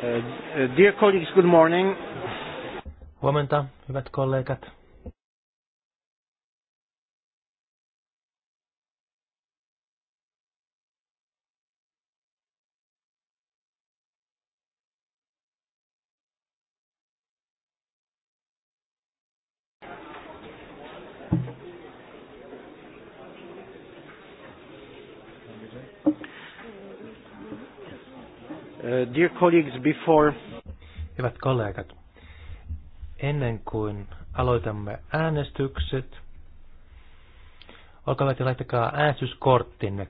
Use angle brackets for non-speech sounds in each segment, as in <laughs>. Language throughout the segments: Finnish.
Uh, uh, dear colleagues, good morning. Huomenta, hyvät kollegat. Dear colleagues, before... Hyvät kollegat, ennen kuin aloitamme äänestykset, olkaa ja laittakaa äänestyskorttinne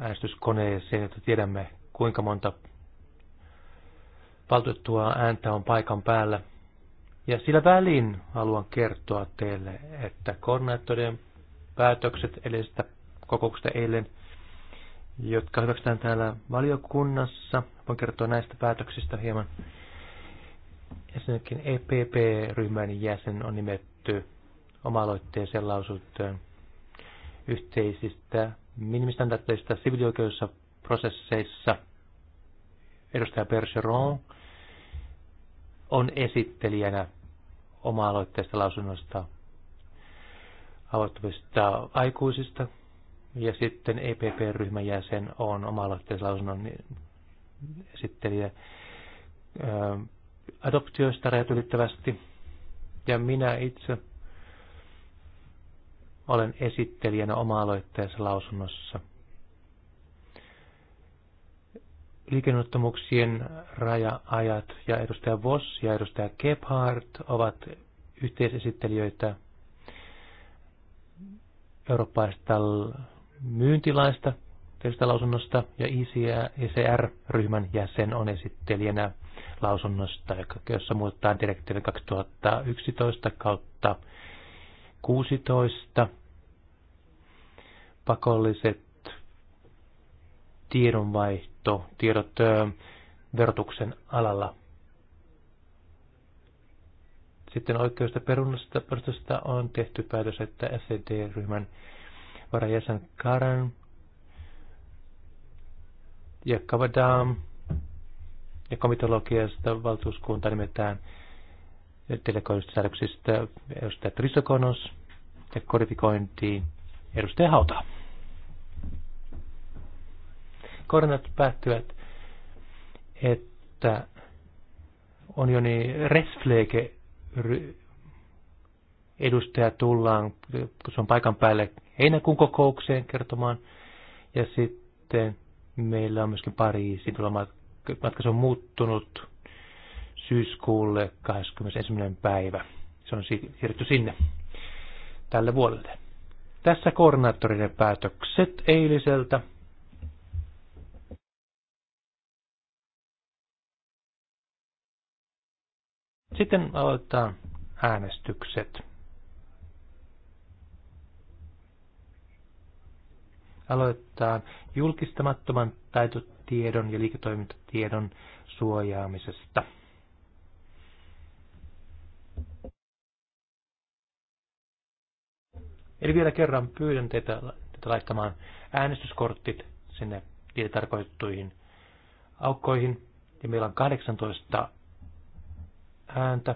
äänestyskoneeseen, että tiedämme kuinka monta valtuutettua ääntä on paikan päällä. Ja sillä välin haluan kertoa teille, että koordinaattorien päätökset edellisestä kokouksesta eilen – jotka hyväksytään täällä valiokunnassa. Voin kertoa näistä päätöksistä hieman. Ensinnäkin EPP-ryhmän jäsen on nimetty oma-aloitteeseen lausuntoon yhteisistä minimistandardeista sivilioikeudessa prosesseissa. Edustaja Bergeron on esittelijänä oma-aloitteesta lausunnosta avoittuvista aikuisista ja sitten EPP-ryhmän jäsen on omalla lausunnon esittelijä adoptioista rajat ylittävästi. Ja minä itse olen esittelijänä oma-aloitteessa lausunnossa. Liikennottomuuksien raja-ajat ja edustaja Voss ja edustaja kephart ovat yhteisesittelijöitä eurooppalaisesta myyntilaista tästä lausunnosta ja ICR-ryhmän e jäsen on esittelijänä lausunnosta, jossa muuttaa direktiivi 2011 kautta 16 pakolliset tiedonvaihto, tiedot verotuksen alalla. Sitten oikeusta perustasta on tehty päätös, että SED-ryhmän varajäsen Karan ja Kavadam ja komitologiasta valtuuskunta nimetään delegoidusta säädöksistä edustaja Trisokonos ja kodifikointiin edustaja Hauta. Koronat päättyvät, että on jo niin resfleke edustaja tullaan, kun se on paikan päälle heinäkuun kokoukseen kertomaan. Ja sitten meillä on myöskin pari tulla matka, se on muuttunut syyskuulle 21. päivä. Se on siirretty sinne tälle vuodelle. Tässä koordinaattorien päätökset eiliseltä. Sitten aloitetaan äänestykset. aloittaa julkistamattoman taitotiedon ja liiketoimintatiedon suojaamisesta. Eli vielä kerran pyydän teitä, teitä laittamaan äänestyskortit sinne niille tarkoitettuihin aukkoihin. Ja meillä on 18 ääntä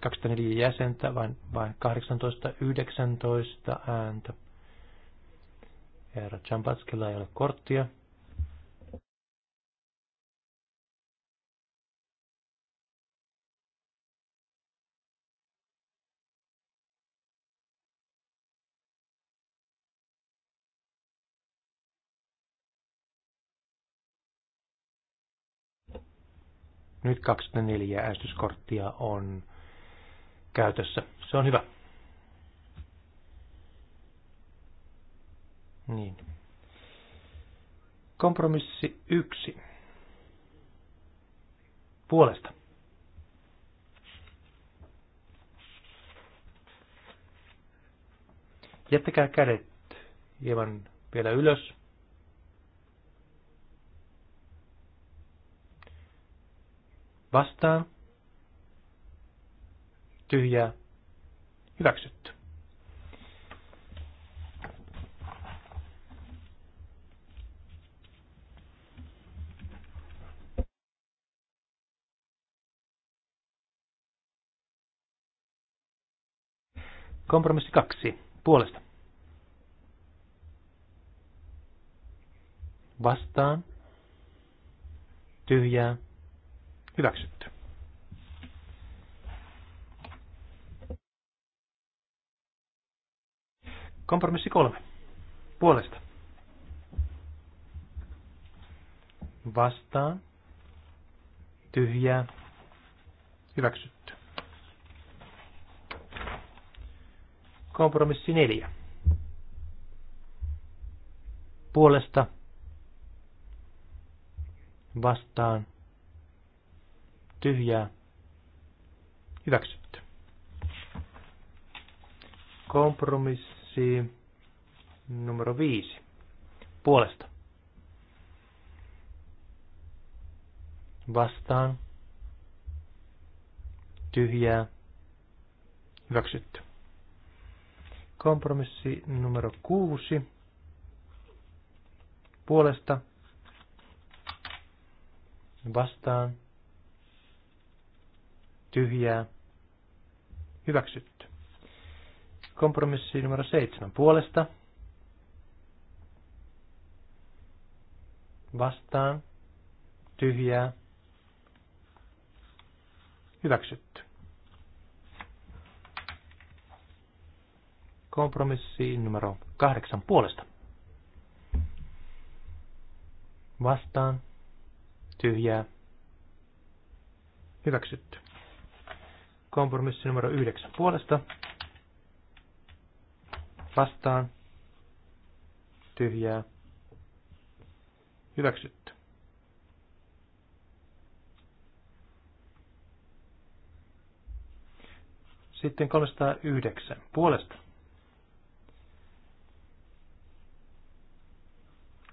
24 jäsentä, vain, vain 18-19 ääntä. Herra Champatskilla ei ole korttia. Nyt 24 äänestyskorttia on käytössä. Se on hyvä. Niin. Kompromissi yksi. Puolesta. Jättäkää kädet hieman vielä ylös. Vastaan tyhjää, hyväksytty. Kompromissi kaksi. Puolesta. Vastaan. Tyhjää. Hyväksytty. Kompromissi kolme. Puolesta. Vastaan. Tyhjää. Hyväksytty. Kompromissi neljä. Puolesta. Vastaan. Tyhjää. Hyväksytty. Kompromissi kompromissi numero viisi puolesta. Vastaan. Tyhjää. Hyväksytty. Kompromissi numero kuusi puolesta. Vastaan. Tyhjää. Hyväksytty. Kompromissi numero seitsemän puolesta. Vastaan. Tyhjää. Hyväksytty. Kompromissi numero kahdeksan puolesta. Vastaan. Tyhjää. Hyväksytty. Kompromissi numero yhdeksän puolesta vastaan, tyhjää, hyväksytty. Sitten 309 puolesta.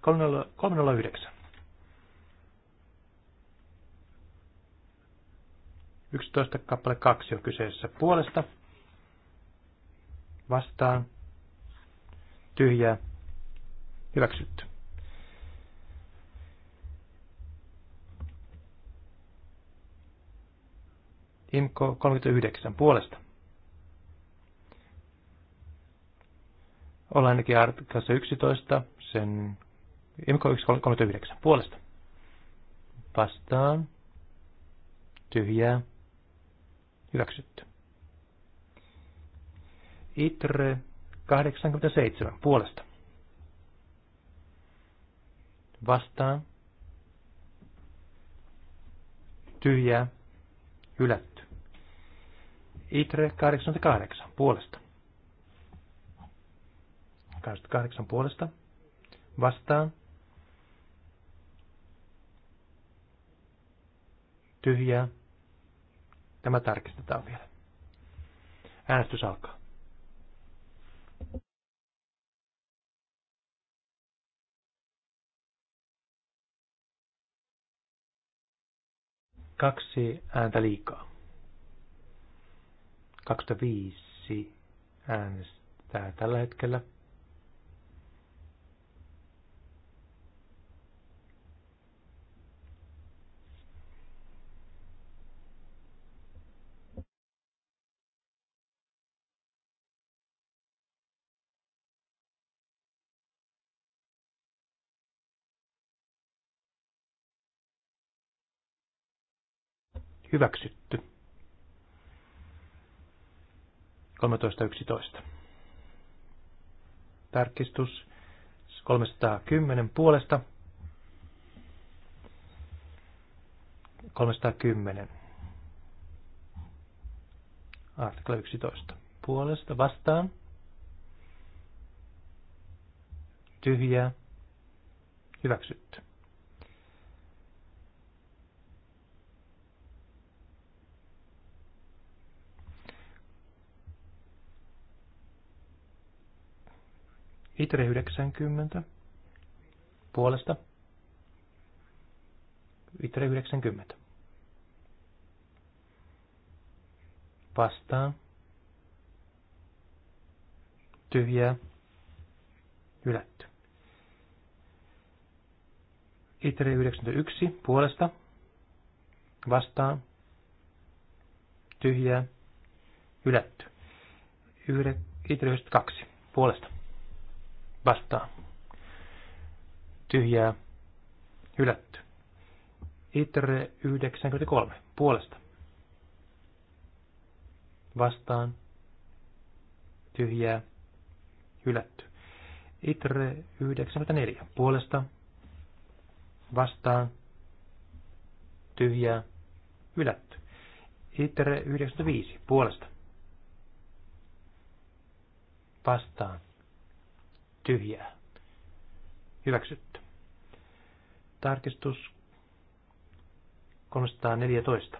309. 11 kappale 2 on kyseessä puolesta. Vastaan tyhjää, hyväksytty. Imko 39 puolesta. Ollaan ainakin artikassa 11, sen Imko 39 puolesta. Vastaan. Tyhjää. Hyväksytty. Itre 87 puolesta. Vastaan. Tyhjää. Hylätty. Itre 88 puolesta. 88 puolesta. Vastaan. Tyhjää. Tämä tarkistetaan vielä. Äänestys alkaa. kaksi ääntä liikaa. 25 äänestää tällä hetkellä Hyväksytty. 13.11. Tarkistus 310 puolesta. 310. Artikla 11. Puolesta vastaan. Tyhjää. Hyväksytty. Itre 90 puolesta. Itre 90. Vastaan. Tyhjää. Hylätty. Itre 91 puolesta. Vastaan. Tyhjää. Hylätty. Itre 92 puolesta vastaan. Tyhjää hylätty. Itre 93 puolesta. Vastaan. Tyhjää hylätty. Itre 94 puolesta. Vastaan. Tyhjää hylätty. Itre 95 puolesta. Vastaan tyhjää. Hyväksytty. Tarkistus 314.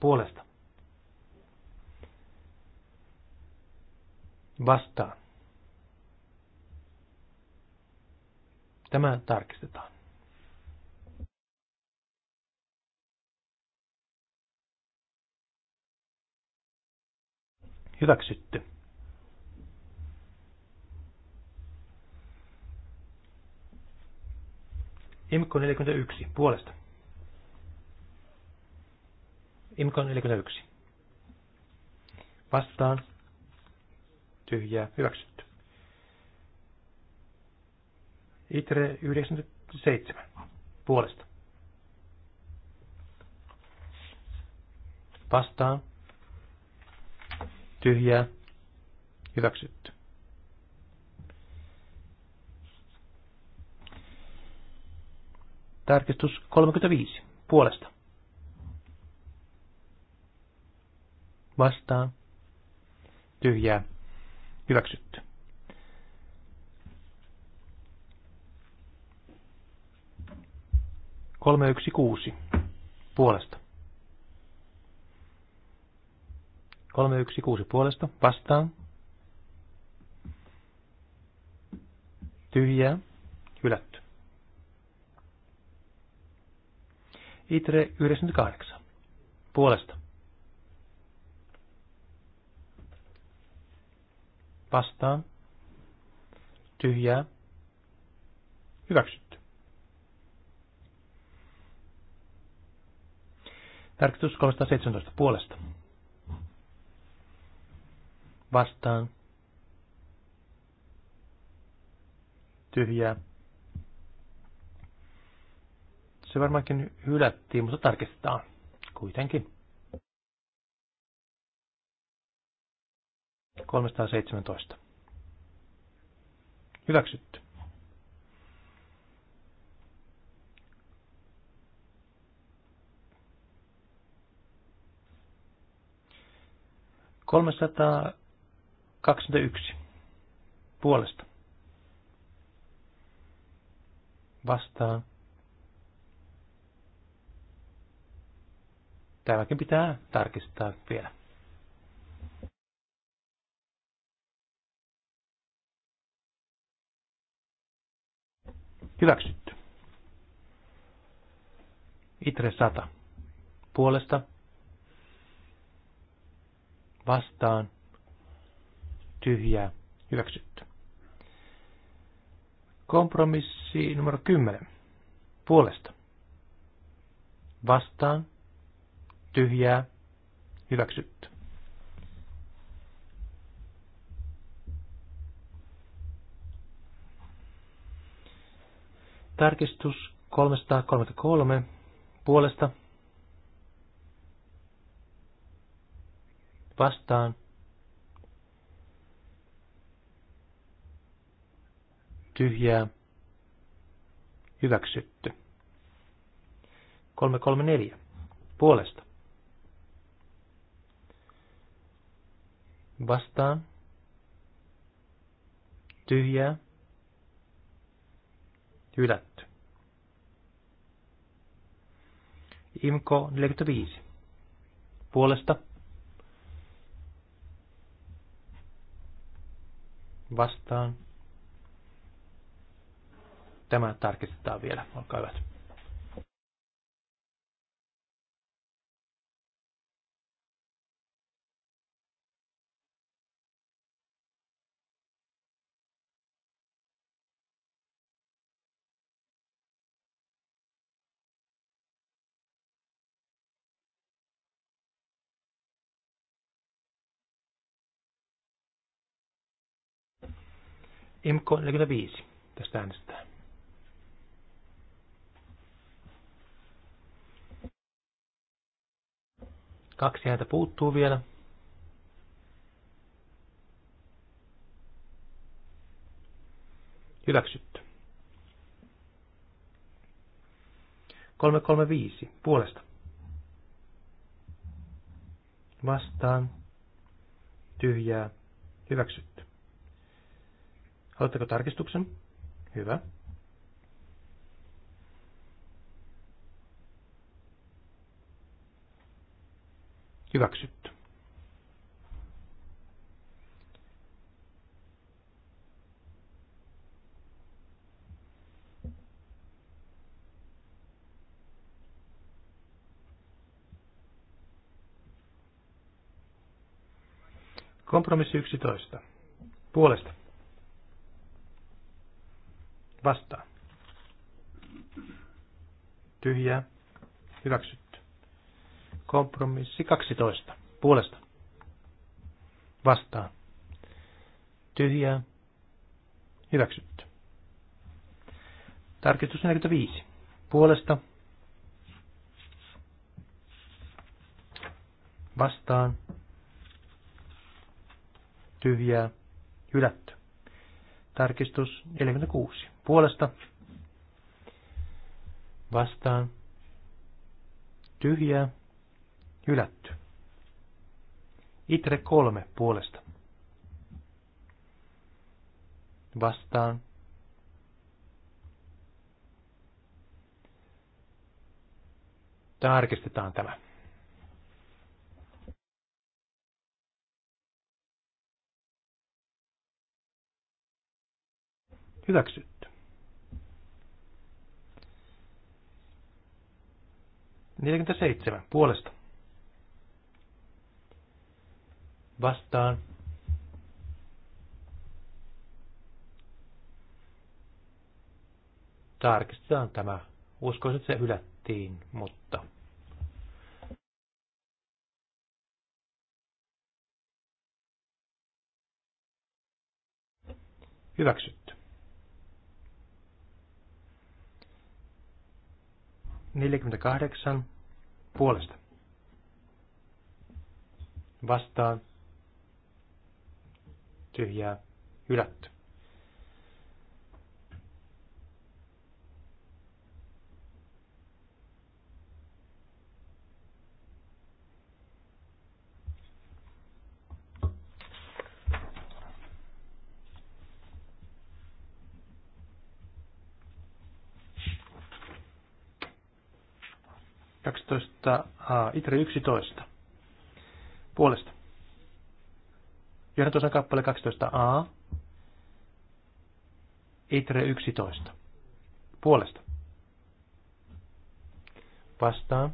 Puolesta. Vastaan. Tämä tarkistetaan. Hyväksytty. Imko 41 puolesta. Imko 41. Vastaan. Tyhjää. Hyväksytty. Itre 97. Puolesta. Vastaan. Tyhjää. Hyväksytty. Tarkistus 35. Puolesta. Vastaan. Tyhjää. Hyväksytty. Kolme yksi kuusi. Puolesta. Kolme yksi kuusi puolesta. Vastaan. Tyhjää. Hylätty. ITRE 98. Puolesta. Vastaan. Tyhjää. Hyväksytty. Tarkistus 317 puolesta. Vastaan. Tyhjää. Se varmaankin hylättiin, mutta tarkistetaan kuitenkin. 317. Hyväksytty. Kolmesataa kaksikymmentäyksi puolesta vastaan Tämäkin pitää tarkistaa vielä. Hyväksytty. Itre 100. Puolesta. Vastaan. Tyhjää. Hyväksytty. Kompromissi numero 10. Puolesta. Vastaan tyhjää, hyväksytty. Tarkistus 333 puolesta vastaan tyhjää hyväksytty. 334 puolesta vastaan, tyhjää, hylätty. Imko 45. Puolesta. Vastaan. Tämä tarkistetaan vielä. Olkaa hyvät. IMKO 45. Tästä äänestetään. Kaksi ääntä puuttuu vielä. Hyväksytty. 335. Puolesta. Vastaan. Tyhjää. Hyväksytty. Haluatteko tarkistuksen? Hyvä. Hyväksytty. Kompromissi 11. Puolesta. Vastaan. Tyhjää. Hyväksytty. Kompromissi 12. Puolesta. Vastaan. Tyhjää. Hyväksytty. Tarkistus 45. Puolesta. Vastaan. Tyhjää. Hylätty. Tarkistus 46. Puolesta. Vastaan. Tyhjää. Hylätty. Itre kolme puolesta. Vastaan. Tarkistetaan tämä. Hyväksytty. Neljäkymmentäseitsemän puolesta. Vastaan. Tarkistetaan tämä. Uskoisin, että se hylättiin, mutta hyväksytty. 48 puolesta. Vastaan. Tyhjää. Hylätty. 12a, Itri 11. Puolesta. Johdantosan kappale 12a, Itre 11. Puolesta. Vastaa.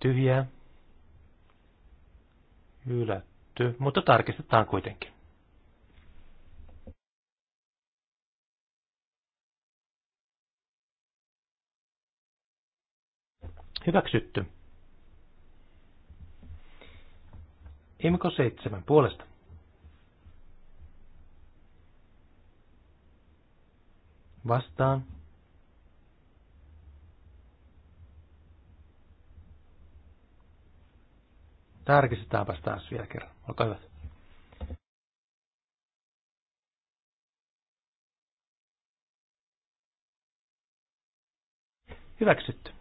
Tyhjä. Hylätty, mutta tarkistetaan kuitenkin. Hyväksytty. Imko 7 puolesta. Vastaan. Tarkistetaanpa taas vielä kerran. Olkaa hyvä. Hyväksytty.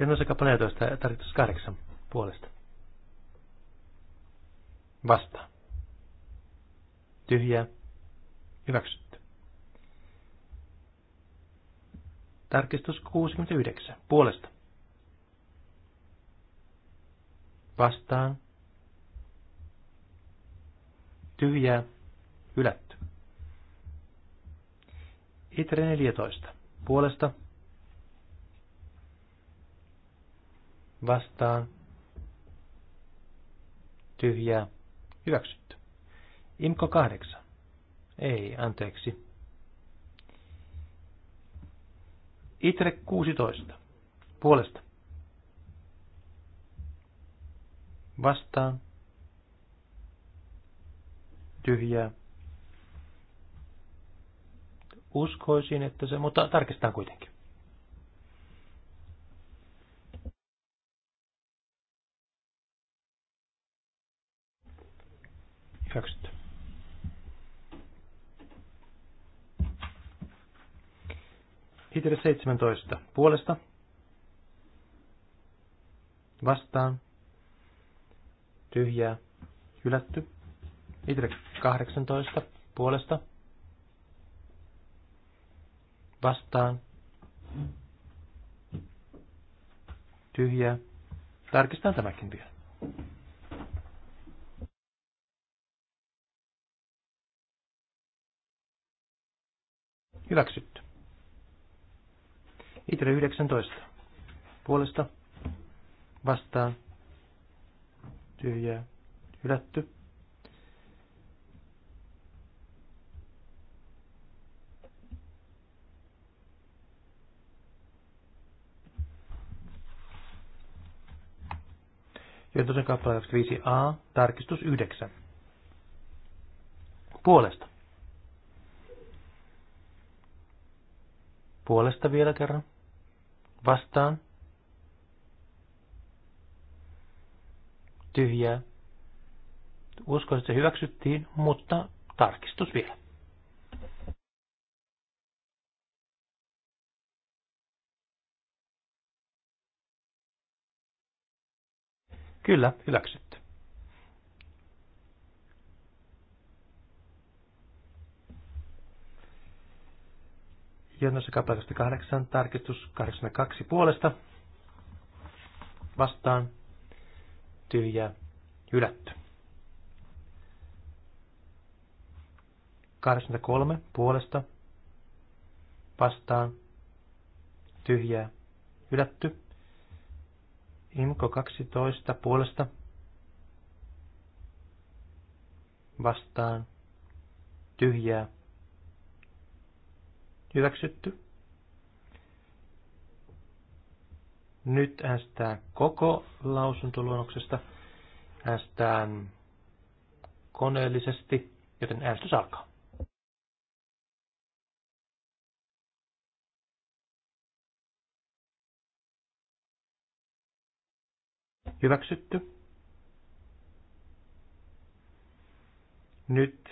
Ja myös aika 14 ja tarkoitus 8 puolesta. Vastaa. Tyhjää. Hyväksytty. Tarkistus 69. Puolesta. Vastaan. Tyhjää. Hylätty. Itre 14. Puolesta. vastaan, tyhjää, hyväksytty. Imko kahdeksan, Ei, anteeksi. Itre 16. Puolesta. Vastaan. Tyhjää. Uskoisin, että se, mutta tarkistetaan kuitenkin. Hyväksytty. Hitler 17. Puolesta. Vastaan. Tyhjää. Hylätty. Hitler 18. Puolesta. Vastaan. Tyhjää. Tarkistetaan tämäkin vielä. Hyväksytty. Itre 19. Puolesta. Vastaan. Tyhjää. Hylätty. Joitosen kappale 5a, tarkistus 9. Puolesta. Puolesta vielä kerran. Vastaan. Tyhjää. Uskon, että se hyväksyttiin, mutta tarkistus vielä. Kyllä, hyväksyttiin. Johdossa kappale 8, tarkistus 82 puolesta. Vastaan. tyhjä Hylätty. 83 puolesta. Vastaan. Tyhjää. Hylätty. Imko 12 puolesta. Vastaan. Tyhjää Hyväksytty. Nyt äänestetään koko lausuntoluonnoksesta. Äänestetään koneellisesti, joten äänestys alkaa. Hyväksytty. Nyt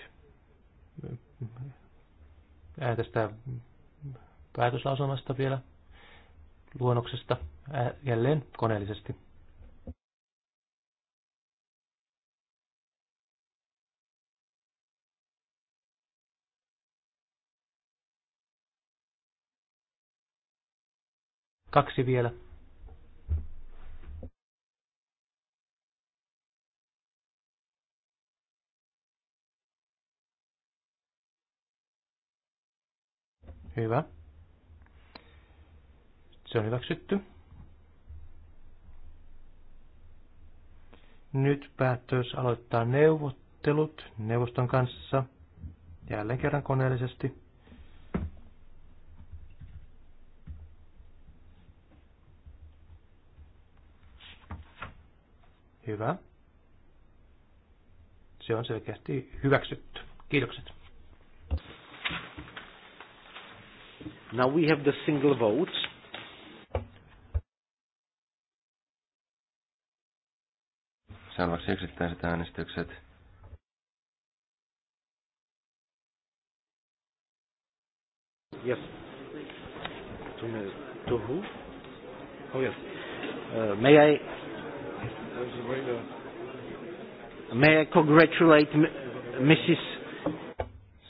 äänestetään päätöslausumasta vielä luonnoksesta ää, jälleen koneellisesti. Kaksi vielä. Hyvä. Se on hyväksytty. Nyt päätös aloittaa neuvottelut neuvoston kanssa jälleen kerran koneellisesti. Hyvä. Se on selkeästi hyväksytty. Kiitokset. Now we have the single votes. Seuraavaksi yksittäiset äänestykset. Yes. To, to who? Oh yes. Uh, may I? May I congratulate Mrs.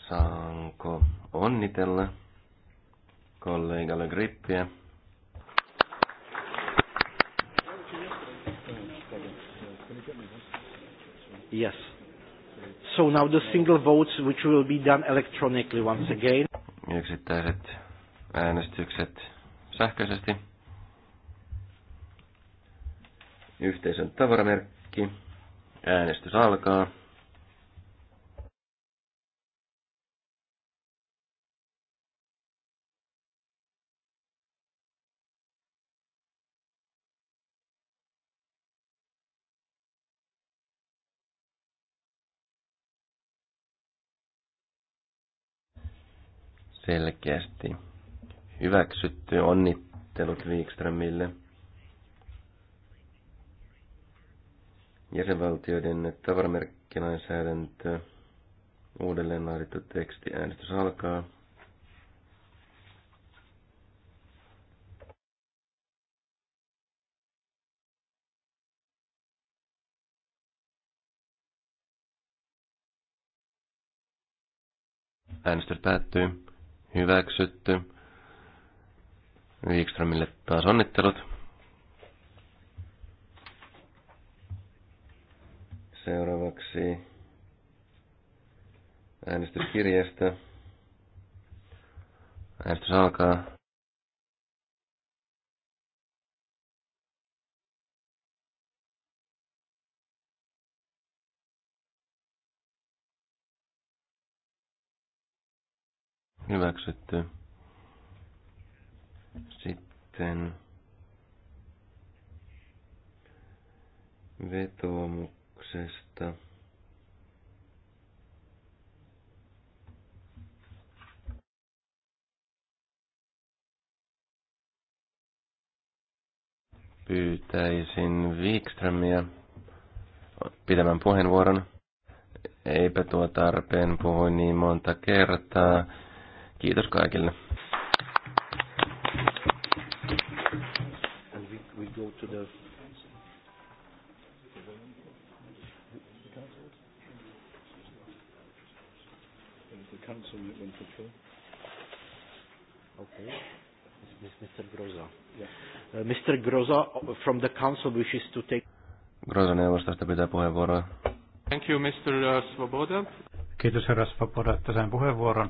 Saanko onnitella kollegalle Grippiä? Yes. So now the single votes, which will be done electronically once again. Yksittäiset äänestykset sähköisesti. Yhteisön tavaramerkki. Äänestys alkaa. selkeästi hyväksytty. Onnittelut Wikströmille. Jäsenvaltioiden tavaramerkkilainsäädäntö. Uudelleen laadittu teksti. Äänestys alkaa. Äänestys päättyy hyväksytty. Wikströmille taas onnittelut. Seuraavaksi äänestyskirjeestä. Äänestys alkaa. Hyväksytty. Sitten vetoomuksesta. Pyytäisin Wikströmiä pitämään puheenvuoron. Eipä tuo tarpeen, puhui niin monta kertaa. Kiitos kaikille. to Okay. Mr. Groza. Yeah. Uh, Mr. Groza uh, from the council wishes to take... Groza neuvostosta pitää puheenvuoroa. Thank you, Mr. Uh, Svoboda. Kiitos herra Svoboda, että sain puheenvuoron.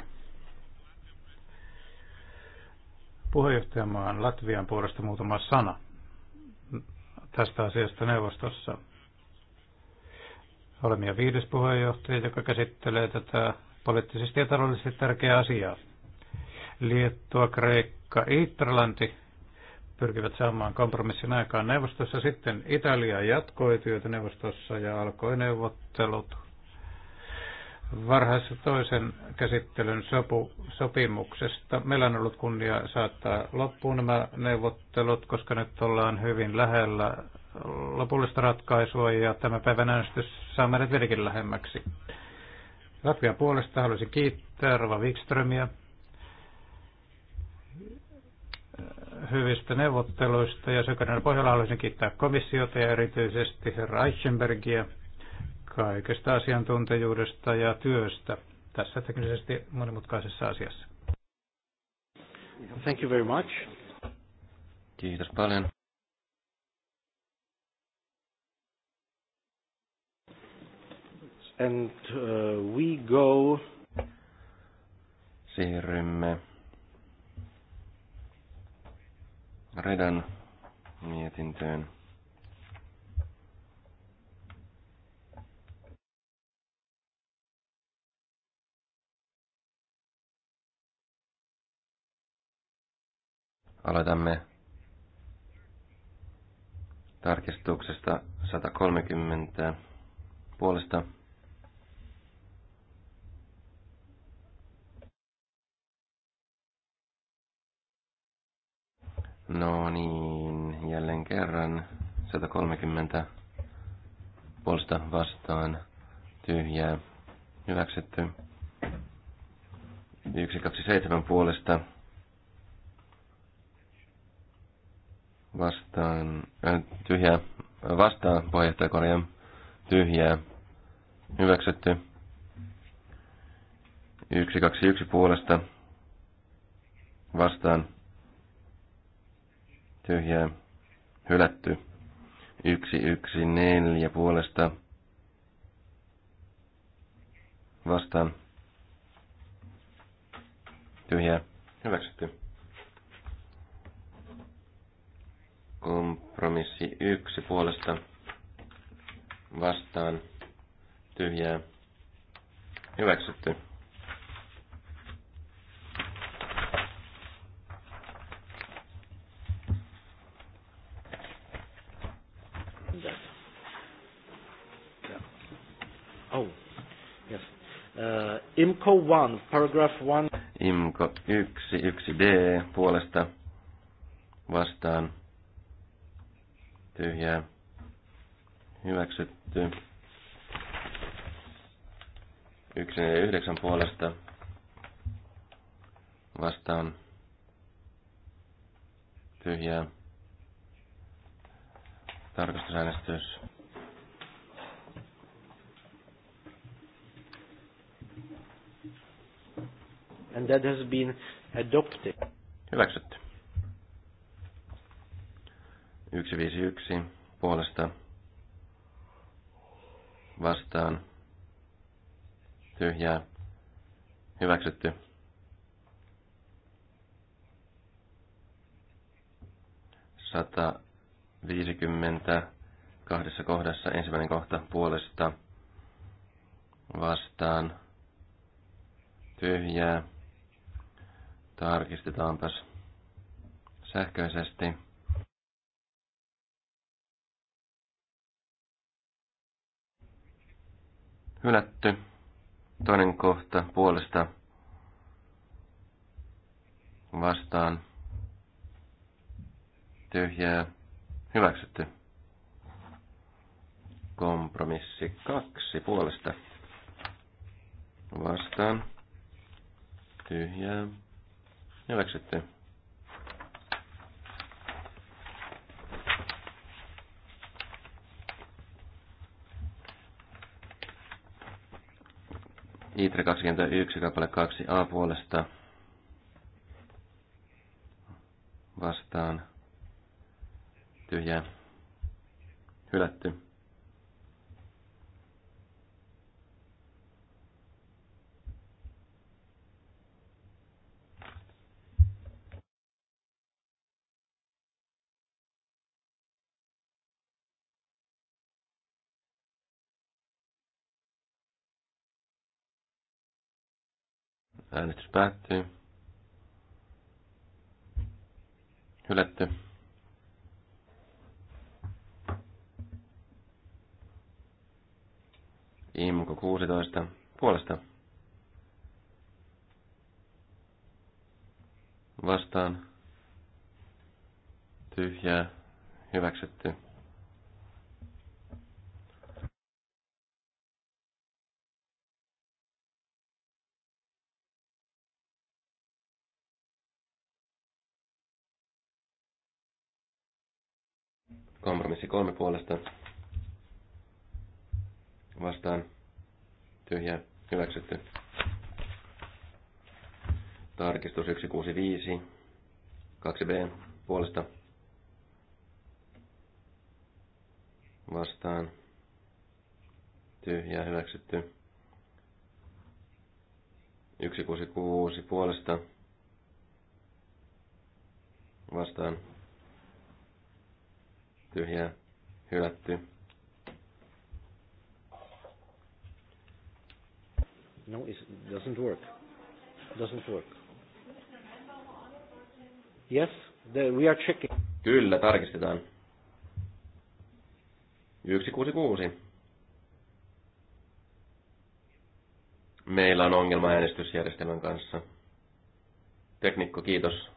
puheenjohtajamaan Latvian puolesta muutama sana tästä asiasta neuvostossa. Olemme jo viides puheenjohtaja, joka käsittelee tätä poliittisesti ja taloudellisesti tärkeää asiaa. Liettua, Kreikka, Itralanti pyrkivät saamaan kompromissin aikaan neuvostossa. Sitten Italia jatkoi työtä neuvostossa ja alkoi neuvottelut Varhaisessa toisen käsittelyn sopu, sopimuksesta. Meillä on ollut kunnia saattaa loppuun nämä neuvottelut, koska nyt ollaan hyvin lähellä lopullista ratkaisua ja tämä päivän äänestys saa meidät vieläkin lähemmäksi. Latvian puolesta haluaisin kiittää Rova Wikströmiä hyvistä neuvotteluista ja sekä Pohjola haluaisin kiittää komissiota ja erityisesti herra Eichenbergia – kaikesta asiantuntijuudesta ja työstä tässä teknisesti monimutkaisessa asiassa. Thank you very much. Kiitos paljon. And uh, we go... Siirrymme Redan mietintöön. Aloitamme tarkistuksesta 130 puolesta. No niin, jälleen kerran 130 puolesta vastaan tyhjää hyväksytty. 127 puolesta vastaan, äh, tyhjää, vastaan puheenjohtaja korjaa, tyhjää, hyväksytty. 121 puolesta vastaan, tyhjää, hylätty. 114 puolesta vastaan, tyhjää, hyväksytty. Kompromissi yksi puolesta vastaan tyhjää hyväksytty. Oh, uh, IMCO 1, paragraph 1. IMCO 1, 1D puolesta vastaan tyhjää hyväksytty. yhdeksän puolesta vastaan tyhjää tarkastusäänestys. And that has been adopted. Hyväksytty. 151 puolesta vastaan tyhjää hyväksytty. Sata viisikymmentä kahdessa kohdassa ensimmäinen kohta puolesta vastaan tyhjää. Tarkistetaanpas sähköisesti. Hylätty. Toinen kohta puolesta vastaan. Tyhjää. Hyväksytty. Kompromissi kaksi puolesta vastaan. Tyhjää. Hyväksytty. ITRE 21 kappale 2a puolesta vastaan tyhjää hylätty. Äänestys päättyy. Hylätty. Imko 16 puolesta. Vastaan. Tyhjää. Hyväksytty. Kompromissi kolme puolesta. Vastaan. tyhjä Hyväksytty. Tarkistus 165. 2b puolesta. Vastaan. tyhjä Hyväksytty. 166 puolesta vastaan tyhjää hylätty. No, it doesn't work. Doesn't work. Yes, the, we are checking. Kyllä, tarkistetaan. 166. Meillä on ongelma äänestysjärjestelmän kanssa. Teknikko, kiitos.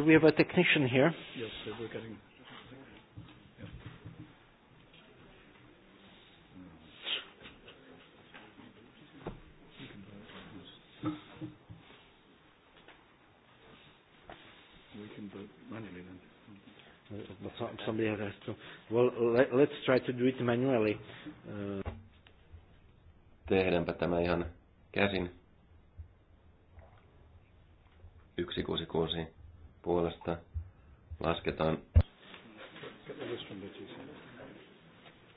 Do we have a technician here? Yes, sir, we're getting. But somebody has to. Well, let, let's try to do it manually. Uh. Tehdäänpä tämä ihan käsin. 166 puolesta lasketaan.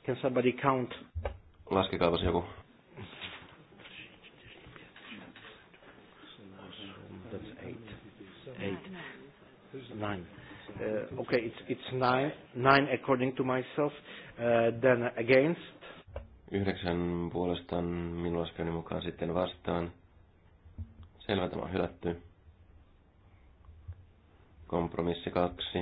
Can somebody count? Laskekaapas joku. That's eight. Eight. Nine. Uh, okay, it's, it's nine, nine according to myself. Uh, then against. Yhdeksän puolestaan minun laskeni mukaan sitten vastaan. Selvä, tämä on hylätty. Kompromissi kaksi.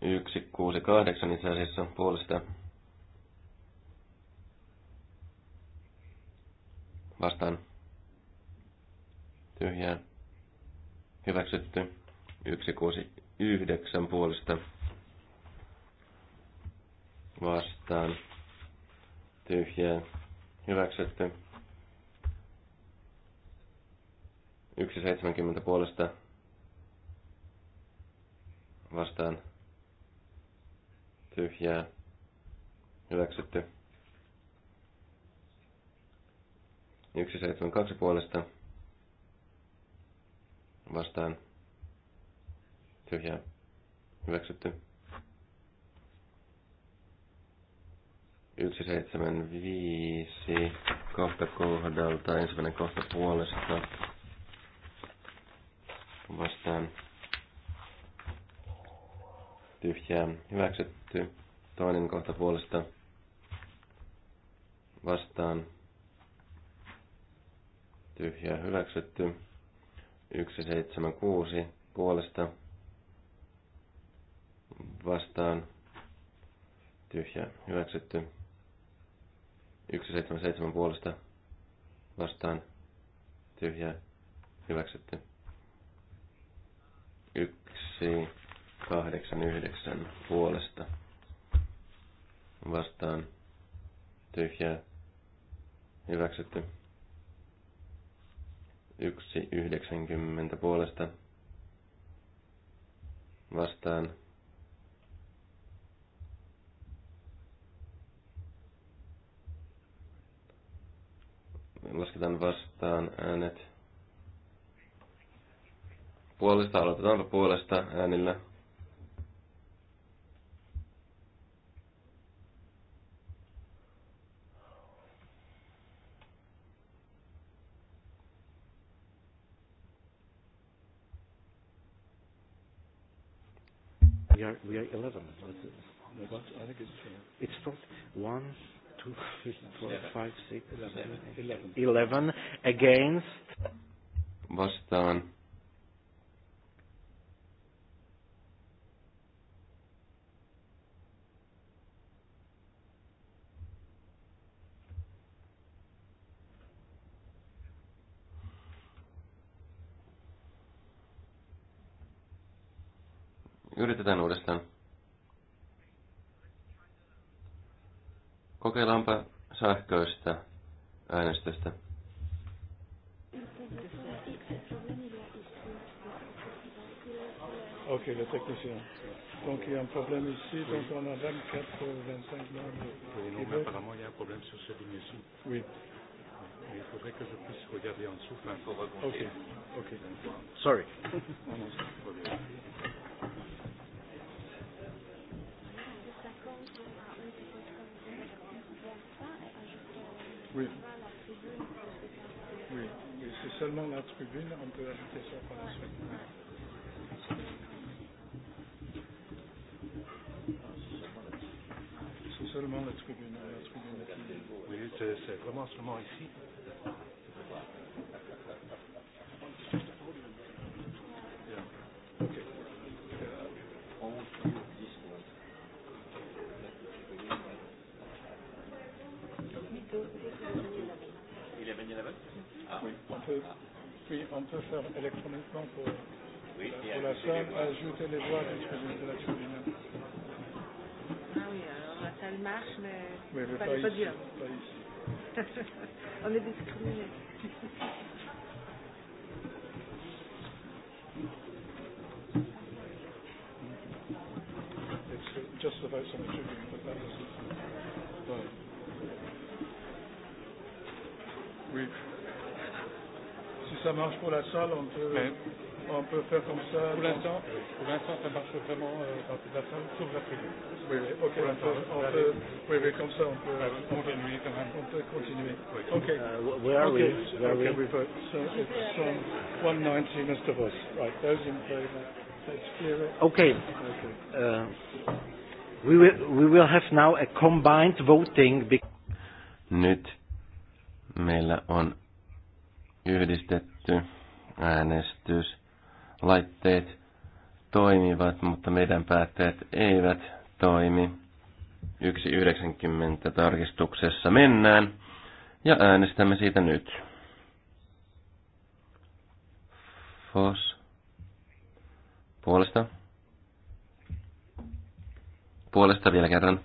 Yksi, kuusi, kahdeksan itse asiassa puolesta vastaan tyhjään hyväksytty yhdeksän puolesta vastaan tyhjää hyväksytty. 1,70 puolesta vastaan tyhjää hyväksytty. 1,72 puolesta vastaan tyhjää hyväksytty. 175 kohta kohdalta, ensimmäinen kohta puolesta vastaan tyhjää hyväksytty, toinen kohta puolesta vastaan tyhjää hyväksytty, 176 puolesta vastaan tyhjää hyväksytty. 177 puolesta vastaan tyhjää hyväksytty. 189 puolesta vastaan tyhjää hyväksytty. 190 puolesta vastaan lasketaan vastaan äänet puolesta, aloitetaanpa puolesta äänillä. We are, we are 11. it's, I think it's, it's 1, two, three, four, five, six, eleven. eleven against. Vastaan. Yritetään uudestaan. Kokeillaanpa sähköistä äänestystä. Okei, le technicien. Donc il y a un problème ici, donc on a 24 ou 25 membres. apparemment il y a un problème sur cette ligne ici. Oui. il faudrait que je puisse regarder en dessous. Enfin, il faudra compter. Ok, ok. Sorry. <laughs> seulement la tribune, on peut ajouter ça par la suite. Ah, c'est seulement la tribune. La tribune oui, c'est vraiment seulement ici. Il est venu là-bas peut, oui, on peut faire électroniquement pour, oui, pour la salle, ajouter les voix de l'installation du Ah oui, alors la salle marche, mais, mais, mais pas, pas, ici, pas dur. Pas ici. <laughs> on est discriminé. just about some chicken, but that wasn't. Well, we've ça marche pour la salle, on peut, Mais, on peut faire comme ça. Pour l'instant, pour l'instant, ça marche vraiment euh, dans toute la salle, sauf la tribune. Oui, oui, ok. Pour on peut, on peut, oui, oui, comme ça, on peut ouais, continuer quand même. On peut continuer. Oui. Ok. Uh, where are okay. we? Where okay, are we? we've got so it's on 190, Mr. Voss. Right, those in favor. Let's clear it. Okay. okay. Uh, we will, we will have now a combined voting. Nyt meillä on yhdistetty äänestys, laitteet toimivat, mutta meidän päättäjät eivät toimi. 1.90 tarkistuksessa mennään ja äänestämme siitä nyt. Fos. Puolesta. Puolesta vielä kerran.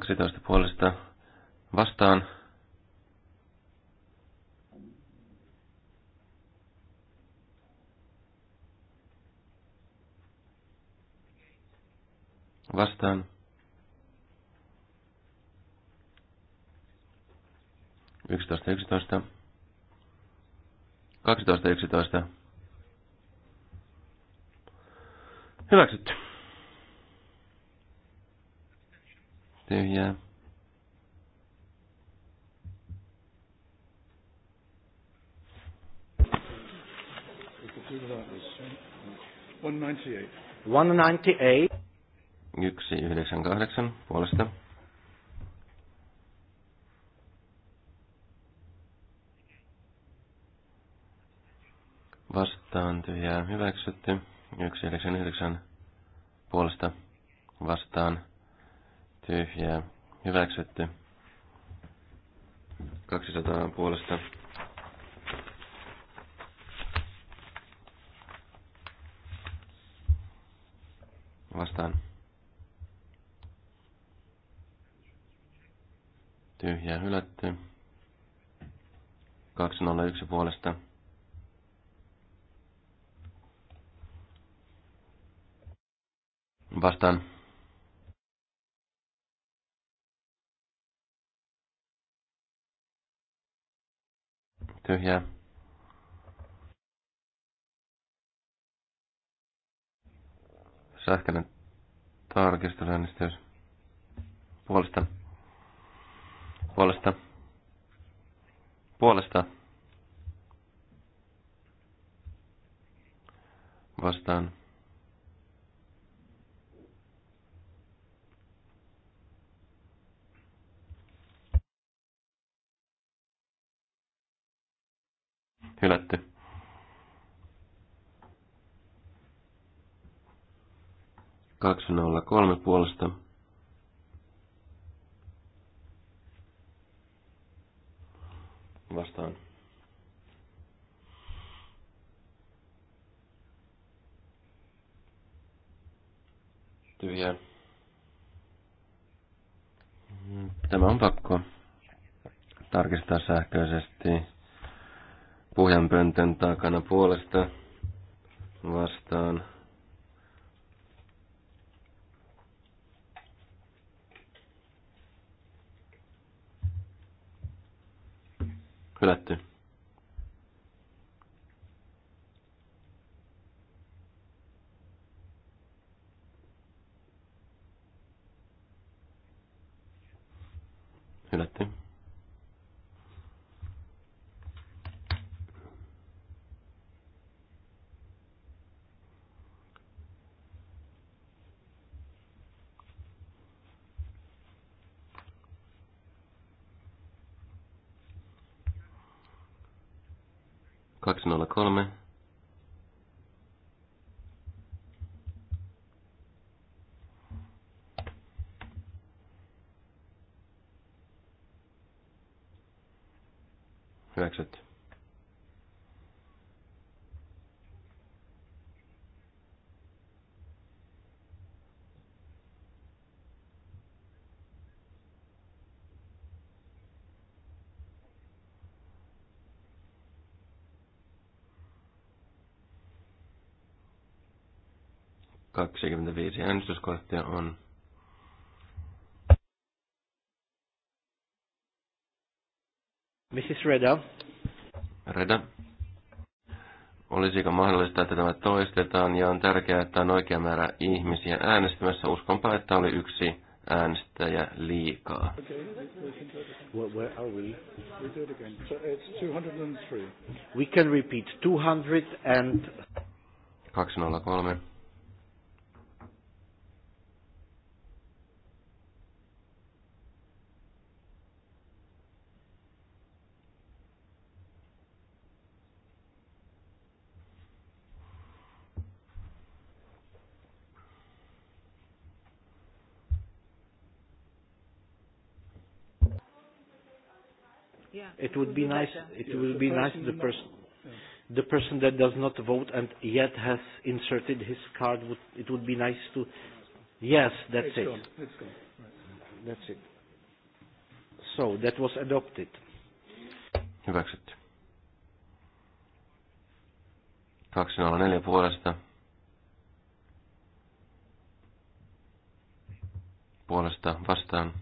12 puolesta vastaan. Vastaan. Yksitoista, yksitoista. Kaksitoista, yksitoista. Hyväksytty. tyhjää. Yksi yhdeksän kahdeksan puolesta. Vastaan tyhjää hyväksytty. Yksi yhdeksän yhdeksän puolesta vastaan tyhjää, hyväksytty. 200 puolesta vastaan. Tyhjää hylätty. 201 puolesta. Vastaan. Tyhjää. Sähköinen tarkistusäänestys. Puolesta. Puolesta. Puolesta. Vastaan. Hylätty. Kaksi nolla kolme puolesta. Vastaan. tyhjää. Tämä on pakko tarkistaa sähköisesti puhujanpöntön takana puolesta vastaan. Hylätty. Hylätty. 203. Hyväksytty. 25 äänestyskorttia on. Mrs. Reda. Reda. Olisiko mahdollista, että tämä toistetaan ja on tärkeää, että on oikea määrä ihmisiä äänestämässä. Uskonpa, että oli yksi äänestäjä liikaa. Okay. we? We do 203. We can repeat 203. it would be nice. It would be nice the person the person that does not vote and yet has inserted his card would it would be nice to yes that's it's it gone. It's gone. Right. that's it so that was adopted hyväksytty 204 puolesta puolesta vastaan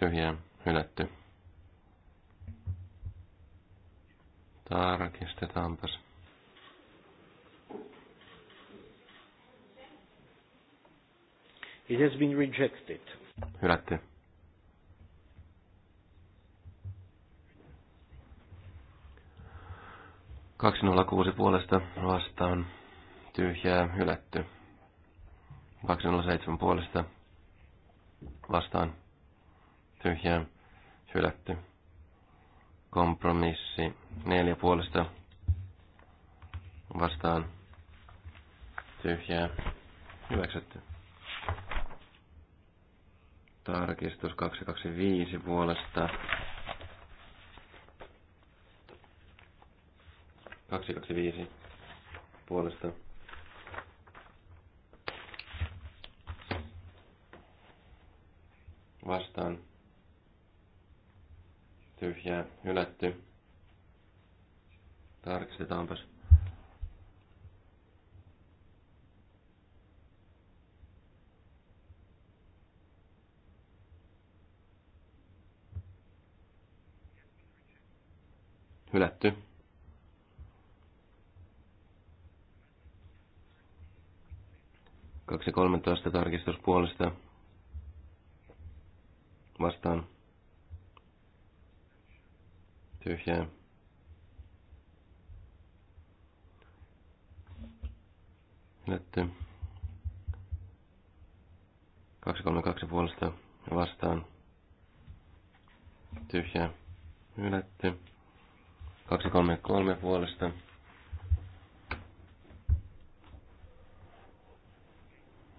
tyhjään hylätty. Tarkistetaanpas. It has been rejected. Hylätty. Kaksi nolla kuusi puolesta vastaan tyhjää hylätty. seitsemän puolesta vastaan tyhjää hylätty. Kompromissi neljä puolesta vastaan tyhjää hyväksytty. Tarkistus 225 puolesta 225 puolesta. Vastaan tyhjää, hylätty. Tarkistetaanpas. Hylätty. Kaksi kolmentoista tarkistuspuolesta vastaan Tyhjä. Lätty. 232 puolesta vastaan. Tyhjä. Ylätty. 233 puolesta.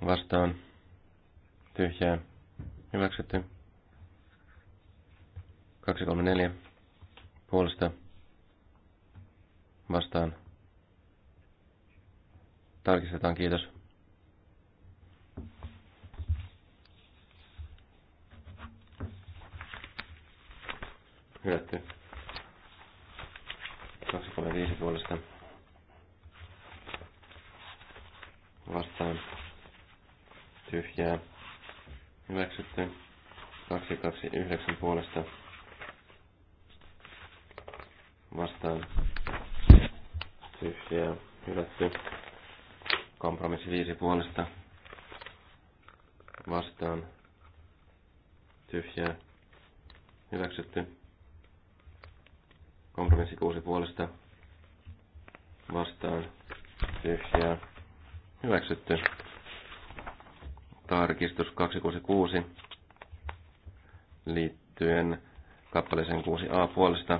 Vastaan. Tyhjää. Hyväksytty. 234 puolesta vastaan. Tarkistetaan, kiitos. Hylätty. 235 puolesta vastaan tyhjää hyväksytty 229 puolesta vastaan tyhjää hylätty. Kompromissi viisi puolesta vastaan tyhjää hyväksytty. Kompromissi kuusi puolesta vastaan tyhjää hyväksytty. Tarkistus 266 liittyen kappaleeseen 6a puolesta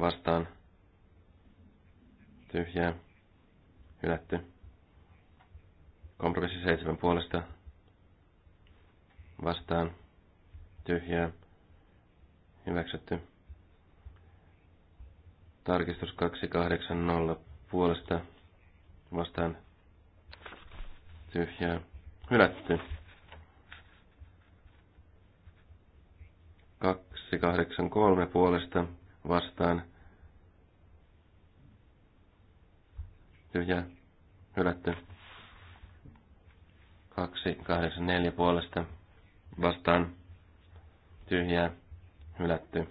vastaan, tyhjää, hylätty. Kompromissi seitsemän puolesta, vastaan, tyhjää, hyväksytty. Tarkistus 280 puolesta, vastaan, tyhjää, hylätty. 283 puolesta vastaan tyhjä hylätty. 2, 8, 4 puolesta vastaan tyhjää hylätty.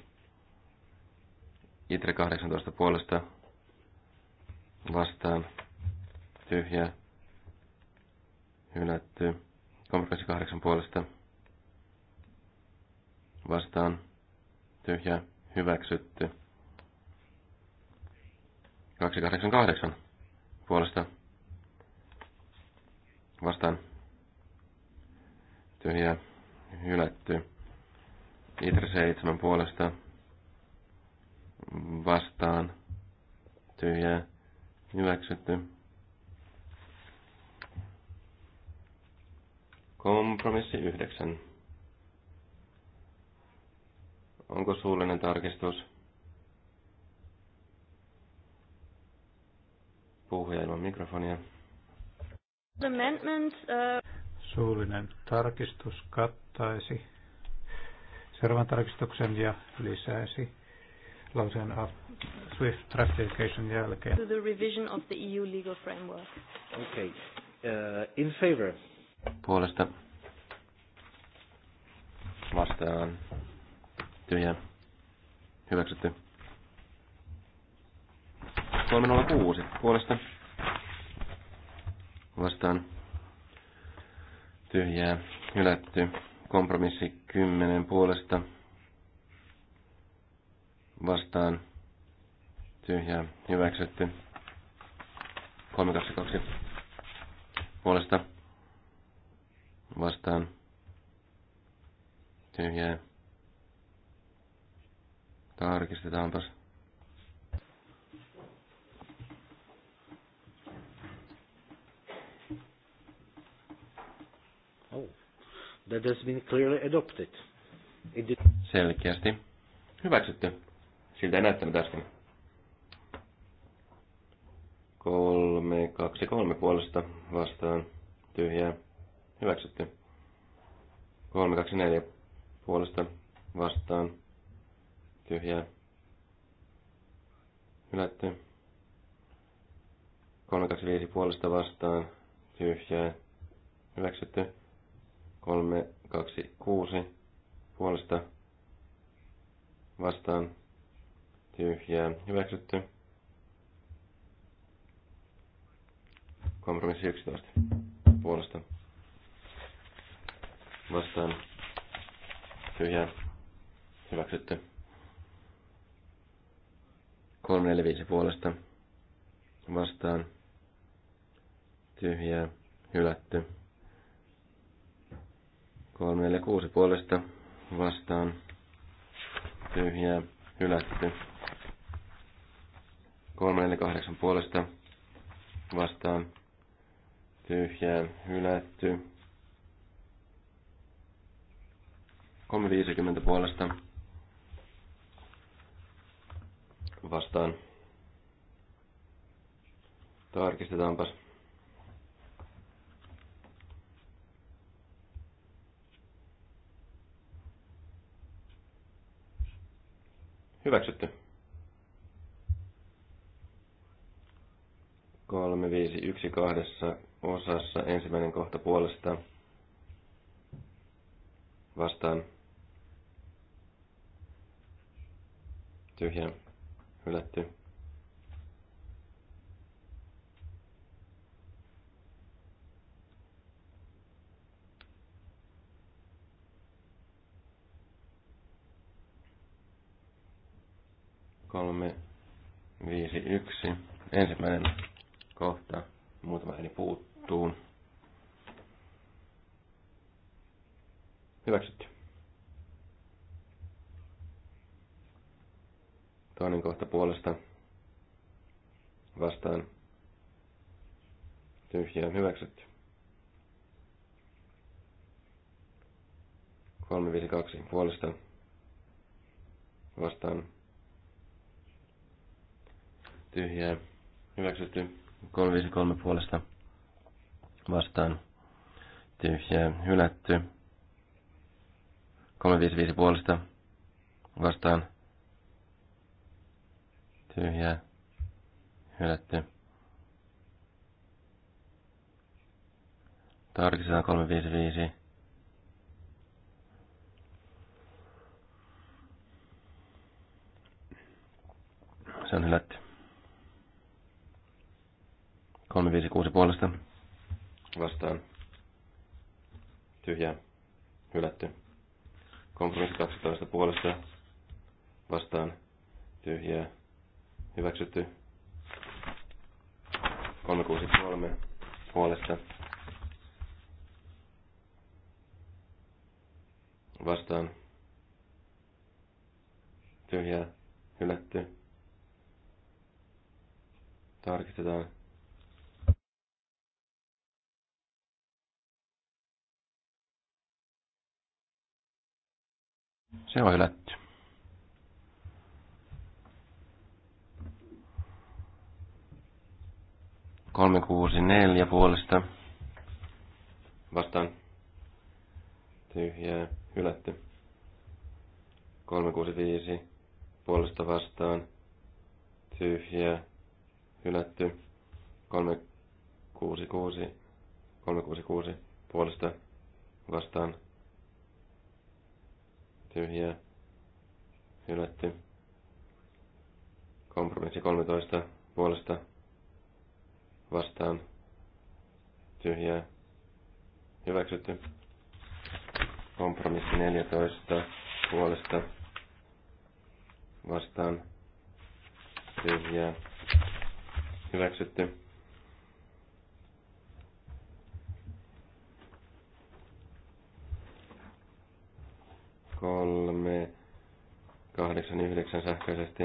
Itre 18 puolesta vastaan tyhjä hylätty. Kompromissi 8 puolesta vastaan tyhjää hyväksytty. 288 puolesta vastaan tyhjä hylätty. Iter 7 puolesta vastaan tyhjä hyväksytty. Kompromissi 9 Onko suullinen tarkistus? Puhuja ilman mikrofonia. Amendment, uh... Suullinen tarkistus kattaisi seuraavan tarkistuksen ja lisäisi lauseen A Swift Ratification jälkeen. To the revision of the EU legal framework. Okay. Uh, in favor. Puolesta. Vastaan tyhjää hyväksytty. 306 puolesta vastaan tyhjää hylätty. Kompromissi 10 puolesta vastaan tyhjää hyväksytty. 322 puolesta vastaan tyhjää Tarkistetaanpas. Oh. That has been clearly adopted. It did... Selkeästi. Hyväksytty. Siltä ei näyttänyt äsken. Kolme, kaksi, kolme puolesta vastaan. Tyhjää. Hyväksytty. Kolme, kaksi, neljä puolesta vastaan tyhjää, hylätty. 325 puolesta vastaan, tyhjää, hyväksytty. 326 puolesta vastaan, tyhjää, hyväksytty. Kompromissi 11 puolesta vastaan, tyhjää, hyväksytty. 345 puolesta vastaan tyhjää hylätty. 346 puolesta vastaan tyhjää hylätty. 348 puolesta vastaan tyhjää hylätty. 350 puolesta vastaan. Tarkistetaanpas. Hyväksytty. 1, kahdessa osassa ensimmäinen kohta puolesta vastaan tyhjää hylätty. Kolme, viisi, yksi. Ensimmäinen kohta. Muutama ääni puuttuu. Hyväksytty. Toinen kohta puolesta vastaan tyhjää hyväksytty. 352 puolesta vastaan tyhjää hyväksytty. 353 puolesta vastaan tyhjää hylätty. 355 puolesta vastaan tyhjää, hylätty. Tarkistetaan 355. Se on hylätty. 356 puolesta. Vastaan. Tyhjää. Hylätty. Kompromissi 12 puolesta. Vastaan. Tyhjää Hyväksytty. 363 puolesta. Vastaan. Tyhjää. Hylätty. Tarkistetaan. Se on hylätty. 364 puolesta vastaan tyhjää hylätty. 365 puolesta vastaan tyhjää hylätty. 366 366 puolesta vastaan tyhjää hylätty. Kompromissi 13 puolesta vastaan tyhjää hyväksytty. Kompromissi 14 puolesta vastaan tyhjää hyväksytty. Kolme, kahdeksan, yhdeksän sähköisesti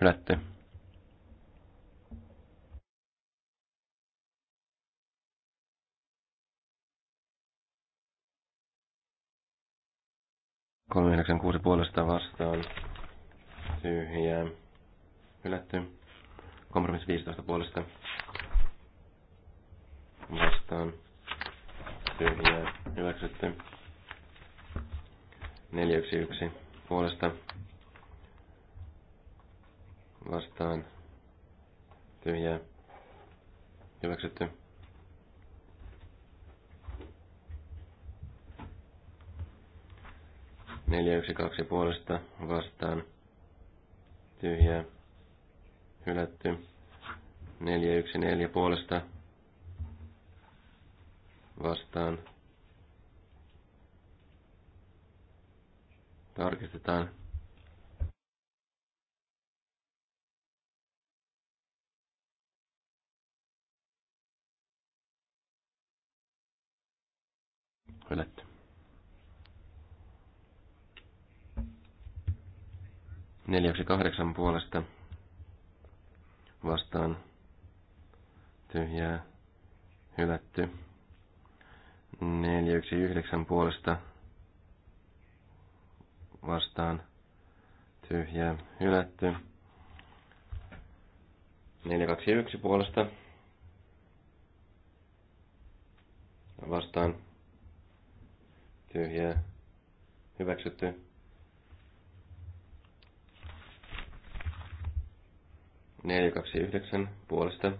hylätty. Kolme yhdeksän kuusi puolesta vastaan. Tyhjää. Hylätty. Kompromissi 15 puolesta. Vastaan. Tyhjää. Hyväksytty. 411 puolesta vastaan tyhjää hyväksytty. Neljä yksi kaksi puolesta vastaan tyhjää hylätty. Neljä yksi neljä puolesta vastaan tarkistetaan Hylätty. Neljäksi kahdeksan puolesta vastaan tyhjää hylätty. yhdeksän puolesta vastaan tyhjää hylätty. yksi puolesta vastaan tyhjää, hyväksytty. Neljä kaksi yhdeksän puolesta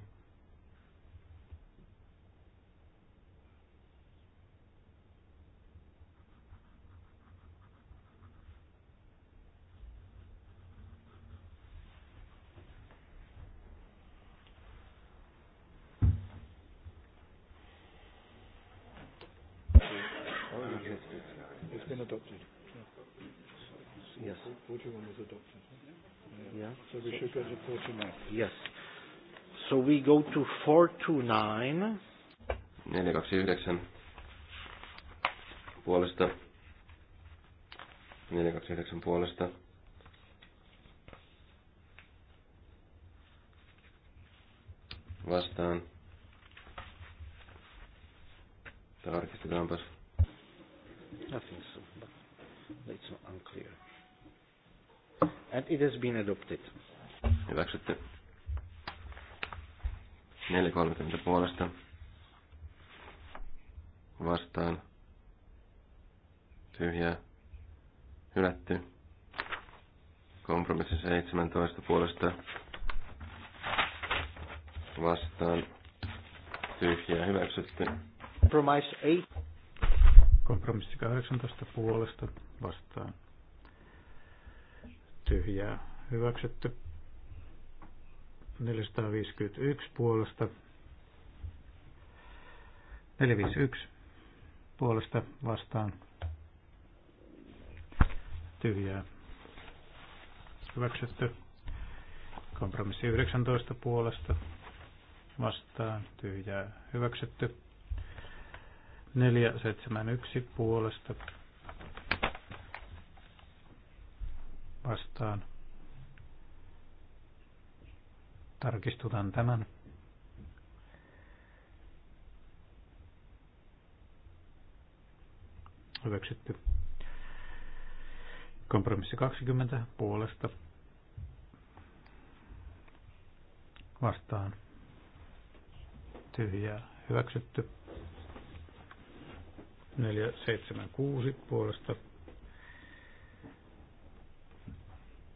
Yes. So we go to 429. 429 puolesta. 429 puolesta. Vastaan. Tarkistetaanpas. I think so, but it's not unclear. And it has been adopted hyväksytty. 4.30 puolesta vastaan tyhjää hylätty. Kompromissi 17 puolesta vastaan tyhjää hyväksytty. 8. Kompromissi 18 puolesta vastaan tyhjää hyväksytty. 451 puolesta. 451 puolesta vastaan tyhjää. Hyväksytty. Kompromissi 19 puolesta vastaan tyhjää. Hyväksytty. 471 puolesta vastaan Tarkistutan tämän. Hyväksytty. Kompromissi 20 puolesta vastaan tyhjää hyväksytty. 476 puolesta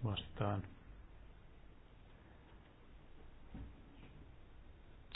vastaan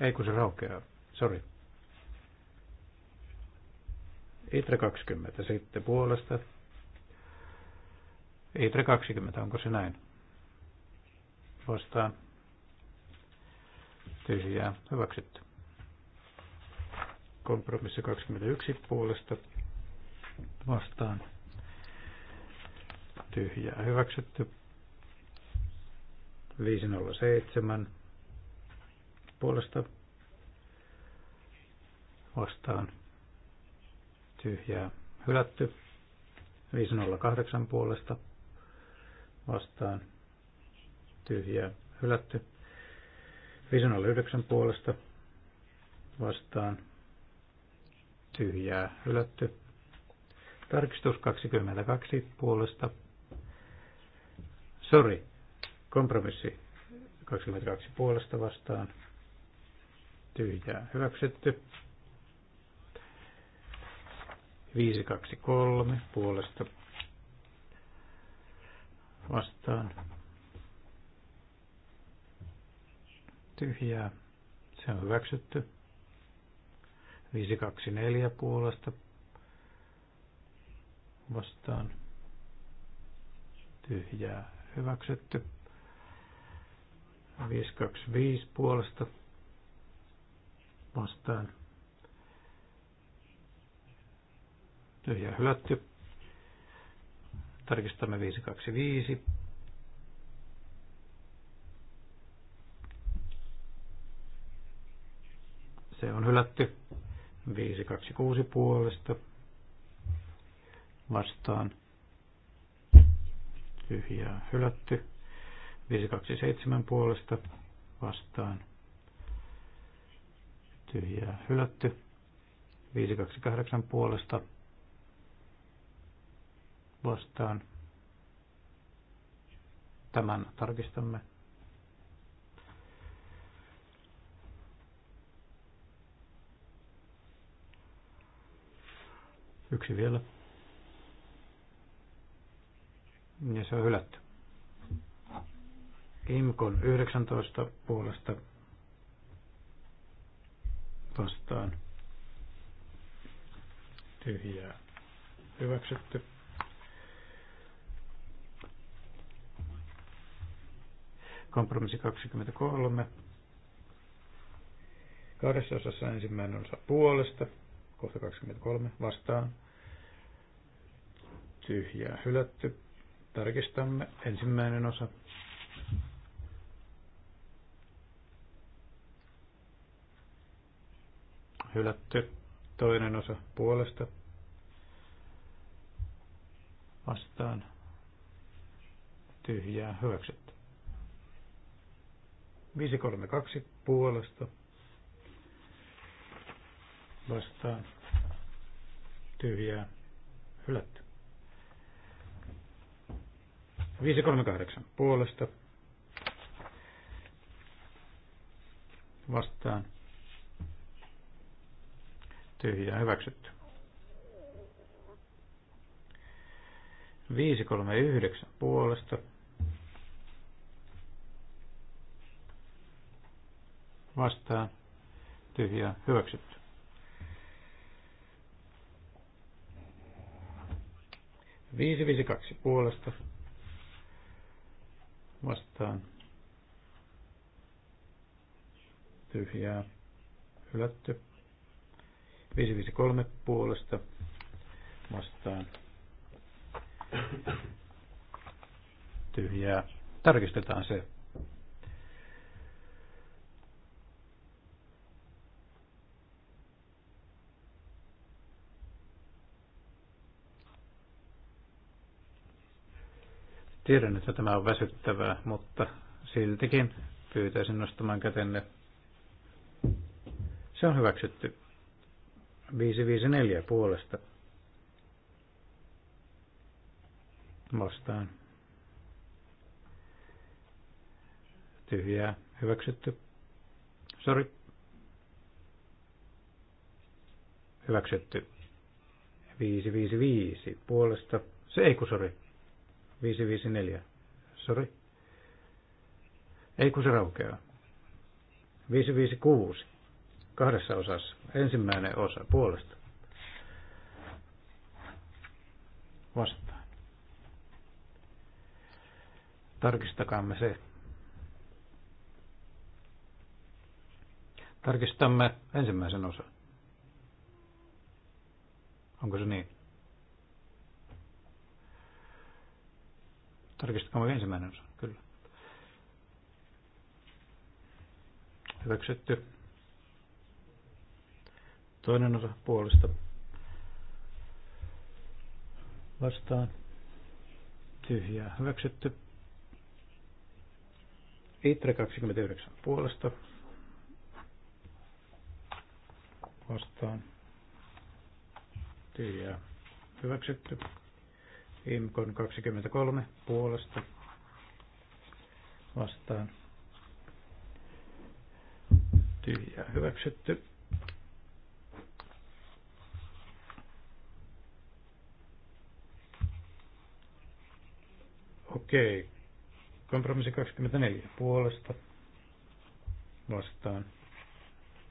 Ei kun se raukeaa. Sori. Itre 20 sitten puolesta. Itre 20, onko se näin? Vastaan. Tyhjää. Hyväksytty. Kompromissi 21 puolesta. Vastaan. Tyhjää. Hyväksytty. 507 puolesta vastaan tyhjää hylätty. 508 puolesta vastaan tyhjää hylätty. 509 puolesta vastaan tyhjää hylätty. Tarkistus 22 puolesta. Sorry, kompromissi 22 puolesta vastaan tyhjää hyväksytty. 523 puolesta vastaan tyhjää. Se on hyväksytty. 524 puolesta vastaan tyhjää hyväksytty. 525 puolesta vastaan. Tyhjää hylätty. Tarkistamme 525. Se on hylätty. 526 puolesta vastaan. Tyhjää hylätty. 527 puolesta vastaan tyhjää hylätty. 528 puolesta vastaan. Tämän tarkistamme. Yksi vielä. Ja se on hylätty. Imkon 19 puolesta vastaan tyhjää hyväksytty. Kompromissi 23. Kahdessa osassa ensimmäinen osa puolesta, kohta 23 vastaan. Tyhjää hylätty. Tarkistamme ensimmäinen osa hylätty. Toinen osa puolesta vastaan tyhjää hyväksytty. 532 puolesta vastaan tyhjää hylätty. 538 puolesta vastaan tyhjää hyväksytty. 539 puolesta. Vastaan tyhjää hyväksytty. Viisi viisi kaksi puolesta vastaan tyhjää hylätty. 553 puolesta vastaan tyhjää. Tarkistetaan se. Tiedän, että tämä on väsyttävää, mutta siltikin pyytäisin nostamaan kätenne. Se on hyväksytty. 554 puolesta vastaan. Tyhjää hyväksytty. Sori. Hyväksytty. 555 puolesta. Se ei kun sori. 554. Sori. Ei kun se raukeaa. 556 kahdessa osassa. Ensimmäinen osa puolesta. Vastaan. Tarkistakaamme se. Tarkistamme ensimmäisen osan. Onko se niin? Tarkistakaa ensimmäinen osa, kyllä. Hyväksytty. Toinen osa puolesta vastaan. Tyhjää hyväksytty. Itre 29 puolesta vastaan. Tyhjää hyväksytty. Imkon 23 puolesta vastaan. Tyhjää hyväksytty. Okei. Kompromissi 24 puolesta vastaan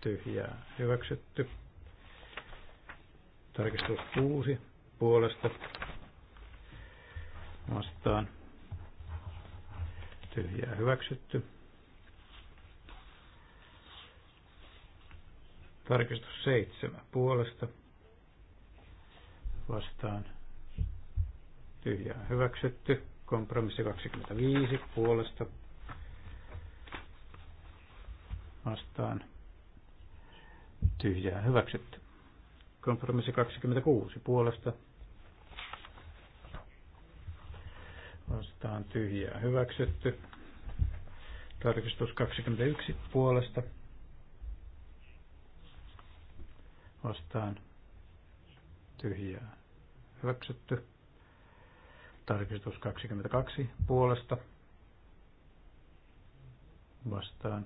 tyhjää hyväksytty. Tarkistus 6 puolesta vastaan tyhjää hyväksytty. Tarkistus 7 puolesta vastaan tyhjää hyväksytty. Kompromissi 25 puolesta vastaan tyhjää hyväksytty. Kompromissi 26 puolesta vastaan tyhjää hyväksytty. Tarkistus 21 puolesta vastaan tyhjää hyväksytty. Tarkistus 22 puolesta vastaan.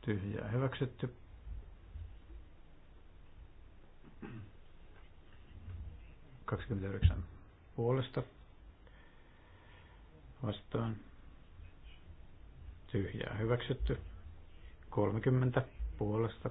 Tyhjää hyväksytty. Kaksikymmentäyhdeksän puolesta vastaan. Tyhjää hyväksytty. 30 puolesta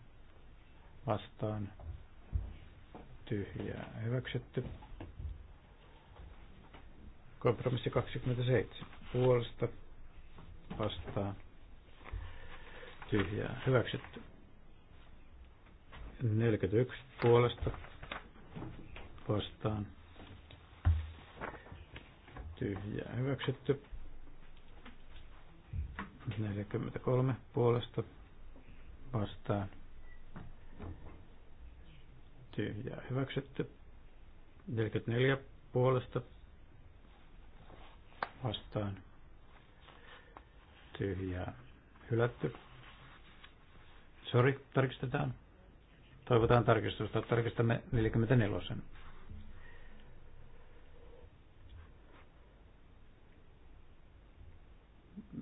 vastaan tyhjää hyväksytty. Kompromissi 27 puolesta vastaan tyhjää hyväksytty. 41 puolesta vastaan tyhjää hyväksytty. 43 puolesta vastaan tyhjää hyväksytty. 44 puolesta vastaan tyhjää hylätty. Sori, tarkistetaan. Toivotaan tarkistusta. Tarkistamme 44.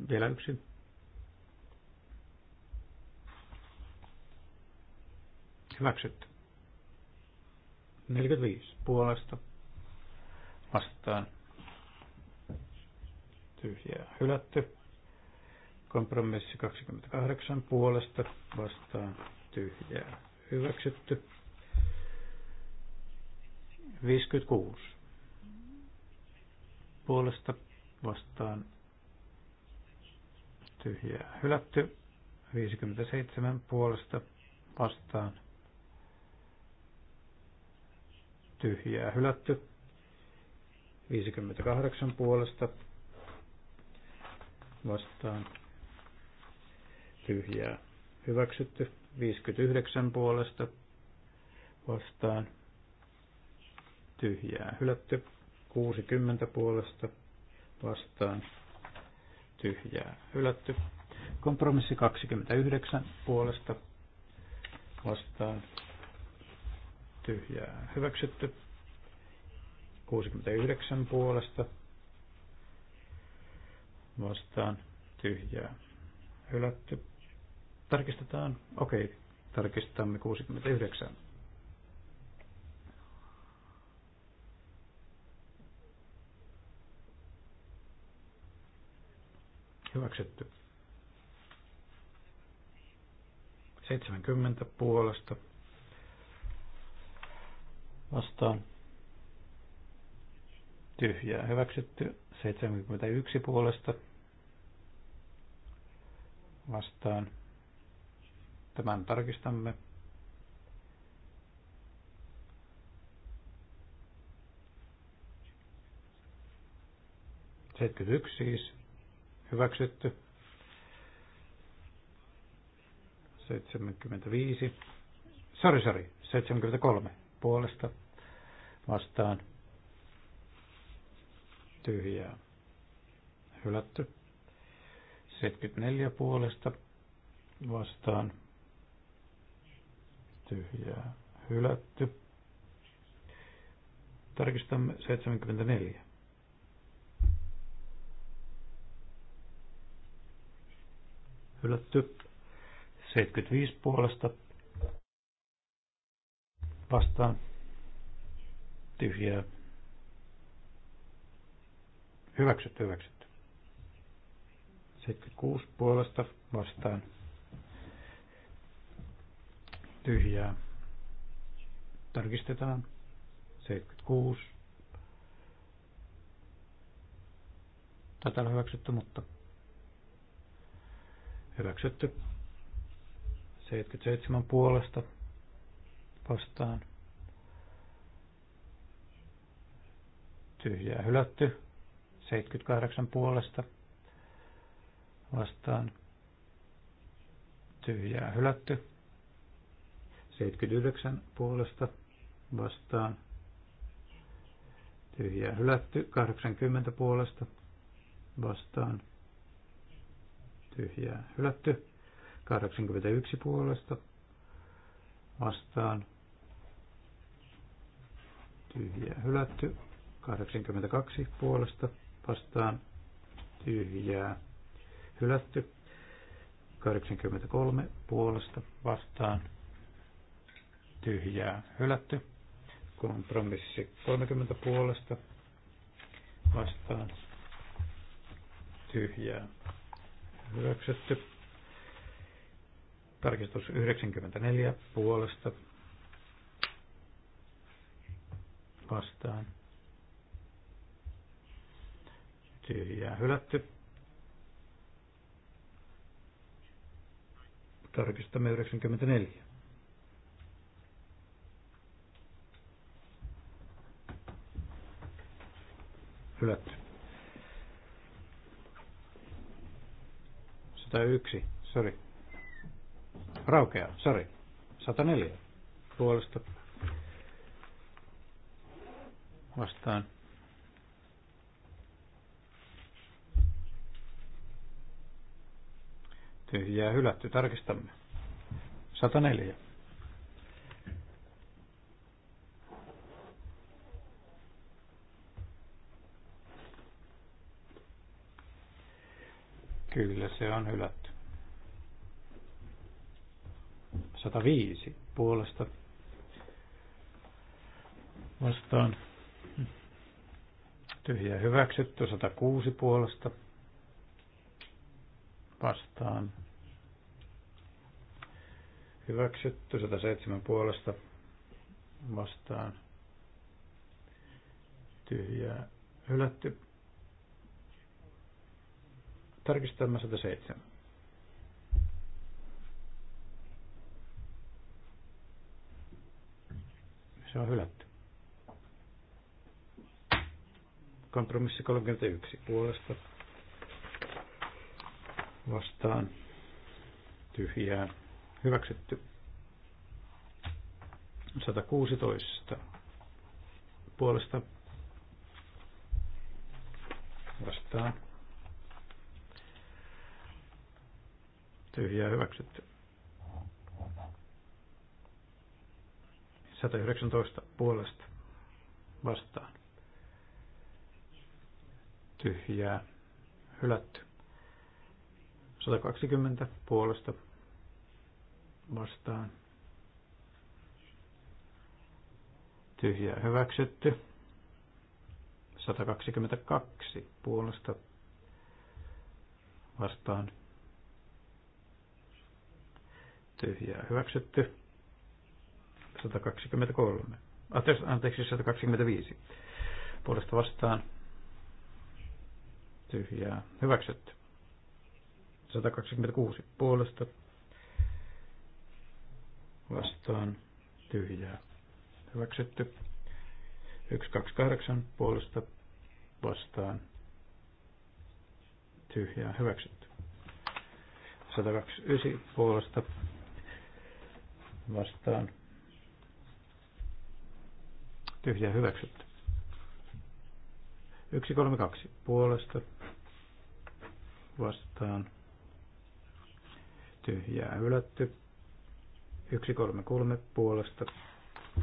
Vielä yksi. Hyväksytty. 45 puolesta vastaan tyhjää hylätty. Kompromissi 28 puolesta vastaan tyhjää hyväksytty. 56 puolesta vastaan tyhjää hylätty. 57 puolesta vastaan tyhjää hylätty. 58 puolesta vastaan tyhjää hyväksytty. 59 puolesta vastaan tyhjää hylätty. 60 puolesta vastaan tyhjää hylätty. Kompromissi 29 puolesta vastaan tyhjää hyväksytty. 69 puolesta vastaan tyhjää hylätty. Tarkistetaan. Okei, okay. tarkistamme 69. Hyväksytty. 70 puolesta vastaan tyhjää hyväksytty 71 puolesta vastaan. Tämän tarkistamme. yksi siis hyväksytty. 75. Sari, sari, 73 puolesta vastaan tyhjää hylätty. 74 puolesta vastaan tyhjää hylätty. Tarkistamme 74. Hylätty. 75 puolesta vastaan tyhjää. Hyväksyt, hyväksyt. 76 puolesta vastaan tyhjää. Tarkistetaan. 76. Tätä on hyväksytty, mutta hyväksytty. 77 puolesta vastaan. Tyhjää hylätty. 78 puolesta vastaan. Tyhjää hylätty. 79 puolesta vastaan. Tyhjää hylätty. 80 puolesta vastaan. Tyhjää hylätty. 81 puolesta vastaan tyhjää, hylätty. 82 puolesta vastaan tyhjää hylätty. 83 puolesta vastaan tyhjää hylätty. Kompromissi 30 puolesta vastaan tyhjää hyväksytty. Tarkistus 94 puolesta vastaan. Tyhjää hylätty. Tarkistamme 94. Hylätty. 101, sori. Raukea. sori. 104 puolesta vastaan. Tyhjää hylätty. Tarkistamme. 104. Kyllä se on hylätty. 105 puolesta vastaan tyhjä hyväksytty 106 puolesta vastaan. Hyväksytty 107 puolesta vastaan. Tyhjää hylätty. Tarkistamme 107. Se on hylätty. Kompromissi 31 puolesta vastaan tyhjää hyväksytty. 116 puolesta vastaan tyhjää hyväksytty. 119 puolesta vastaan tyhjää hylätty. 120 puolesta vastaan tyhjää hyväksytty. 122 puolesta vastaan tyhjää hyväksytty. 123. Ah, anteeksi, 125. Puolesta vastaan tyhjää hyväksytty. 126 puolesta vastaan tyhjää hyväksytty. 128 puolesta vastaan tyhjää hyväksytty. 129 puolesta vastaan tyhjää hyväksytty. 132 puolesta vastaan tyhjää hylätty. 133 puolesta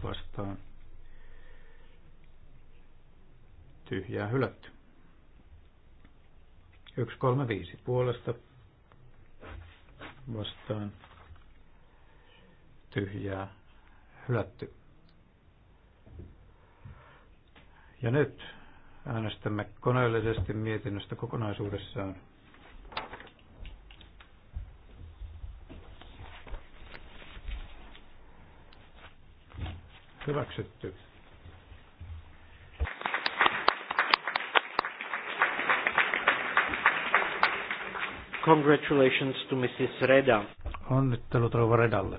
vastaan tyhjää hylätty. 135 puolesta vastaan tyhjää hylätty. Ja nyt äänestämme koneellisesti mietinnöstä kokonaisuudessaan. Hyväksytty. Congratulations to Mrs. Reda. Onnittelut rouva Redalle.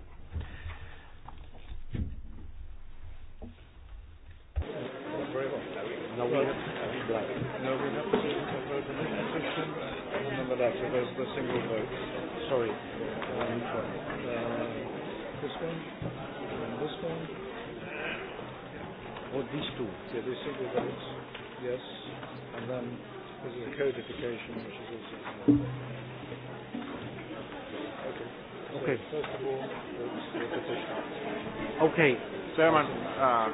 Chairman, uh,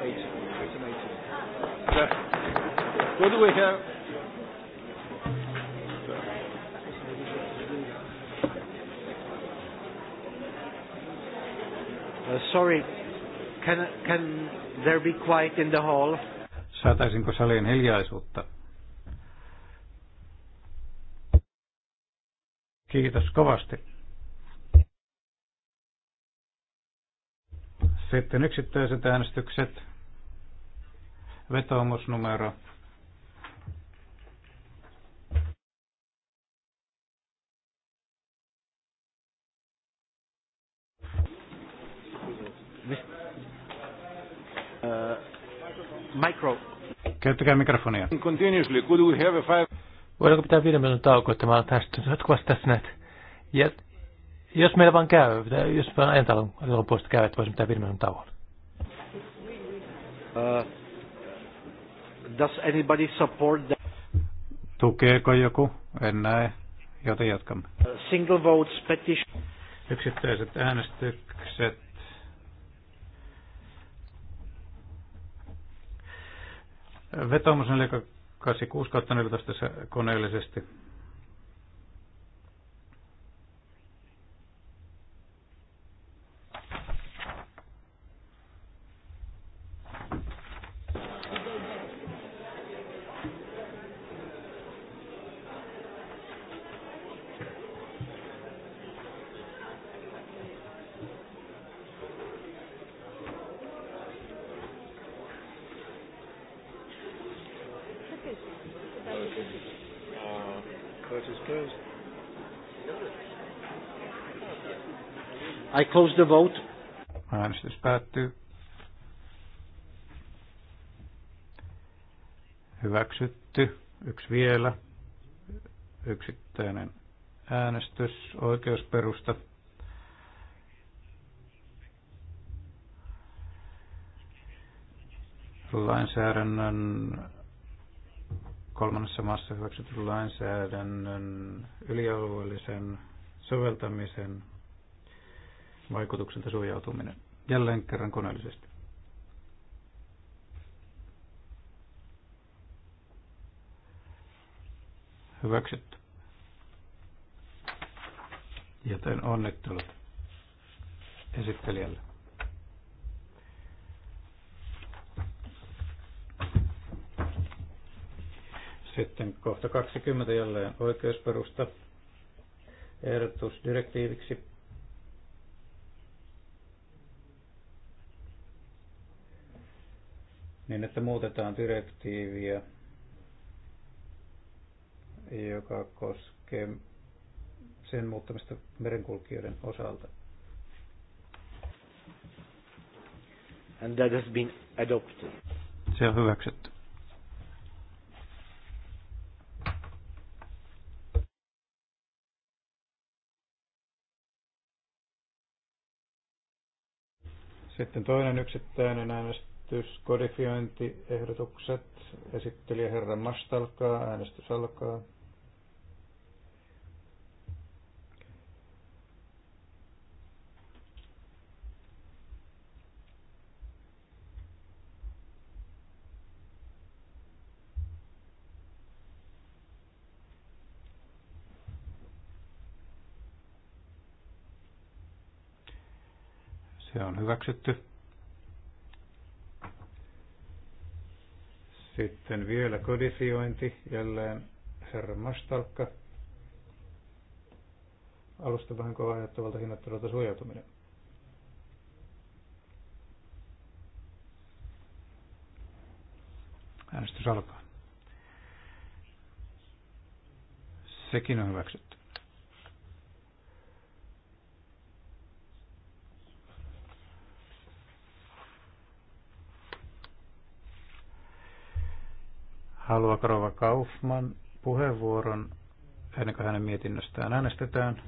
what do we have? Uh, sorry, can, can there be quiet in the hall? Saataisinko salien hiljaisuutta? Kiitos kovasti. Sitten yksittäiset äänestykset. Vetoomusnumero. Uh, micro. Käyttäkää mikrofonia. Continuously, could we have a five... Voidaanko pitää viiden minuutin tauko, että mä olen tästä, jatkuvasti tässä näitä jos meillä vaan käy, jos vaan talon lopuista käy, että voisi mitään virmenon tauon. Uh, does anybody support that? Tukeeko joku? En näe, joten jatkamme. Uh, single votes petition. Yksittäiset äänestykset. Vetoomus 486 14 koneellisesti. Close the vote. Äänestys päättyy. Hyväksytty. Yksi vielä. Yksittäinen äänestys. Oikeusperusta. lainsäädännön kolmannessa maassa hyväksytty lainsäädännön ylialueellisen soveltamisen vaikutuksilta suojautuminen. Jälleen kerran koneellisesti. Hyväksytty. Joten onnittelut esittelijälle. Sitten kohta 20 jälleen oikeusperusta ehdotus direktiiviksi niin että muutetaan direktiiviä, joka koskee sen muuttamista merenkulkijoiden osalta. And that has been adopted. Se on hyväksytty. Sitten toinen yksittäinen äänestys ehdotukset Esittelijä herra Mastalkaa. Äänestys alkaa. Se on hyväksytty. Sitten vielä kodifiointi, jälleen herra Mastalkka. Alustavahinkoa ajattavalta hinnattelulta suojautuminen. Äänestys alkaa. Sekin on hyväksytty. Haluaako Rova Kaufman puheenvuoron ennen kuin hänen mietinnöstään äänestetään?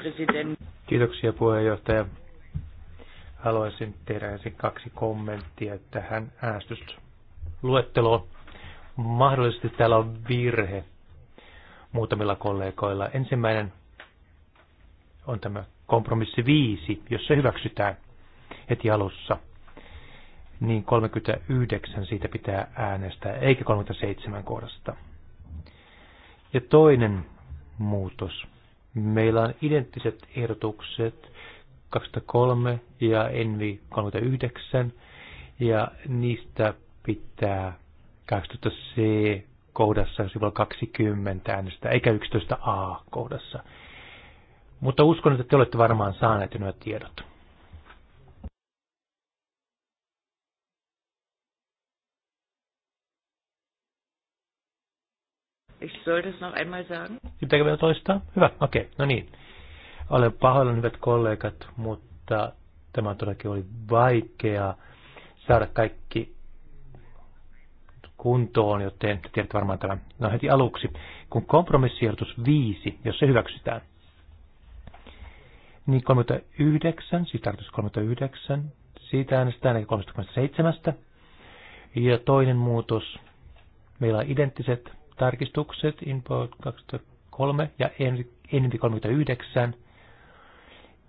President. Kiitoksia puheenjohtaja. Haluaisin tehdä ensin kaksi kommenttia tähän äänestysluetteloon. Mahdollisesti täällä on virhe muutamilla kollegoilla. Ensimmäinen on tämä kompromissi viisi, jos se hyväksytään heti alussa – niin 39 siitä pitää äänestää, eikä 37 kohdasta. Ja toinen muutos. Meillä on identtiset ehdotukset 23 ja Envi 39, ja niistä pitää 18c kohdassa sivulla 20 äänestä, eikä 11a kohdassa. Mutta uskon, että te olette varmaan saaneet jo nämä tiedot. Ich soll das noch einmal sagen. Pitääkö vielä toistaa? Hyvä, okei, okay. no niin. Olen pahoillani, hyvät kollegat, mutta tämä todellakin oli vaikea saada kaikki kuntoon, joten te tiedätte varmaan tämän. No heti aluksi, kun kompromissiehdotus 5, jos se hyväksytään, niin 39, siis tarkoitus 39, siitä äänestetään eli 37. Ja toinen muutos, meillä on identtiset tarkistukset, Inpo 2003 ja Envi 39,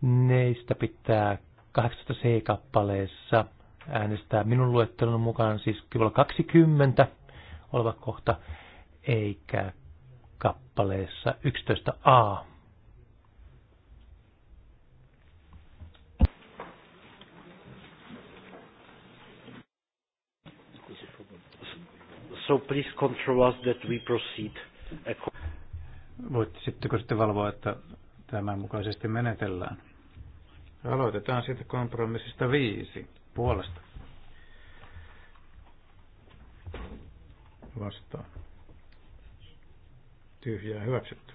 neistä pitää 18 C-kappaleessa äänestää minun luettelun mukaan siis kyllä 20 oleva kohta, eikä kappaleessa 11a So please control us that we proceed. Voitteko sitten valvoa, että tämän mukaisesti menetellään? Aloitetaan sitten kompromissista viisi puolesta. Vastaan. Tyhjää hyväksytty.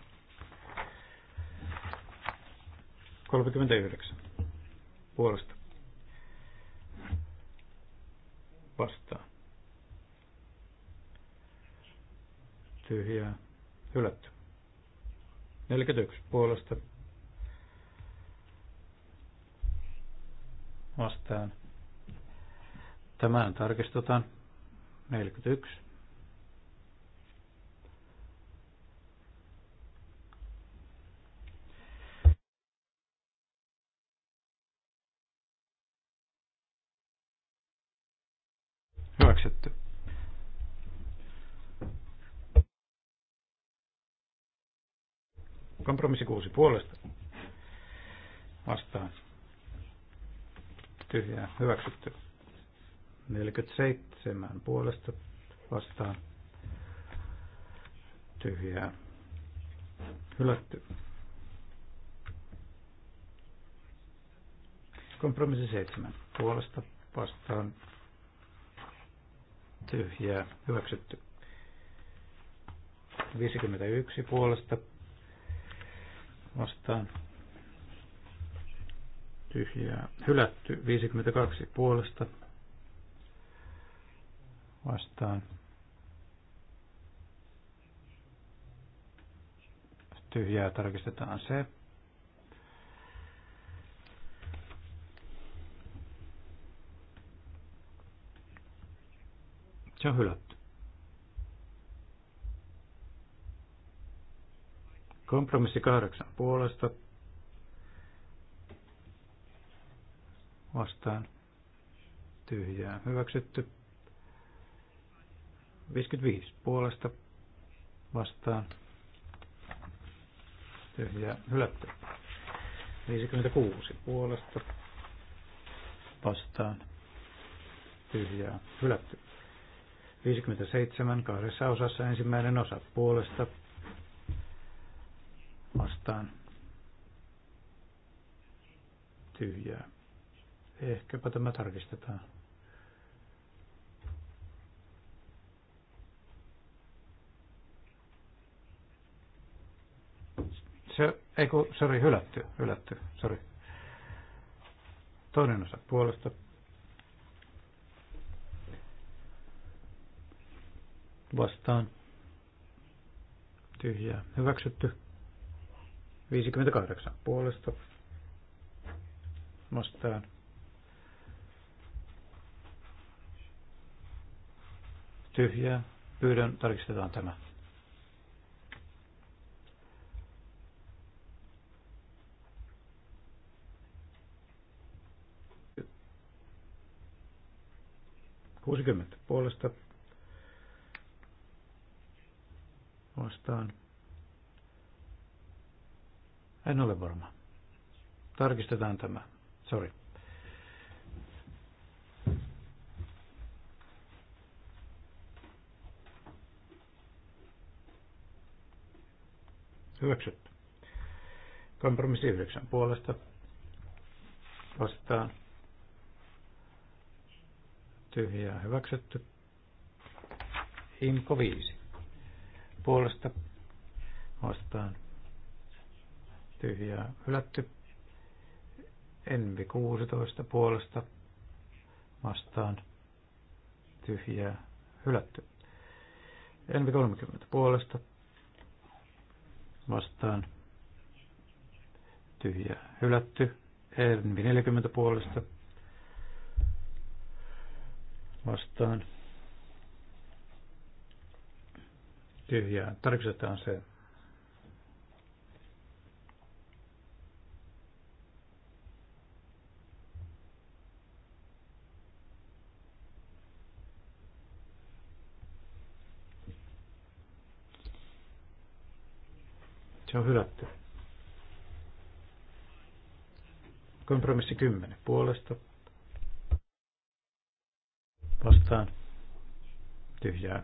39 puolesta. Vastaan. tyhjää, hylätty. 41 puolesta vastaan. Tämän tarkistetaan. 41. Hyväksytty. Kompromissi kuusi puolesta. Vastaan. Tyhjää. Hyväksytty. 47 puolesta. Vastaan. Tyhjää. Hylätty. Kompromissi seitsemän puolesta. Vastaan. Tyhjää. Hyväksytty. 51 puolesta vastaan tyhjää hylätty 52 puolesta vastaan tyhjää tarkistetaan se. Se on hylätty. Kompromissi kahdeksan puolesta vastaan tyhjää hyväksytty. 55 puolesta vastaan tyhjää hylätty. 56 puolesta vastaan tyhjää hylätty. 57 kahdessa osassa ensimmäinen osa puolesta vastaan tyhjää. Ehkäpä tämä tarkistetaan. Se, ei kun, sori, hylätty, hylätty, sori. Toinen osa puolesta. Vastaan. Tyhjää. Hyväksytty. 58 puolesta vastaan. Tyhjää. Pyydän, tarkistetaan tämä. Kuusikymmentä puolesta vastaan. En ole varma. Tarkistetaan tämä. Sorry. Hyväksytty. Kompromissi 9 puolesta vastaan. Tyhjää hyväksytty. Imko 5 puolesta vastaan tyhjää hylätty. Envi 16 puolesta vastaan tyhjää hylätty. Envi 30 puolesta vastaan tyhjää hylätty. Envi 40 puolesta vastaan tyhjää. Tarkistetaan se Se on hylätty. Kompromissi 10 puolesta. Vastaan. Tyhjää.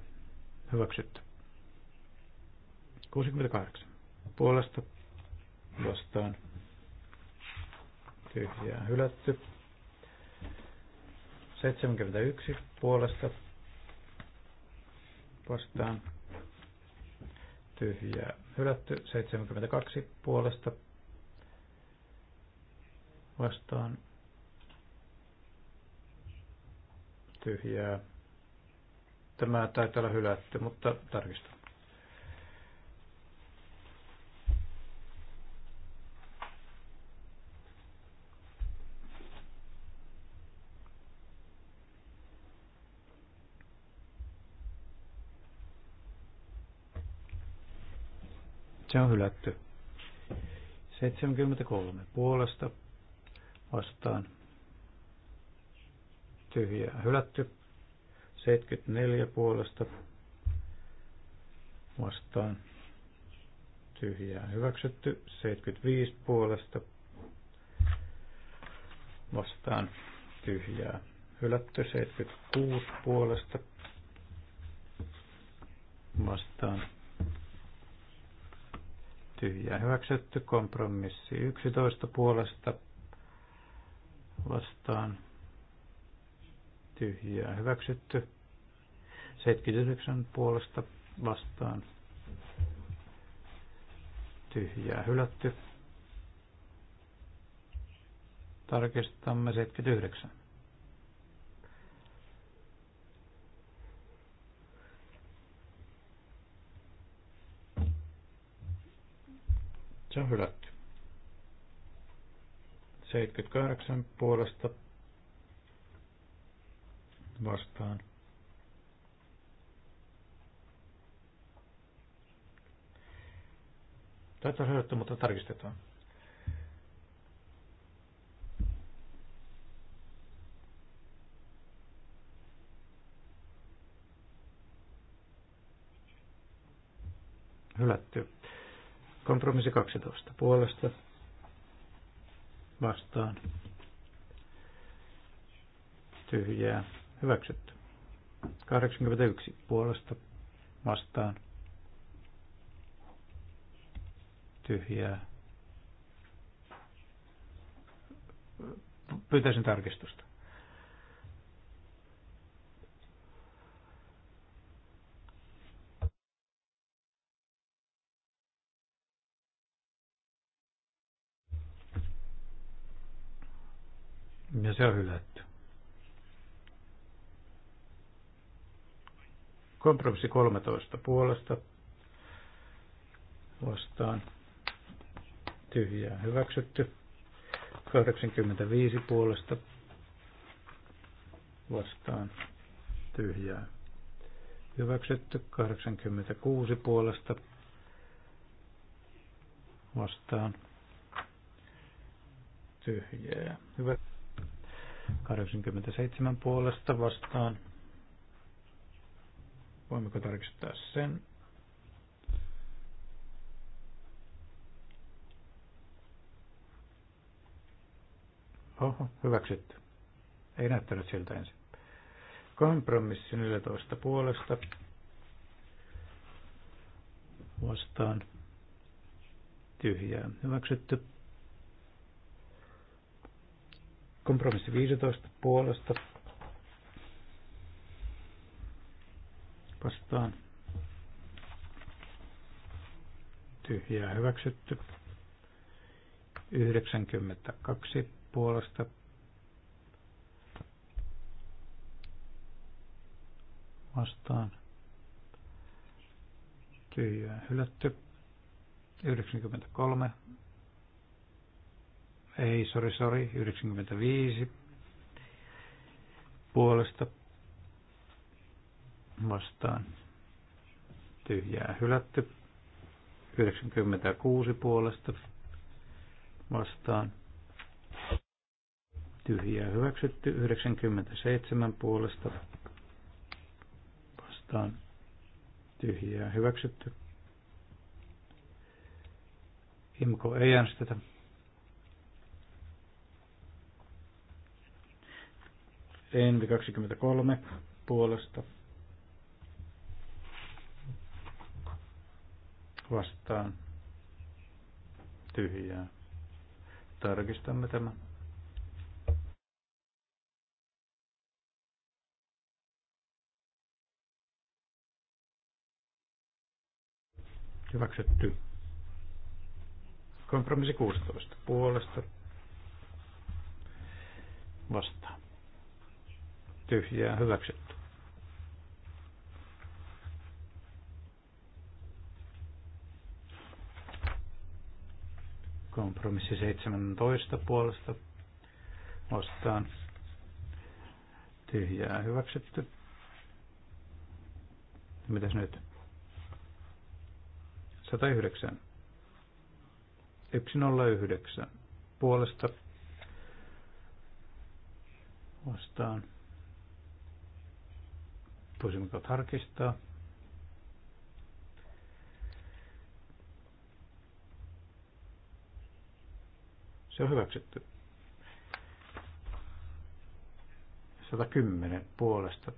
Hyväksytty. 68 puolesta. Vastaan. Tyhjää. Hylätty. 71 puolesta. Vastaan tyhjää hylätty, 72 puolesta vastaan tyhjää. Tämä taitaa olla hylätty, mutta tarkistetaan. Se on hylätty. 73 puolesta vastaan tyhjää hylätty. 74 puolesta vastaan tyhjää hyväksytty. 75 puolesta vastaan tyhjää hylätty. 76 puolesta vastaan tyhjää hyväksytty. Kompromissi 11 puolesta vastaan tyhjää hyväksytty. 79 puolesta vastaan tyhjää hylätty. Tarkistamme 79. Se on hylätty. 78 puolesta vastaan. Taitaa hylätty, mutta tarkistetaan. Hylätty. Kompromissi 12 puolesta vastaan. Tyhjää. Hyväksytty. 81 puolesta vastaan. Tyhjää. Pyytäisin tarkistusta. Ja se on hylätty. Kompromissi 13 puolesta vastaan tyhjää hyväksytty. 85 puolesta vastaan tyhjää hyväksytty. 86 puolesta vastaan tyhjää. Hyvä. 87 puolesta vastaan. Voimmeko tarkistaa sen? Oho, hyväksytty. Ei näyttänyt siltä ensin. Kompromissi 14 puolesta. Vastaan tyhjää. Hyväksytty. Kompromissi 15 puolesta vastaan. Tyhjää hyväksytty. 92 puolesta vastaan. Tyhjää hylätty. 93 ei, sori, sori, 95 puolesta vastaan tyhjää hylätty. 96 puolesta vastaan tyhjää hyväksytty. 97 puolesta vastaan tyhjää hyväksytty. Imko ei äänestetä. Envi 23 puolesta vastaan tyhjää. Tarkistamme tämän. Hyväksytty. Kompromissi 16 puolesta vastaan tyhjää hyväksytty. Kompromissi 17 puolesta vastaan tyhjää hyväksytty. Mitäs nyt? 109. 109 puolesta vastaan Voisimmeko tarkistaa? Se on hyväksytty. 110 puolesta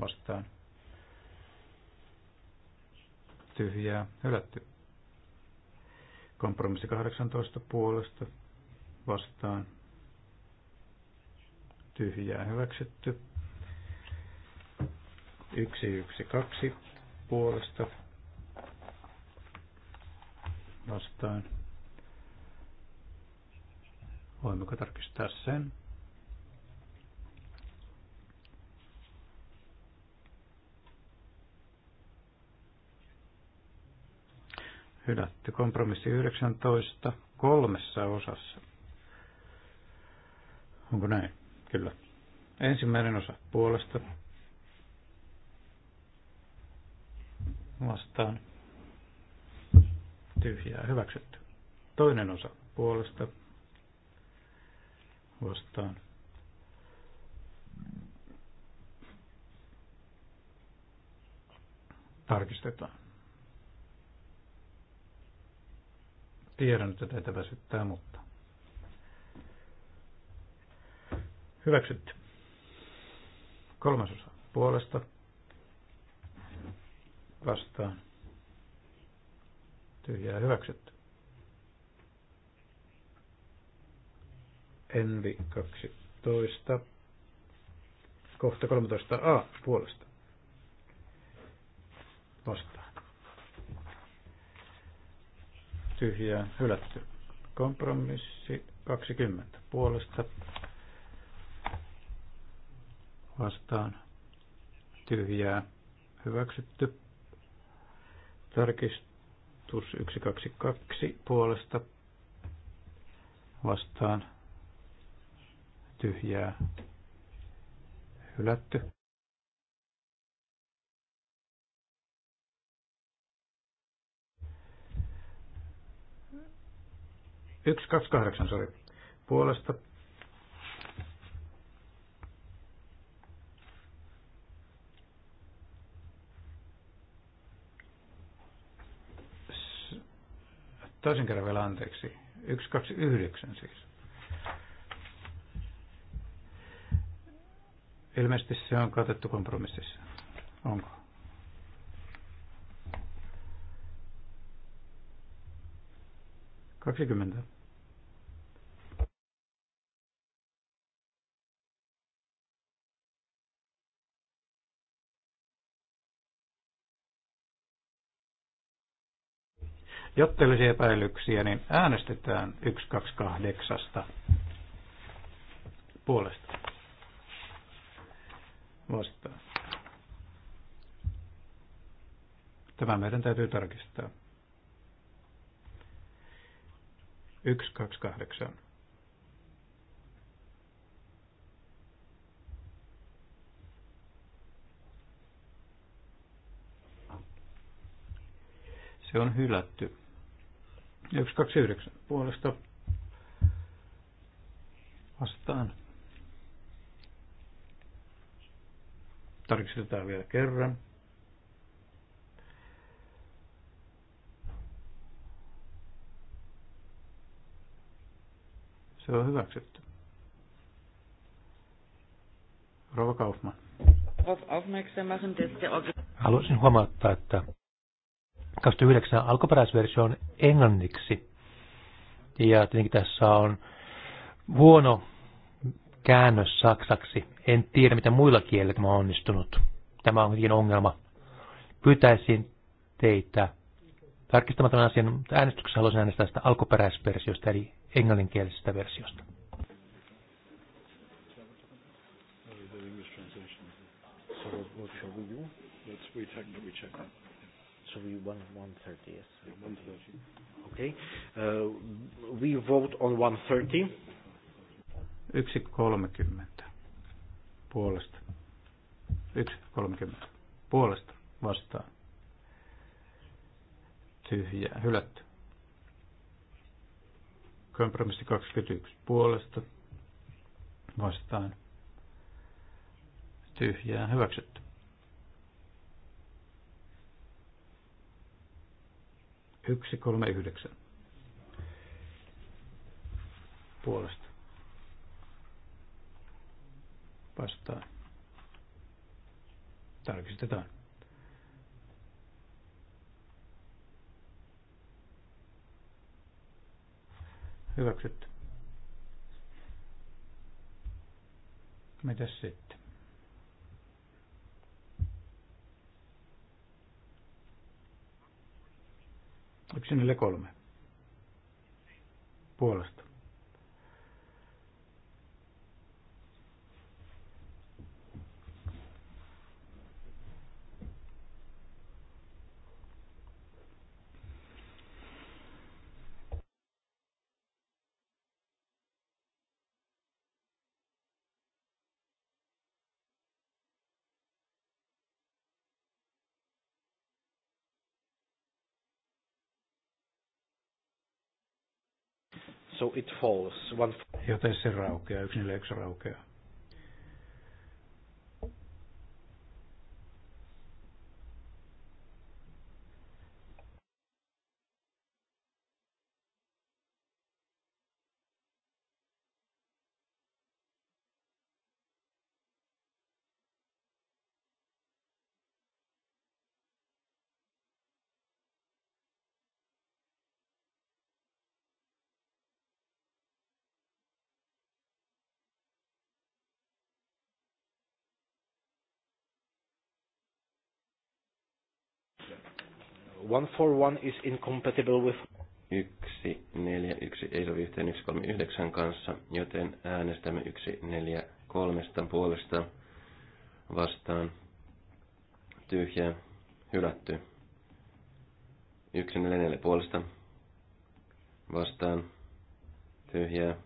vastaan. Tyhjää hylätty. Kompromissi 18 puolesta vastaan. Tyhjää hyväksytty. 112 puolesta vastaan. Voimmeko tarkistaa sen? Hylätty kompromissi 19 kolmessa osassa. Onko näin? Kyllä. Ensimmäinen osa puolesta vastaan tyhjää hyväksytty. Toinen osa puolesta vastaan tarkistetaan. Tiedän, että teitä väsyttää, mutta hyväksytty. kolmas osa puolesta vastaan tyhjää hyväksytty. Envi 12, kohta 13a puolesta vastaan. Tyhjää hylätty. Kompromissi 20 puolesta vastaan. Tyhjää hyväksytty. Tarkistus 122 puolesta vastaan tyhjää hylätty. Yksi, kaksi, kahdeksan, sori. Puolesta Toisen kerran vielä anteeksi. 129 siis. Ilmeisesti se on katettu kompromississa. Onko? Kaksikymmentä. jottelisi epäilyksiä, niin äänestetään 128 puolesta. Vastaan. Tämä meidän täytyy tarkistaa. 128. Se on hylätty. 129 puolesta vastaan. Tarkistetaan vielä kerran. Se on hyväksytty. Rova Kaufmann. Haluaisin huomauttaa, että 29 alkuperäisversio on englanniksi. Ja tietenkin tässä on huono käännös saksaksi. En tiedä, mitä muilla kielillä tämä on onnistunut. Tämä on kuitenkin ongelma. Pyytäisin teitä tarkistamaan tämän asian, mutta äänestyksessä haluaisin äänestää sitä alkuperäisversiosta, eli englanninkielisestä versiosta. we check, So we one one thirty, yes. Okay. Uh, we vote on one thirty. Yksi kolmekymmentä. Puolesta. Yksi kolmekymmentä. Puolesta vastaan. Tyhjää. Hylätty. Kompromissi 21. Puolesta vastaan. Tyhjää. Hyväksytty. 139 puolesta vastaan. Tarkistetaan. Hyväksytty. Mitäs sitten? 143. Puolesta. So it falls. One... Joten se raukeaa, yksi neljä yksi raukeaa. 141 is incompatible with... 141 ei sovi yhteen 139 kanssa, joten äänestämme 143 puolesta vastaan. Tyhjä, hylätty. 144 puolesta vastaan. Tyhjä,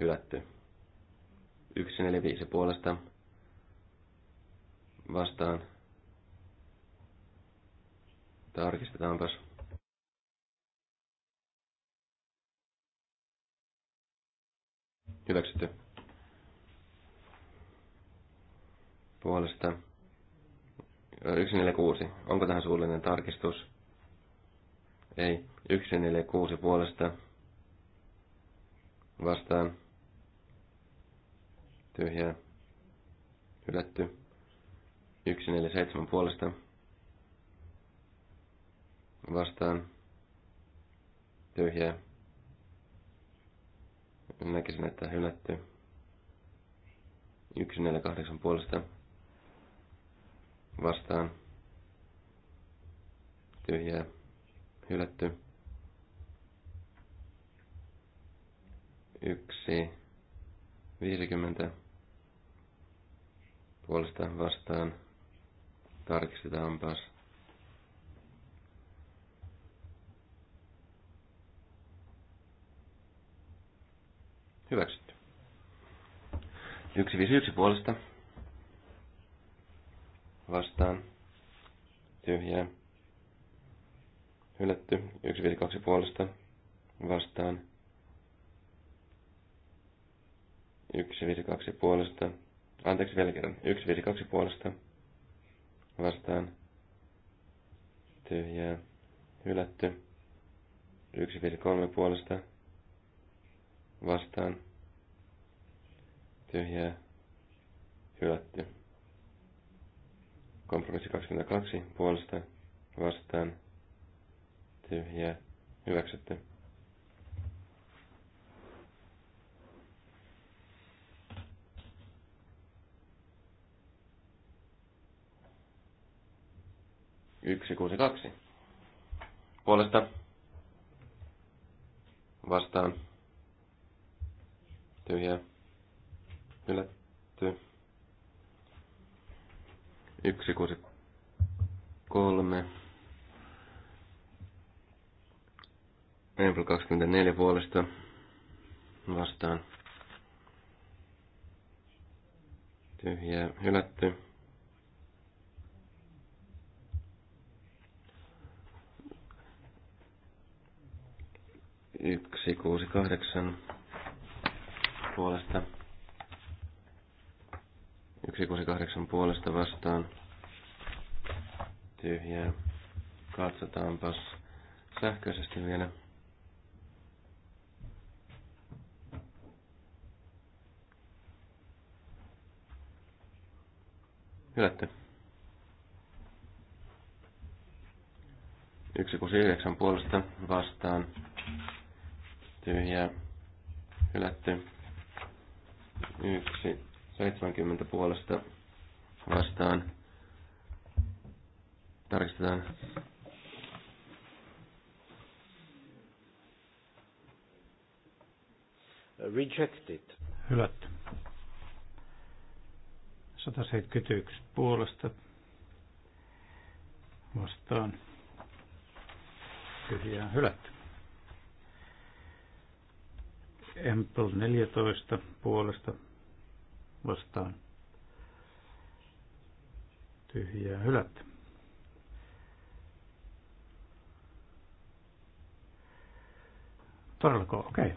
hylätty. 145 puolesta vastaan Tarkistetaanpas. Hyväksytty. Puolesta. 146. Onko tähän suullinen tarkistus? Ei. 146 puolesta. Vastaan. Tyhjää. Hylätty. 147 puolesta vastaan tyhjää. Näkisin, että hylätty. 148 puolesta vastaan tyhjää hylätty. Yksi, viisikymmentä puolesta vastaan tarkistetaanpas. Hyväksytty. 151 puolesta. Vastaan. Tyhjää. Hylätty. 152 puolesta. Vastaan. 152 puolesta. Anteeksi vielä kerran. 152 puolesta. Vastaan. Tyhjää. Hylätty. 153 puolesta vastaan, tyhjää, hylätty. Kompromissi 22 puolesta, vastaan, tyhjää, hyväksytty. Yksi, kuusi, kaksi. Puolesta vastaan tyhjä yksi kuusi kolme April 24 puolesta vastaan. Tyhjä hylätty. Yksi, kuusi, kahdeksan puolesta. 168 puolesta vastaan. Tyhjää. Katsotaanpas sähköisesti vielä. Hylätty. 169 puolesta vastaan. Tyhjää. Hylätty yksi 70 puolesta vastaan. Tarkistetaan. Rejected. Hylätty. 171 puolesta vastaan. Tyhjää hylätty. Empel 14 puolesta vastaan. Tyhjää hylättä. Todellako? Okei. Okay.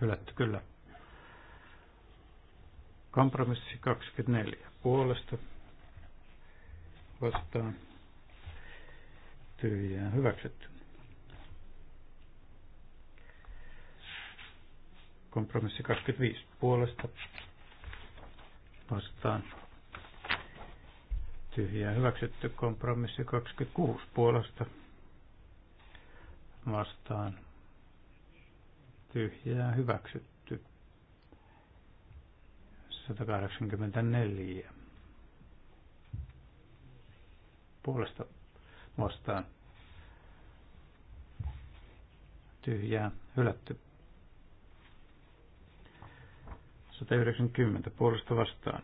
Hylätty, kyllä. Kompromissi 24 puolesta vastaan tyhjää hyväksytty. Kompromissi 25 puolesta vastaan tyhjää hyväksytty. Kompromissi 26 puolesta vastaan tyhjää hyväksytty. 1984. puolesta vastaan tyhjää hylätty. 190 puolesta vastaan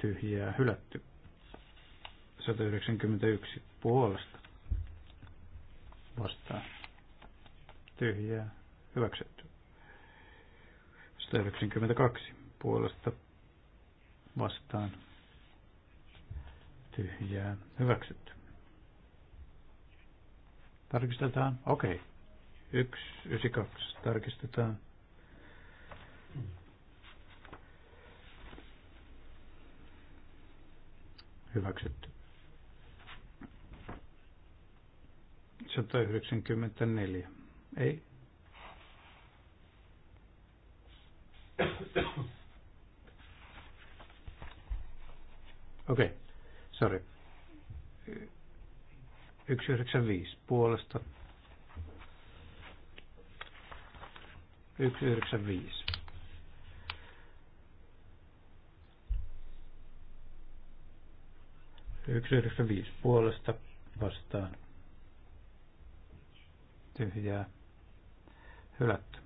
tyhjää hylätty. 191 puolesta vastaan tyhjää hyväksytty. 192 puolesta vastaan tyhjää hyväksytty. Tarkistetaan. Okei. Okay. 192 tarkistetaan. Hyväksytty. 194. Ei. Okei, okay. sorry. 195 puolesta. 195. Yksi puolesta vastaan. Tyhjää. Hylätty.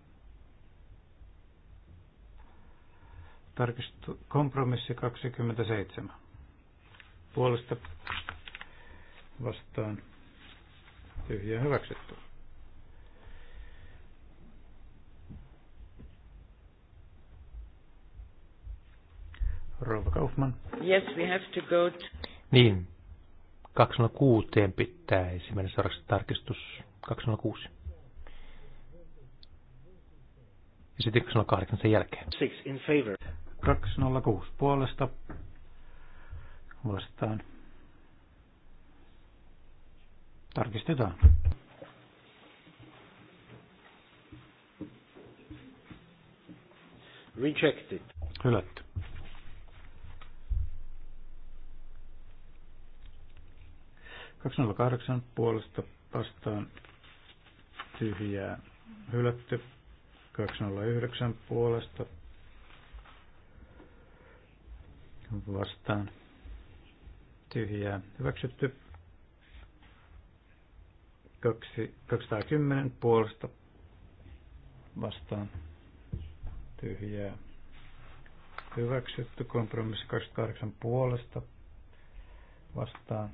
Tarkistu kompromissi 27 puolesta vastaan tyhjä hyväksytty. Rova Kaufman. Yes, we have to go to... Niin, 206 pitää esimerkiksi seuraavaksi tarkistus 206. Ja sitten 208 sen jälkeen. Six in favor. 206 puolesta vastaan. Tarkistetaan. Rejected. Hylätty. kahdeksan puolesta vastaan tyhjää hylätty. 209 puolesta vastaan tyhjää hyväksytty. 210 puolesta vastaan tyhjää hyväksytty. Kompromissi 28 puolesta vastaan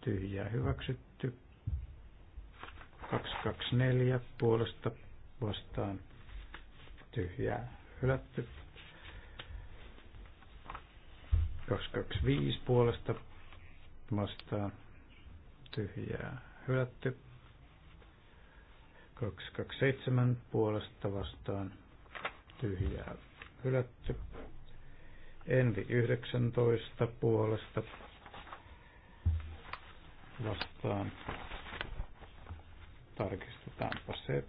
tyhjää hyväksytty. 224 puolesta vastaan tyhjää hylätty. 225 puolesta vastaan tyhjää hylätty. 227 puolesta vastaan tyhjää hylätty. Envi 19 puolesta vastaan. Tarkistetaanpa se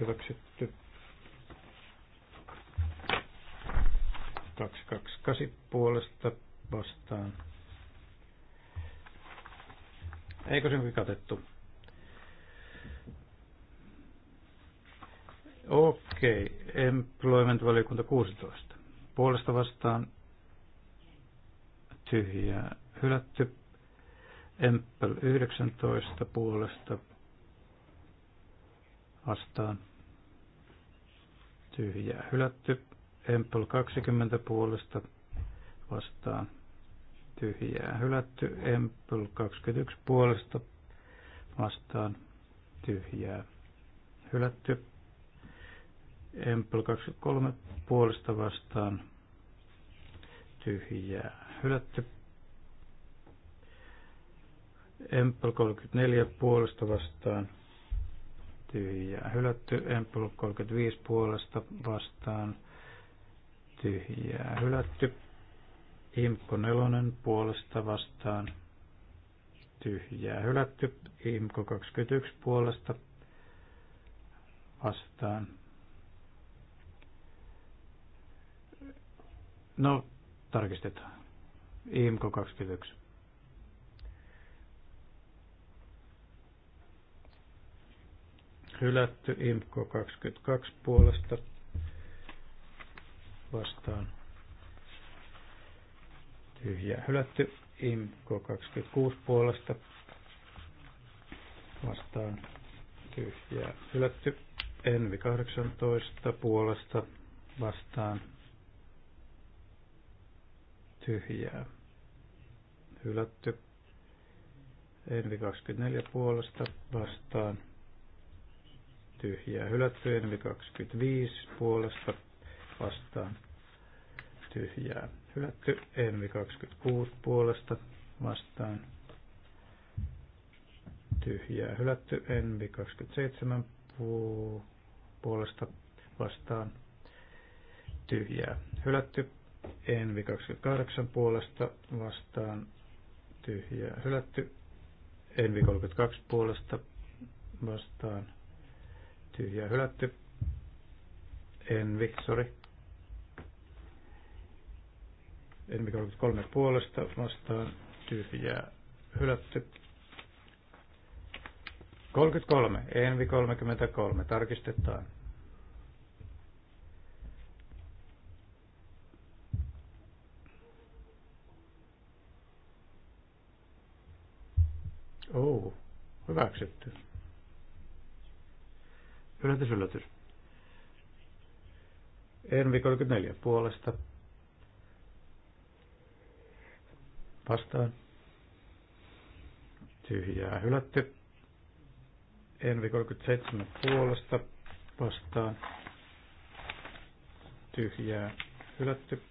Hyväksytty. 228 puolesta vastaan. Eikö se onkin katettu? Okei, okay. employment-valiokunta 16. Puolesta vastaan tyhjä hylätty. Empel 19 puolesta vastaan tyhjää hylätty. Empel 20 puolesta vastaan tyhjää hylätty. Empel 21 puolesta vastaan tyhjää hylätty. Empel 23 puolesta vastaan tyhjää hylätty. Empel 34 puolesta vastaan tyhjää hylätty, Empul 35 puolesta vastaan tyhjää hylätty, Imko 4 puolesta vastaan tyhjää hylätty, Imko 21 puolesta vastaan. No, tarkistetaan. Imko 21. hylätty, IMKO 22 puolesta vastaan tyhjää hylätty, IMKO 26 puolesta vastaan tyhjää hylätty, ENVI 18 puolesta vastaan tyhjää hylätty, ENVI 24 puolesta vastaan tyhjää hylätty, Envi 25 puolesta vastaan tyhjää hylätty, Envi 26 puolesta vastaan tyhjää hylätty, Envi 27 puolesta vastaan tyhjää hylätty, Envi 28 puolesta vastaan tyhjää hylätty, Envi 32 puolesta vastaan tyhjä hylätty. Envi, sori. Envi 33 puolesta vastaan. tyhjä hylätty. 33. Envi 33. Tarkistetaan. Oh, hyväksytty. Yllätys, yllätys. Ervi 34 puolesta. Vastaan. Tyhjää hylätty. Envi 37 puolesta vastaan. Tyhjää hylätty.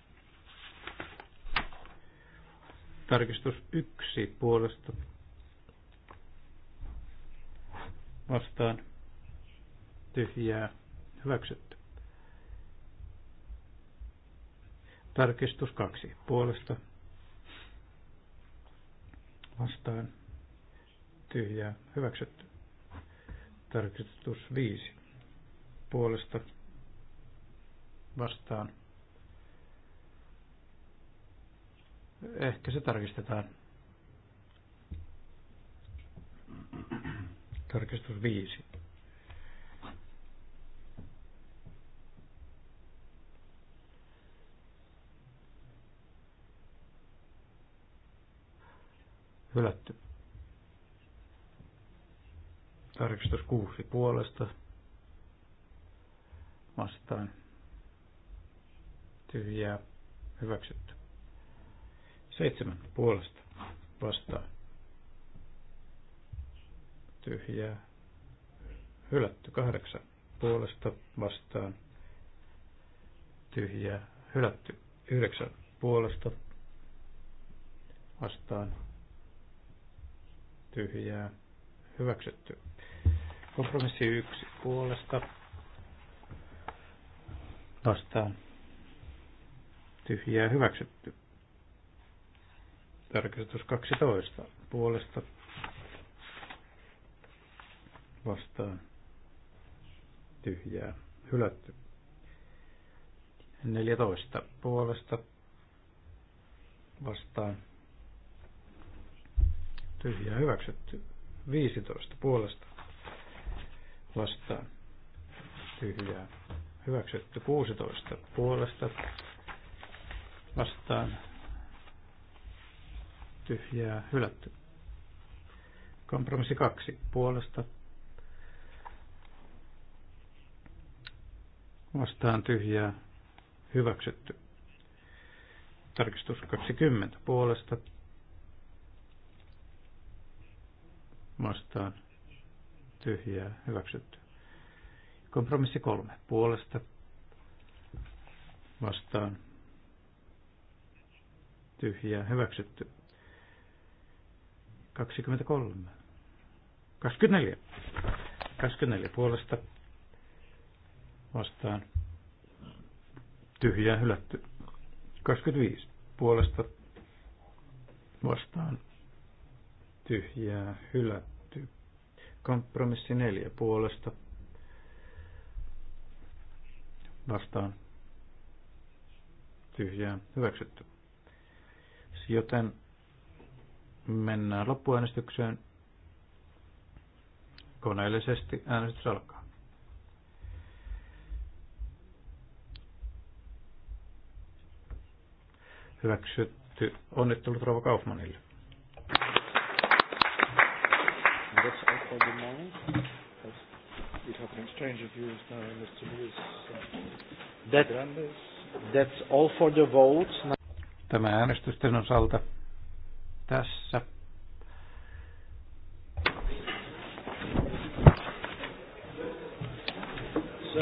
Tarkistus 1 puolesta vastaan tyhjää hyväksytty. Tarkistus kaksi puolesta vastaan tyhjää hyväksytty. Tarkistus viisi puolesta vastaan. Ehkä se tarkistetaan. Tarkistus viisi. Hylätty. 86 puolesta vastaan tyhjää hyväksytty. Seitsemän puolesta vastaan tyhjää hylätty. Kahdeksan puolesta vastaan tyhjää hylätty. Yhdeksän puolesta vastaan tyhjää hyväksytty. Kompromissi yksi puolesta vastaan tyhjää hyväksytty. Tarkistus 12 puolesta vastaan tyhjää hylätty. 14 puolesta vastaan tyhjää hyväksytty. 15 puolesta vastaan tyhjää hyväksytty. 16 puolesta vastaan tyhjää hylätty. Kompromissi 2 puolesta vastaan tyhjää hyväksytty. Tarkistus 20 puolesta vastaan tyhjää hyväksytty. Kompromissi kolme puolesta vastaan tyhjää hyväksytty. 23. 24. 24 puolesta vastaan tyhjää hylätty. 25 puolesta vastaan tyhjää hylätty. Kompromissi neljä puolesta vastaan tyhjää hyväksytty. Joten mennään loppuäänestykseen. Koneellisesti äänestys alkaa. Hyväksytty. Onnittelut Rova Kaufmanille. that's all for the morning. We have an exchange of views now, Mr. Lewis. That, that's all for the vote. Tämä äänestysten osalta tässä. So,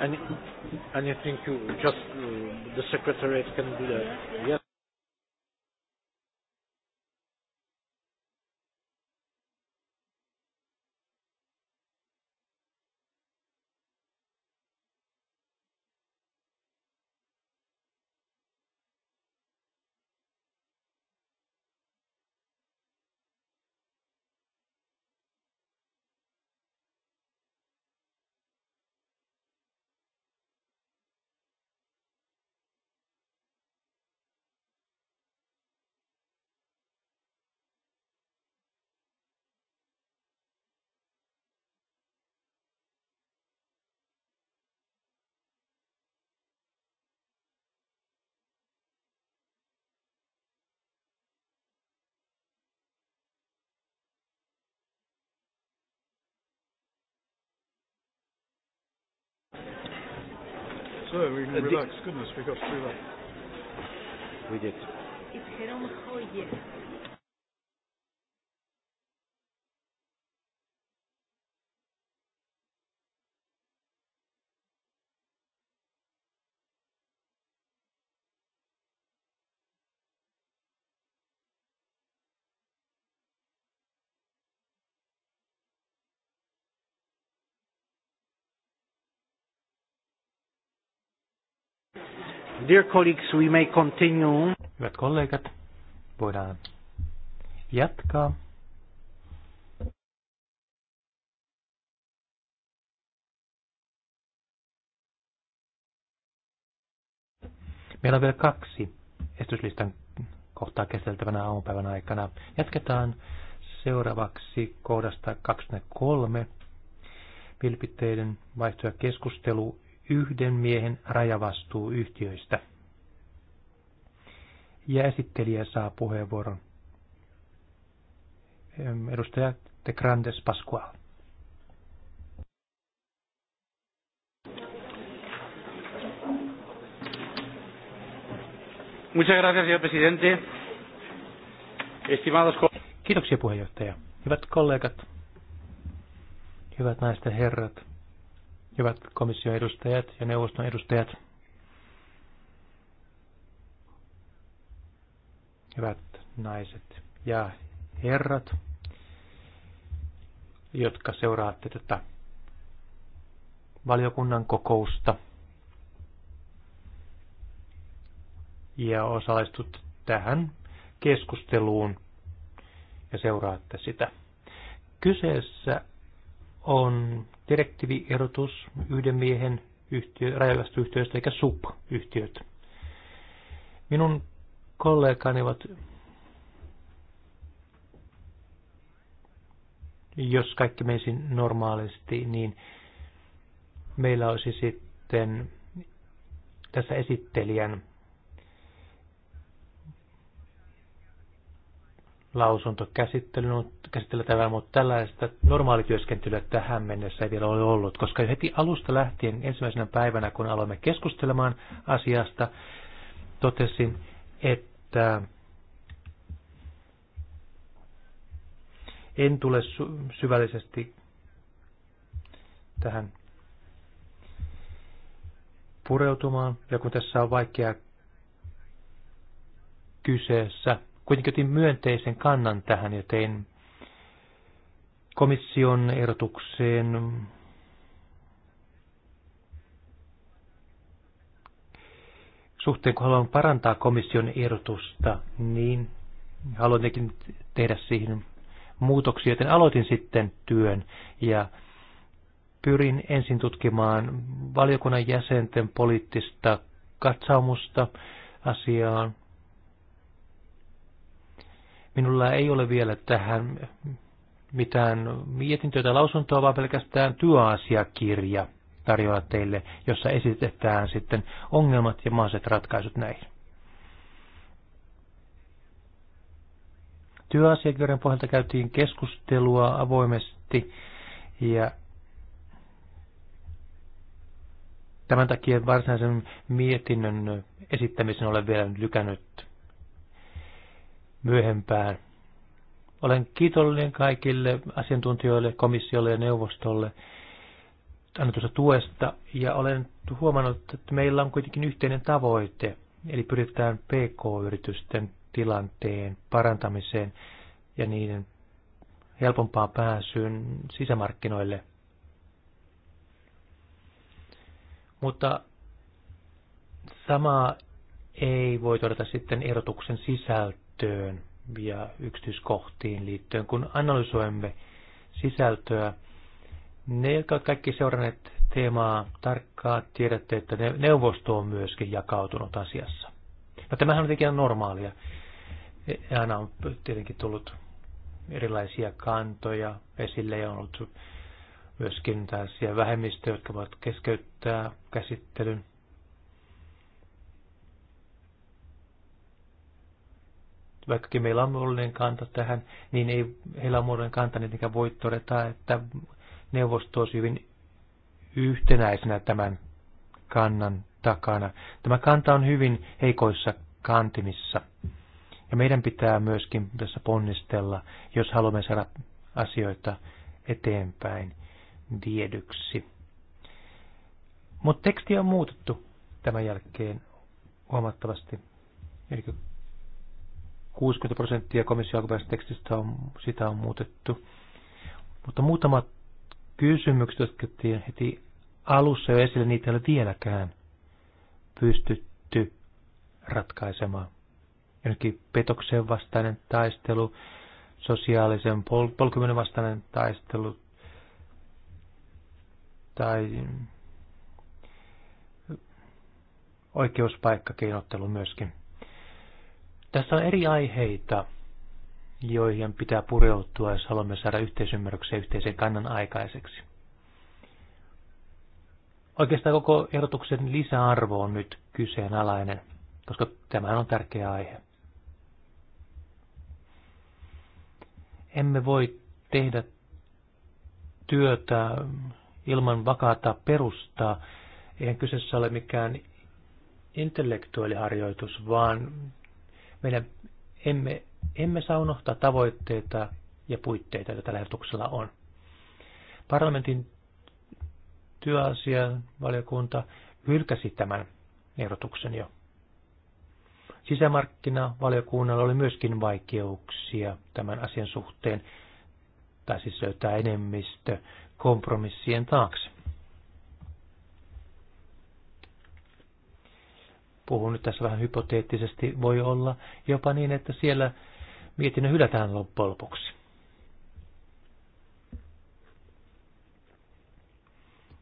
And, anything you think you just uh, the secretariat can do that? Yes. So we can uh, relax. Goodness, we got through that. We did. It's on the yeah. Dear colleagues, we may continue. Hyvät kollegat, voidaan jatkaa. Meillä on vielä kaksi esityslistan kohtaa käsiteltävänä aamupäivän aikana. Jatketaan seuraavaksi kohdasta 23 vilpitteiden vaihto- ja keskustelu yhden miehen rajavastuu yhtiöistä. Ja esittelijä saa puheenvuoron. Edustaja De Grandes Pascual. Muchas gracias, señor presidente. Estimados Kiitoksia puheenjohtaja. Hyvät kollegat, hyvät naiset ja herrat. Hyvät komission edustajat ja neuvoston edustajat, hyvät naiset ja herrat, jotka seuraatte tätä valiokunnan kokousta ja osallistutte tähän keskusteluun ja seuraatte sitä. Kyseessä on direktiiviehdotus yhden miehen yhtiö, rajallisista yhtiöistä eikä sup yhtiöt Minun kollegani ovat, jos kaikki menisi normaalisti, niin meillä olisi sitten tässä esittelijän lausunto käsiteltävää, mutta tällaista normaalityöskentelyä tähän mennessä ei vielä ole ollut, koska heti alusta lähtien ensimmäisenä päivänä, kun aloimme keskustelemaan asiasta, totesin, että en tule syvällisesti tähän pureutumaan, ja kun tässä on vaikea kyseessä kuitenkin otin myönteisen kannan tähän, joten komission erotukseen suhteen, kun haluan parantaa komission erotusta, niin haluan nekin tehdä siihen muutoksia, joten aloitin sitten työn ja pyrin ensin tutkimaan valiokunnan jäsenten poliittista katsaumusta asiaan Minulla ei ole vielä tähän mitään mietintöä tai lausuntoa, vaan pelkästään työasiakirja tarjoaa teille, jossa esitetään sitten ongelmat ja mahdolliset ratkaisut näihin. Työasiakirjan pohjalta käytiin keskustelua avoimesti ja tämän takia varsinaisen mietinnön esittämisen olen vielä lykännyt myöhempään. Olen kiitollinen kaikille asiantuntijoille, komissiolle ja neuvostolle annetusta tuesta ja olen huomannut, että meillä on kuitenkin yhteinen tavoite, eli pyritään PK-yritysten tilanteen parantamiseen ja niiden helpompaa pääsyyn sisämarkkinoille. Mutta samaa ei voi todeta sitten erotuksen sisältöä sisältöön ja yksityiskohtiin liittyen, kun analysoimme sisältöä. Ne, jotka ovat kaikki seuranneet teemaa tarkkaan, tiedätte, että neuvosto on myöskin jakautunut asiassa. No tämähän on tietenkin normaalia. Aina on tietenkin tullut erilaisia kantoja esille ja on ollut myöskin tällaisia vähemmistöjä, jotka voivat keskeyttää käsittelyn. vaikkakin meillä on muodollinen kanta tähän, niin ei heillä on muodollinen kanta, niin mikä voi todeta, että neuvosto olisi hyvin yhtenäisenä tämän kannan takana. Tämä kanta on hyvin heikoissa kantimissa. Ja meidän pitää myöskin tässä ponnistella, jos haluamme saada asioita eteenpäin viedyksi. Mutta teksti on muutettu tämän jälkeen huomattavasti. Eli 60 prosenttia komission alkuperäisestä tekstistä on, sitä on muutettu. Mutta muutamat kysymykset, jotka heti alussa jo esille, niitä ei ole vieläkään pystytty ratkaisemaan. Jonnekin petoksen vastainen taistelu, sosiaalisen pol- polkuminen vastainen taistelu tai oikeuspaikkakeinottelu myöskin. Tässä on eri aiheita, joihin pitää pureutua, jos haluamme saada yhteisymmärryksen yhteisen kannan aikaiseksi. Oikeastaan koko ehdotuksen lisäarvo on nyt kyseenalainen, koska tämähän on tärkeä aihe. Emme voi tehdä työtä ilman vakaata perustaa. Eihän kyseessä ole mikään intellektuaaliharjoitus, vaan meidän emme, emme saa unohtaa tavoitteita ja puitteita, joita tällä ehdotuksella on. Parlamentin työasianvaliokunta hylkäsi tämän ehdotuksen jo. Sisämarkkinavaliokunnalla oli myöskin vaikeuksia tämän asian suhteen, tai siis löytää enemmistö kompromissien taakse. puhun nyt tässä vähän hypoteettisesti, voi olla jopa niin, että siellä mietinnön hylätään loppujen lopuksi.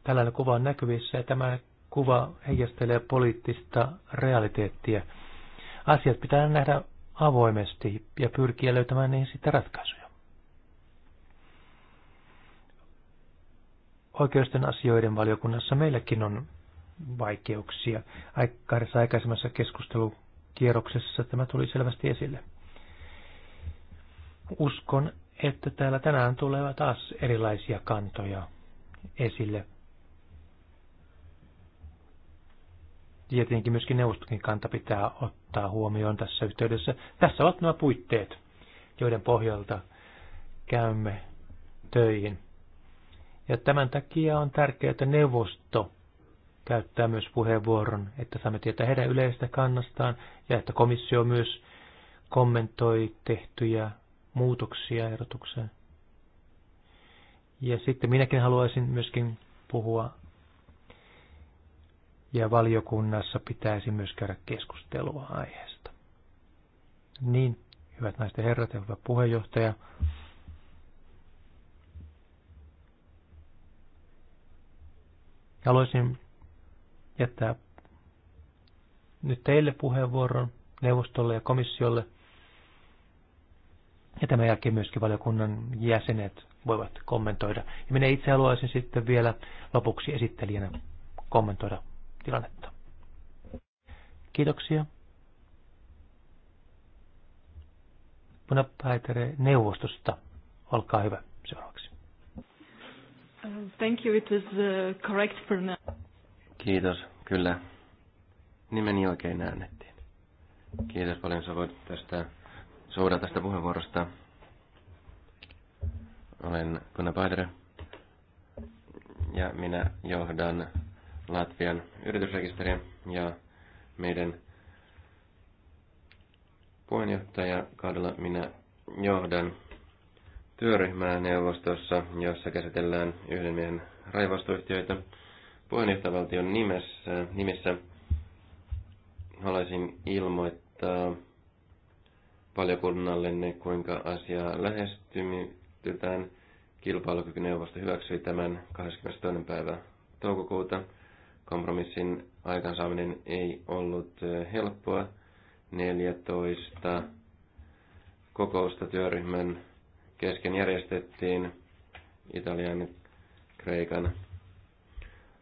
Tällainen kuva on näkyvissä ja tämä kuva heijastelee poliittista realiteettia. Asiat pitää nähdä avoimesti ja pyrkiä löytämään niihin sitten ratkaisuja. Oikeusten asioiden valiokunnassa meilläkin on vaikeuksia. Aikaisessa aikaisemmassa keskustelukierroksessa tämä tuli selvästi esille. Uskon, että täällä tänään tulee taas erilaisia kantoja esille. Tietenkin myöskin neuvostokin kanta pitää ottaa huomioon tässä yhteydessä. Tässä ovat nämä puitteet, joiden pohjalta käymme töihin. Ja tämän takia on tärkeää, että neuvosto käyttää myös puheenvuoron, että saamme tietää heidän yleistä kannastaan ja että komissio myös kommentoi tehtyjä muutoksia ehdotukseen. Ja sitten minäkin haluaisin myöskin puhua ja valiokunnassa pitäisi myös käydä keskustelua aiheesta. Niin, hyvät naisten herrat ja hyvä puheenjohtaja. Haluaisin jättää nyt teille puheenvuoron, neuvostolle ja komissiolle. Ja tämän jälkeen myöskin valiokunnan jäsenet voivat kommentoida. Ja minä itse haluaisin sitten vielä lopuksi esittelijänä kommentoida tilannetta. Kiitoksia. Punapäätere neuvostosta. Olkaa hyvä seuraavaksi. Thank you. It was uh, correct pronunciation. Kiitos, kyllä. Nimeni oikein äänettiin. Kiitos paljon voit tästä Souda tästä puheenvuorosta. Olen Gunnar Paidere ja minä johdan Latvian yritysrekisteriä ja meidän puheenjohtaja kaudella minä johdan työryhmää neuvostossa, jossa käsitellään yhden miehen raivastoyhtiöitä puheenjohtajavaltion nimessä, nimissä haluaisin ilmoittaa valiokunnallenne, kuinka asiaa lähestymitään. Kilpailukykyneuvosto hyväksyi tämän 22. päivä toukokuuta. Kompromissin aikansaaminen ei ollut eh, helppoa. 14 kokousta työryhmän kesken järjestettiin Italian, Kreikan,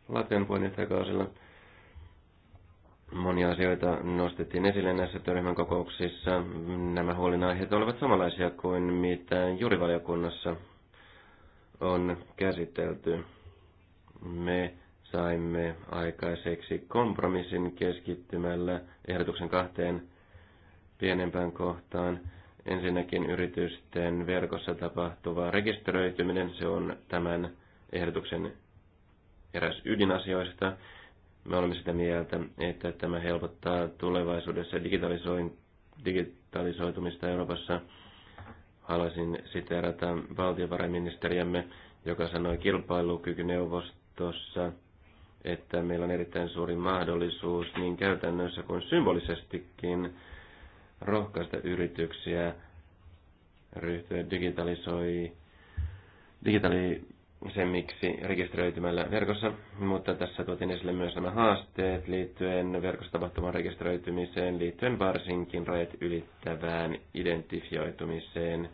Latvian puheenjohtajakausilla. Monia asioita nostettiin esille näissä työryhmän kokouksissa. Nämä huolinaiheet olivat samanlaisia kuin mitä juurivaliokunnassa on käsitelty. Me saimme aikaiseksi kompromissin keskittymällä ehdotuksen kahteen pienempään kohtaan. Ensinnäkin yritysten verkossa tapahtuva rekisteröityminen, se on tämän ehdotuksen eräs ydinasioista. Me olemme sitä mieltä, että tämä helpottaa tulevaisuudessa digitalisoitumista Euroopassa. Haluaisin siteerata valtiovarainministeriämme, joka sanoi kilpailukykyneuvostossa, että meillä on erittäin suuri mahdollisuus niin käytännössä kuin symbolisestikin rohkaista yrityksiä ryhtyä digitalisoi, digitaali, se, miksi rekisteröitymällä verkossa, mutta tässä tuotiin esille myös nämä haasteet liittyen verkostapahtuman rekisteröitymiseen, liittyen varsinkin rajat ylittävään identifioitumiseen,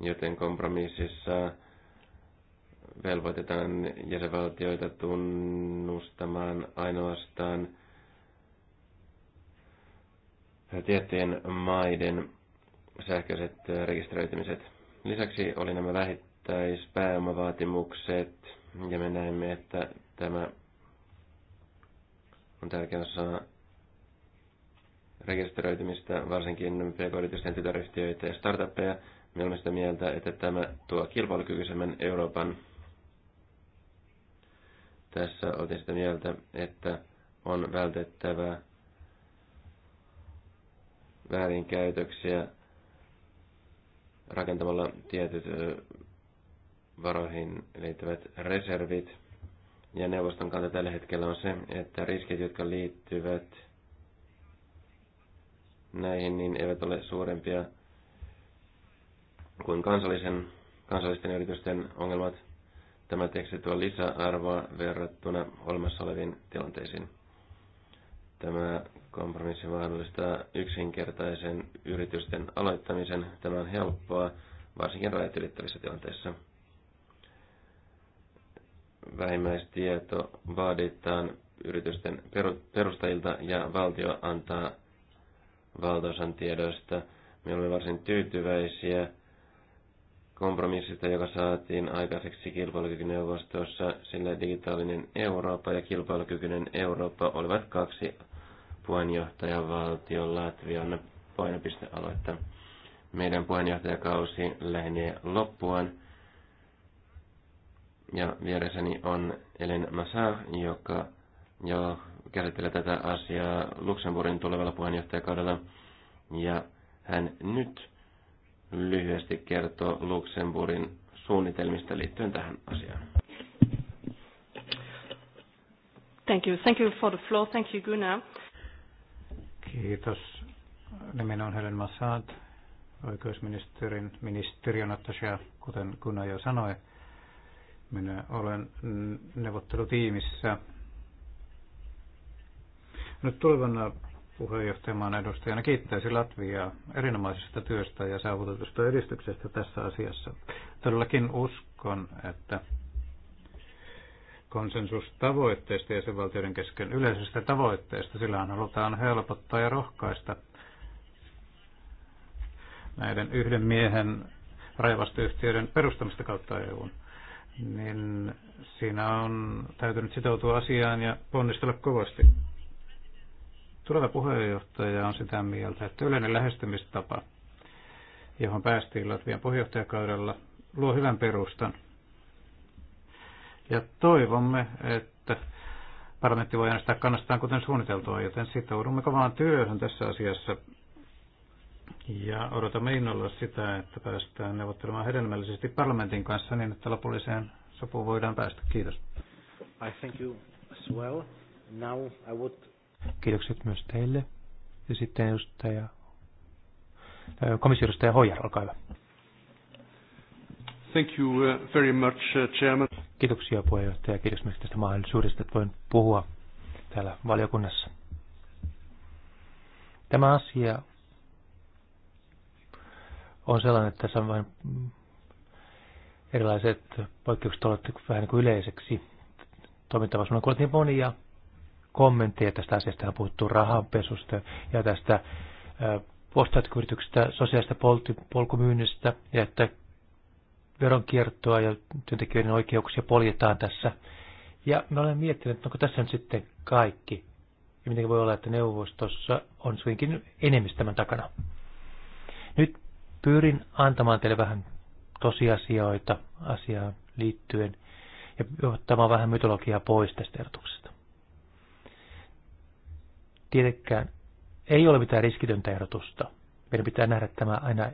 joten kompromississa velvoitetaan jäsenvaltioita tunnustamaan ainoastaan tiettyjen maiden sähköiset rekisteröitymiset. Lisäksi oli nämä vähittäiset pääomavaatimukset ja me näemme, että tämä on tärkeä osa rekisteröitymistä, varsinkin pk-yritysten tytäryhtiöitä ja startuppeja. Me olemme sitä mieltä, että tämä tuo kilpailukykyisemmän Euroopan. Tässä otin sitä mieltä, että on vältettävä väärinkäytöksiä rakentamalla tietyt varoihin liittyvät reservit. Ja neuvoston kanta tällä hetkellä on se, että riskit, jotka liittyvät näihin, niin eivät ole suurempia kuin kansallisen, kansallisten yritysten ongelmat. Tämä teksti tuo lisäarvoa verrattuna olemassa oleviin tilanteisiin. Tämä kompromissi mahdollistaa yksinkertaisen yritysten aloittamisen. Tämä on helppoa, varsinkin rajat ylittävissä tilanteissa vähimmäistieto vaaditaan yritysten perustajilta ja valtio antaa valtaosan tiedoista. Me olemme varsin tyytyväisiä kompromissista, joka saatiin aikaiseksi kilpailukykyneuvostossa, sillä digitaalinen Eurooppa ja kilpailukykyinen Eurooppa olivat kaksi puheenjohtajavaltion Latvian painopistealuetta. Meidän puheenjohtajakausi lähenee loppuaan ja vieressäni on Elen Massar, joka jo käsittelee tätä asiaa Luxemburgin tulevalla puheenjohtajakaudella. Ja hän nyt lyhyesti kertoo Luxemburgin suunnitelmista liittyen tähän asiaan. Thank you. Thank you for the floor. Thank you, Gunnar. Kiitos. Nimeni on Helen Massad, oikeusministerin ministeriön attasia, kuten Gunnar jo sanoi. Minä olen neuvottelutiimissä. Nyt tulevana puheenjohtajamaan edustajana kiittäisin Latviaa erinomaisesta työstä ja saavutetusta edistyksestä tässä asiassa. Todellakin uskon, että konsensustavoitteista ja sen valtioiden kesken yleisestä tavoitteesta, on halutaan helpottaa ja rohkaista näiden yhden miehen raivastuyhtiöiden perustamista kautta EUn niin siinä on täytynyt sitoutua asiaan ja ponnistella kovasti. Tuleva puheenjohtaja on sitä mieltä, että yleinen lähestymistapa, johon päästiin Latvian puheenjohtajakaudella, luo hyvän perustan. Ja toivomme, että parlamentti voi äänestää kannastaan kuten suunniteltua, joten sitoudumme kovaan työhön tässä asiassa ja odotamme innolla sitä, että päästään neuvottelemaan hedelmällisesti parlamentin kanssa niin, että lopulliseen sopuun voidaan päästä. Kiitos. I thank you as well. Now I would... Kiitokset myös teille. Ja sitten edustaja, äh, edustaja Hoijar, olkaa hyvä. Thank you uh, very much, uh, Chairman. Kiitoksia puheenjohtaja. Kiitos myös tästä mahdollisuudesta, että voin puhua täällä valiokunnassa. Tämä asia on sellainen, että tässä on vain erilaiset poikkeukset tulleet vähän niin kuin yleiseksi toimintavassa. Me kuultiin monia kommentteja tästä asiasta, on puhuttu rahanpesusta ja tästä postaatikuyrityksestä, sosiaalista polkumyynnistä ja että veronkiertoa ja työntekijöiden oikeuksia poljetaan tässä. Ja mä olen miettinyt, että onko tässä nyt sitten kaikki. Ja miten voi olla, että neuvostossa on suinkin enemmistö tämän takana. Nyt pyrin antamaan teille vähän tosiasioita asiaan liittyen ja ottamaan vähän mytologiaa pois tästä erotuksesta. Tietenkään ei ole mitään riskitöntä erotusta. Meidän pitää nähdä tämä aina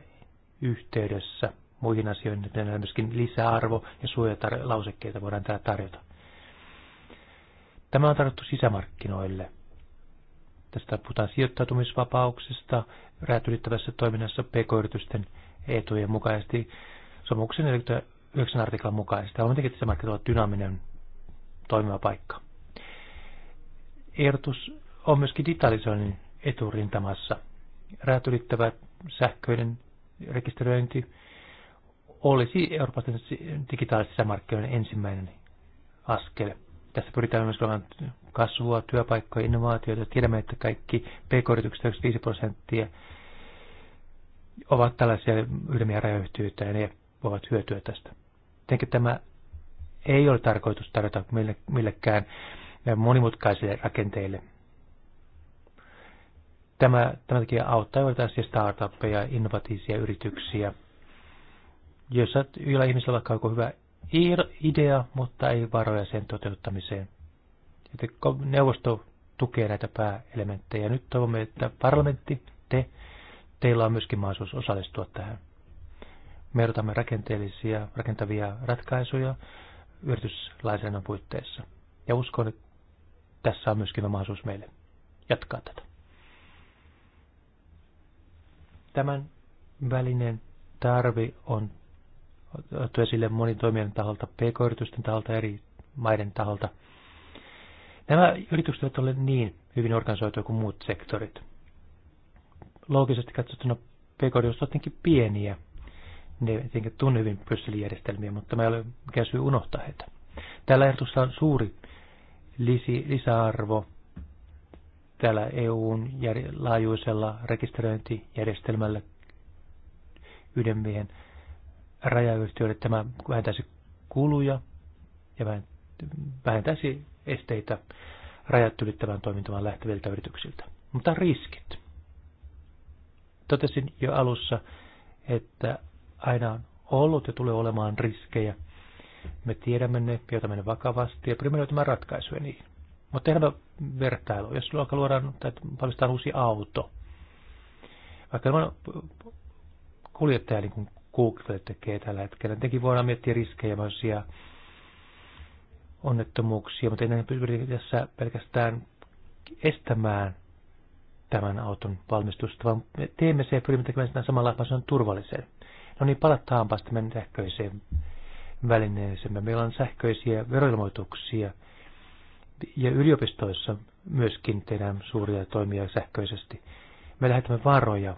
yhteydessä muihin asioihin, että meillä on myöskin lisäarvo ja suojatar- lausekkeita voidaan täällä tarjota. Tämä on tarjottu sisämarkkinoille – Tästä puhutaan sijoittautumisvapauksesta, räät ylittävässä toiminnassa pk-yritysten etujen mukaisesti sopimuksen 49 artiklan mukaisesti. Tämä on tietenkin sisämarkkinoilla dynaaminen toimiva paikka. Ehdotus on myöskin digitalisoinnin eturintamassa. Räät ylittävä sähköinen rekisteröinti olisi Euroopan digitaalisen sisämarkkinoiden ensimmäinen askel. Tässä pyritään myös olemaan kasvua, työpaikkoja, innovaatioita. Tiedämme, että kaikki pk-yritykset 95 prosenttia ovat tällaisia ylimiä rajoyhtiöitä ja ne voivat hyötyä tästä. Tietenkin tämä ei ole tarkoitus tarjota millekään monimutkaisille rakenteille. Tämä, tämä takia auttaa joitain startuppeja, innovatiivisia yrityksiä, joissa joilla on vaikka joku hyvä idea, mutta ei varoja sen toteuttamiseen – että neuvosto tukee näitä pääelementtejä. Nyt toivomme, että parlamentti, te, teillä on myöskin mahdollisuus osallistua tähän. Me odotamme rakenteellisia, rakentavia ratkaisuja yrityslainsäädännön puitteissa. Ja uskon, että tässä on myöskin mahdollisuus meille jatkaa tätä. Tämän välinen tarvi on otettu esille toimijan taholta, pk-yritysten taholta, eri maiden taholta – Nämä yritykset ovat olleet niin hyvin organisoituja kuin muut sektorit. Loogisesti katsottuna pk ovat jotenkin pieniä. Ne tietenkin tunne hyvin Brysselin järjestelmiä, mutta me ei ole mikään syy unohtaa heitä. Tällä ehdotuksella on suuri lisi, lisäarvo täällä EUn laajuisella rekisteröintijärjestelmällä yhden miehen rajayhtiölle. Tämä vähentäisi kuluja ja vähentäisi esteitä rajat ylittävän toimintaan lähteviltä yrityksiltä. Mutta riskit. Totesin jo alussa, että aina on ollut ja tulee olemaan riskejä. Me tiedämme ne, joita ne vakavasti ja pyrimme löytämään ratkaisuja niihin. Mutta tehdään vertailu. Jos luokka luodaan tai valmistetaan uusi auto, vaikka kuljettaja niin kuin Google tekee tällä hetkellä, niin tekin voidaan miettiä riskejä, mahdollisia onnettomuuksia, mutta ei pyritä tässä pelkästään estämään tämän auton valmistusta, vaan me teemme se ja pyrimme tekemään sitä samalla, että se on turvalliseen. No niin, palataanpa sitten meidän sähköiseen välineeseemme. Meillä on sähköisiä veroilmoituksia ja yliopistoissa myöskin tehdään suuria toimia sähköisesti. Me lähetämme varoja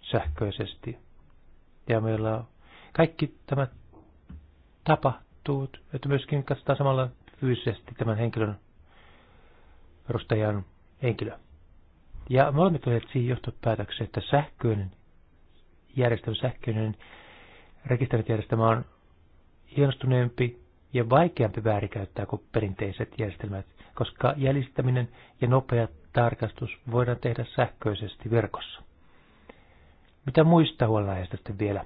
sähköisesti ja meillä on kaikki tämä tapa tapahtuu, että myöskin katsotaan samalla fyysisesti tämän henkilön perustajan henkilö. Ja me olemme tulleet siihen johtopäätökseen, että sähköinen järjestelmä, sähköinen rekisteröintijärjestelmä on hienostuneempi ja vaikeampi väärinkäyttää kuin perinteiset järjestelmät, koska jäljistäminen ja nopea tarkastus voidaan tehdä sähköisesti verkossa. Mitä muista huolenaiheista sitten vielä?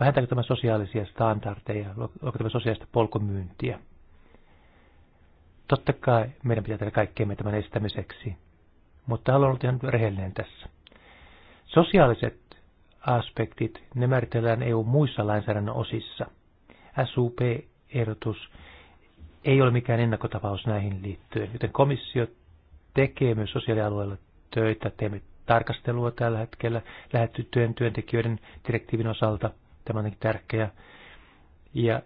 vähentääkö tämä sosiaalisia standardeja, onko tämä sosiaalista polkumyyntiä. Totta kai meidän pitää tehdä kaikkemme tämän estämiseksi, mutta haluan olla ihan rehellinen tässä. Sosiaaliset aspektit, ne määritellään EU muissa lainsäädännön osissa. SUP-ehdotus ei ole mikään ennakkotapaus näihin liittyen, joten komissio tekee myös sosiaalialueella töitä, teemme tarkastelua tällä hetkellä lähettytyön työntekijöiden direktiivin osalta – Tämä on tärkeä. Ja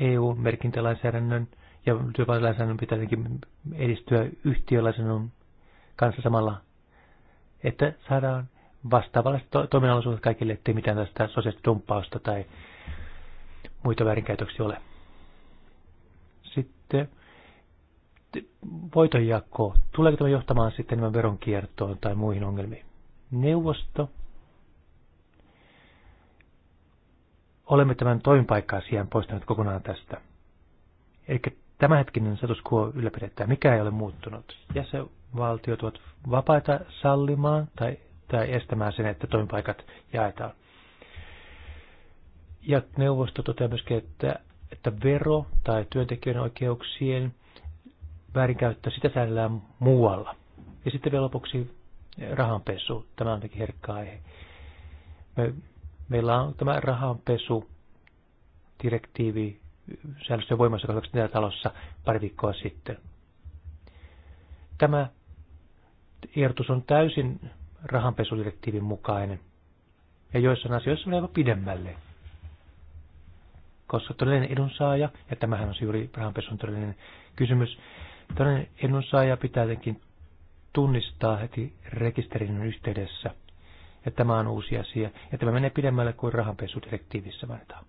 EU-merkintälainsäädännön ja työpaikalainsäädännön pitää tietenkin edistyä yhtiölainsäädännön kanssa samalla, että saadaan vastaavalliset to- toiminnallisuudet kaikille, ettei mitään tästä sosiaalista dumppausta tai muita väärinkäytöksiä ole. Sitten voitonjako. Tuleeko tämä johtamaan sitten enemmän veronkiertoon tai muihin ongelmiin? Neuvosto olemme tämän toimipaikka-asian poistaneet kokonaan tästä. Eli tämänhetkinen status quo ylläpidetään, mikä ei ole muuttunut. Jäsenvaltiot ovat vapaita sallimaan tai, tai estämään sen, että toimipaikat jaetaan. Ja neuvosto toteaa myöskin, että, että vero- tai työntekijöiden oikeuksien väärinkäyttö, sitä säädellään muualla. Ja sitten vielä lopuksi rahanpesu. Tämä on jotenkin herkkä aihe. Me Meillä on tämä rahanpesu direktiivi säännösten voimassa 24 talossa pari viikkoa sitten. Tämä ehdotus on täysin rahanpesudirektiivin mukainen ja joissain asioissa menee pidemmälle. Koska todellinen edunsaaja, ja tämähän on juuri rahanpesun todellinen kysymys, todellinen edunsaaja pitää jotenkin tunnistaa heti rekisterin yhteydessä – että tämä on uusi asia, ja tämä menee pidemmälle kuin rahanpesudirektiivissä mainitaan.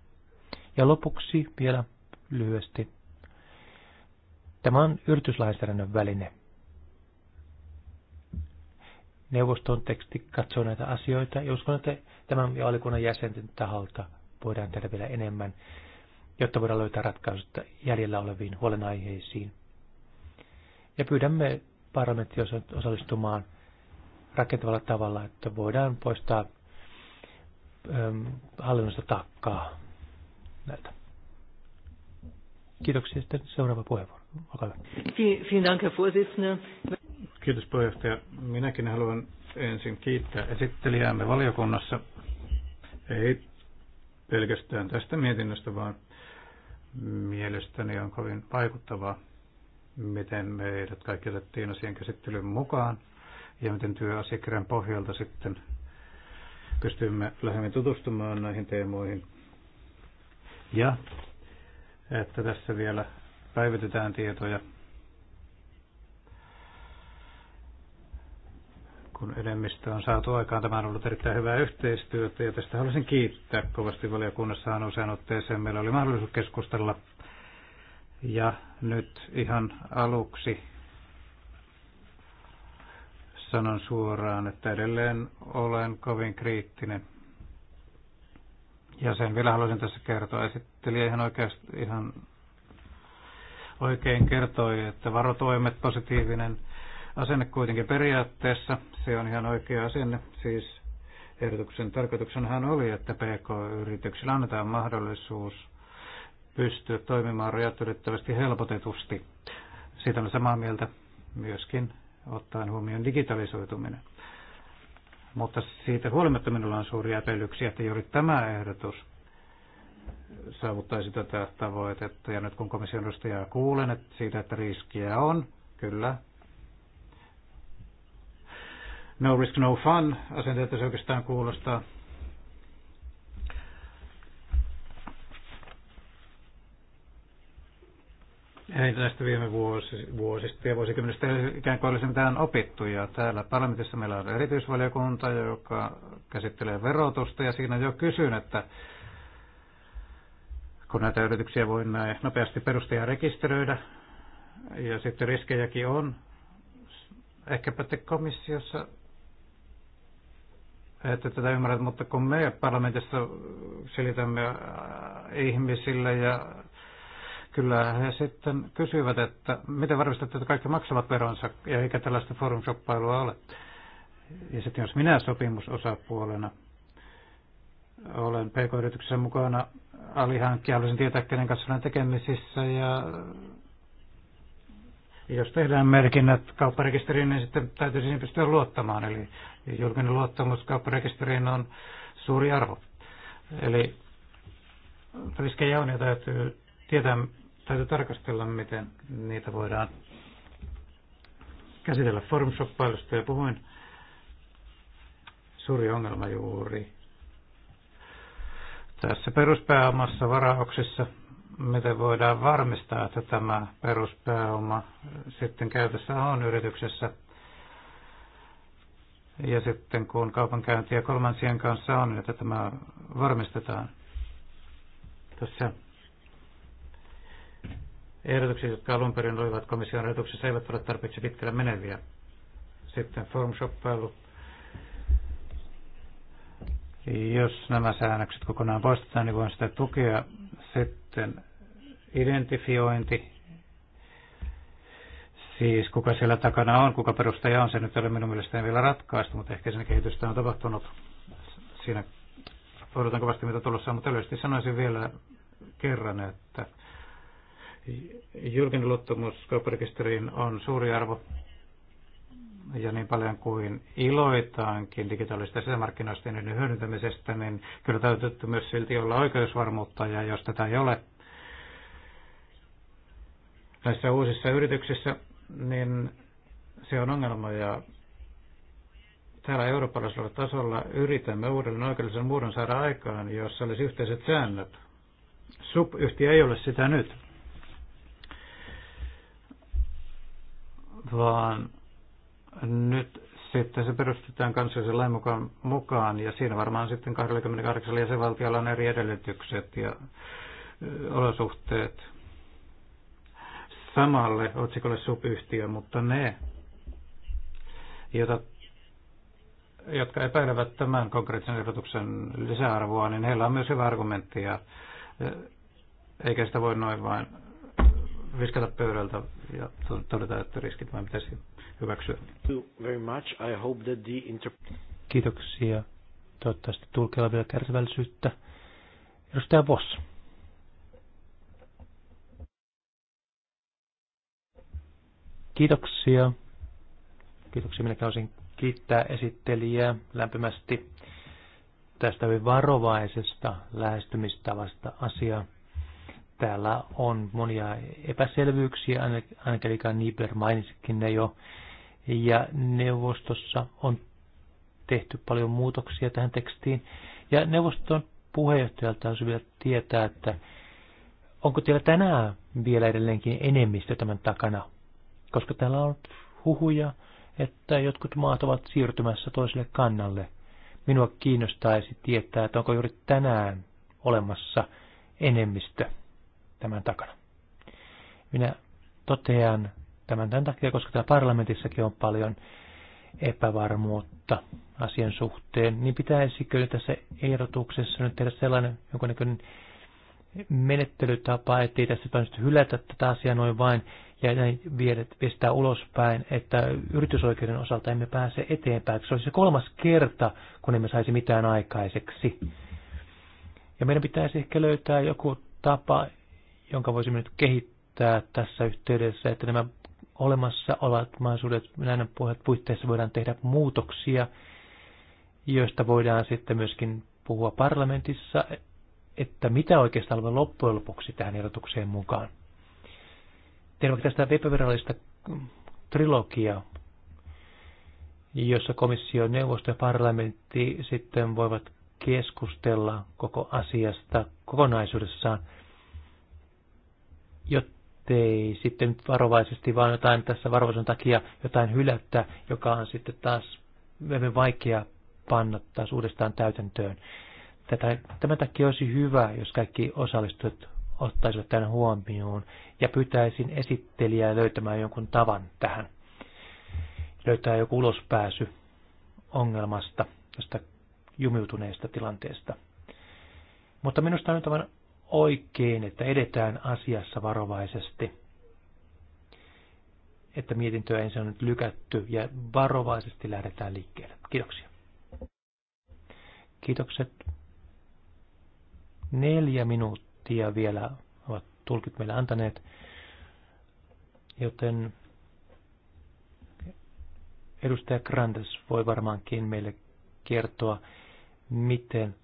Ja lopuksi vielä lyhyesti. Tämä on yrityslainsäädännön väline. Neuvoston teksti katsoo näitä asioita, ja uskon, että tämän ja alikunnan jäsenten taholta voidaan tehdä vielä enemmän, jotta voidaan löytää ratkaisut jäljellä oleviin huolenaiheisiin. Ja pyydämme parlamentti osallistumaan rakentavalla tavalla, että voidaan poistaa ähm, hallinnosta takkaa näiltä. Kiitoksia. Sitten seuraava puheenvuoro. Olkaa hyvä. Kiitos puheenjohtaja. Minäkin haluan ensin kiittää esittelijäämme valiokunnassa. Ei pelkästään tästä mietinnöstä, vaan mielestäni on kovin vaikuttavaa, miten meidät kaikki otettiin asian käsittelyyn mukaan ja miten työasiakirjan pohjalta sitten pystymme lähemmin tutustumaan näihin teemoihin. Ja että tässä vielä päivitetään tietoja, kun enemmistö on saatu aikaan. Tämä on ollut erittäin hyvää yhteistyötä ja tästä haluaisin kiittää kovasti on usein otteeseen. Meillä oli mahdollisuus keskustella ja nyt ihan aluksi sanon suoraan, että edelleen olen kovin kriittinen. Ja sen vielä haluaisin tässä kertoa. Esitteli ihan, oikeasti, ihan oikein kertoi, että varotoimet positiivinen asenne kuitenkin periaatteessa. Se on ihan oikea asenne. Siis ehdotuksen tarkoituksenhan oli, että PK-yrityksillä annetaan mahdollisuus pystyä toimimaan rajat helpotetusti. Siitä on samaa mieltä myöskin ottaen huomioon digitalisoituminen. Mutta siitä huolimatta minulla on suuria epäilyksiä, että juuri tämä ehdotus saavuttaisi tätä tavoitetta. Ja nyt kun komission edustajaa kuulen että siitä, että riskiä on, kyllä. No risk, no fun asenteet oikeastaan kuulostaa Heitä näistä viime vuosista ja vuosikymmenistä ikään kuin olisi mitään opittu. Ja täällä parlamentissa meillä on erityisvaliokunta, joka käsittelee verotusta ja siinä jo kysyn, että kun näitä yrityksiä voi näin nopeasti ja rekisteröidä ja sitten riskejäkin on, ehkäpä te komissiossa että tätä ymmärrät, mutta kun me parlamentissa selitämme äh, ihmisille ja kyllä he sitten kysyivät, että miten varmistatte, että kaikki maksavat veronsa ja eikä tällaista forum-shoppailua ole. Ja sitten jos minä sopimusosapuolena olen PK-yrityksessä mukana alihankkija, haluaisin tietää, kenen kanssa olen tekemisissä ja jos tehdään merkinnät kaupparekisteriin, niin sitten täytyy siihen pystyä luottamaan. Eli julkinen luottamus kaupparekisteriin on suuri arvo. Eli riskejä on ja täytyy tietää, Täytyy tarkastella, miten niitä voidaan käsitellä formshoppailusta. ja puhuin. Suuri ongelma juuri tässä peruspääomassa varauksessa, miten voidaan varmistaa, että tämä peruspääoma sitten käytössä on yrityksessä. Ja sitten kun kaupankäyntiä kolmansien kanssa on, että tämä varmistetaan. Tässä Ehdotukset, jotka alun perin olivat komission ehdotuksessa, eivät ole tarpeeksi pitkällä meneviä. Sitten shoppailu. Jos nämä säännökset kokonaan poistetaan, niin voin sitä tukea. Sitten identifiointi, siis kuka siellä takana on, kuka perustaja on, se nyt ei ole minun mielestäni vielä ratkaistu, mutta ehkä sen kehitystä on tapahtunut. Siinä odotan kovasti, mitä tulossa on, mutta yleisesti sanoisin vielä kerran, että Julkinen luottamus kaupparekisteriin on suuri arvo ja niin paljon kuin iloitaankin digitaalisista sisämarkkinoista ja hyödyntämisestä, niin kyllä täytyy myös silti olla oikeusvarmuutta, ja jos tätä ei ole näissä uusissa yrityksissä, niin se on ongelma, ja täällä eurooppalaisella tasolla yritämme uudelleen oikeudellisen muodon saada aikaan, jossa olisi yhteiset säännöt. yhtiö ei ole sitä nyt. vaan nyt sitten se perustetaan kansallisen lain mukaan, mukaan ja siinä varmaan sitten 28 jäsenvaltiolla on eri edellytykset ja olosuhteet samalle otsikolle subyhtiö, mutta ne, jota, jotka epäilevät tämän konkreettisen ehdotuksen lisäarvoa, niin heillä on myös hyvä argumentti ja eikä sitä voi noin vain viskata pöydältä ja todeta, että riskit vain pitäisi hyväksyä. Very much. I hope that the inter... Kiitoksia. Toivottavasti tulkella vielä kärsivällisyyttä. Edustaja Voss. Kiitoksia. Kiitoksia. Minä haluaisin kiittää esittelijää lämpimästi tästä hyvin varovaisesta lähestymistavasta asiaa täällä on monia epäselvyyksiä, Angelika Niebler mainitsikin ne jo, ja neuvostossa on tehty paljon muutoksia tähän tekstiin. Ja neuvoston puheenjohtajalta on vielä tietää, että onko teillä tänään vielä edelleenkin enemmistö tämän takana, koska täällä on huhuja, että jotkut maat ovat siirtymässä toiselle kannalle. Minua kiinnostaisi tietää, että onko juuri tänään olemassa enemmistö tämän takana. Minä totean tämän tämän takia, koska täällä parlamentissakin on paljon epävarmuutta asian suhteen, niin pitäisikö tässä ehdotuksessa nyt tehdä sellainen jonkunnäköinen menettelytapa, ettei tässä nyt hylätä tätä asiaa noin vain ja näin viedä, ulospäin, että yritysoikeuden osalta emme pääse eteenpäin. Se olisi se kolmas kerta, kun emme saisi mitään aikaiseksi. Ja meidän pitäisi ehkä löytää joku tapa, jonka voisimme nyt kehittää tässä yhteydessä, että nämä olemassa olevat mahdollisuudet näiden puitteissa voidaan tehdä muutoksia, joista voidaan sitten myöskin puhua parlamentissa, että mitä oikeastaan on loppujen lopuksi tähän ehdotukseen mukaan. Tehdään tästä webverallista trilogia, jossa komission neuvosto ja parlamentti sitten voivat keskustella koko asiasta kokonaisuudessaan – jottei sitten varovaisesti vaan jotain tässä varovaisuuden takia jotain hylättä, joka on sitten taas hyvin vaikea panna taas uudestaan täytäntöön. Tätä, tämän takia olisi hyvä, jos kaikki osallistujat ottaisivat tämän huomioon ja pyytäisin esittelijää löytämään jonkun tavan tähän. Löytää joku ulospääsy ongelmasta, tästä jumiutuneesta tilanteesta. Mutta minusta on nyt oikein, että edetään asiassa varovaisesti. Että mietintöä ensin on nyt lykätty ja varovaisesti lähdetään liikkeelle. Kiitoksia. Kiitokset. Neljä minuuttia vielä ovat tulkit meille antaneet, joten edustaja Grandes voi varmaankin meille kertoa, miten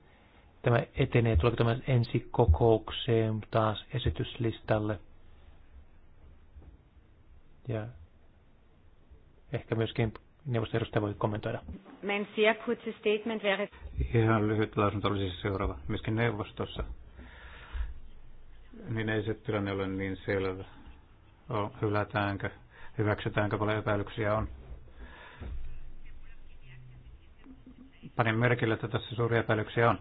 tämä etenee, tuleeko tämä ensi kokoukseen taas esityslistalle. Ja ehkä myöskin neuvoston edustaja voi kommentoida. statement Ihan lyhyt lausunto olisi siis seuraava. Myöskin neuvostossa niin ei se tilanne ole niin selvä. Hylätäänkö, hyväksytäänkö, paljon epäilyksiä on. Panin merkille, että tässä suuria epäilyksiä on.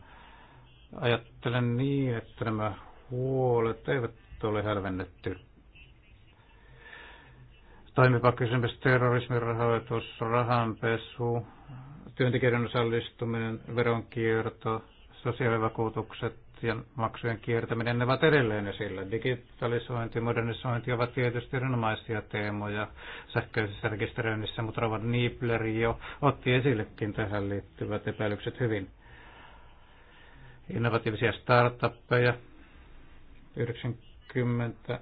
Ajattelen niin, että nämä huolet eivät ole hälvennetty. Toimipa kysymys terrorismin rahoitus, rahanpesu, työntekijöiden osallistuminen, veronkierto, sosiaalivakuutukset ja maksujen kiertäminen, ne ovat edelleen esillä. Digitalisointi, modernisointi ovat tietysti erinomaisia teemoja sähköisessä rekisteröinnissä, mutta Robert Niebler jo otti esillekin tähän liittyvät epäilykset hyvin innovatiivisia startuppeja. 90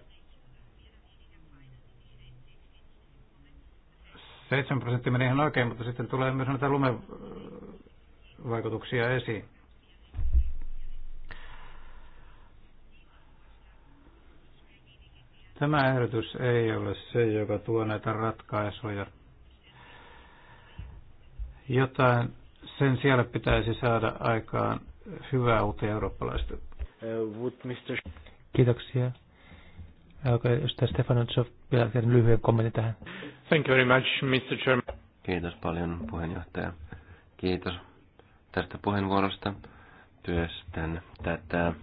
7 prosenttia meni ihan oikein, mutta sitten tulee myös näitä lumevaikutuksia esiin. Tämä ehdotus ei ole se, joka tuo näitä ratkaisuja. Jotain sen siellä pitäisi saada aikaan hyvää uutta eurooppalaista. Uh, Kiitoksia. Alkaa Stefan Otsov vielä lyhyen kommentin tähän. Thank you very much, Mr. Chairman. Kiitos paljon puheenjohtaja. Kiitos tästä puheenvuorosta. Työstän tätä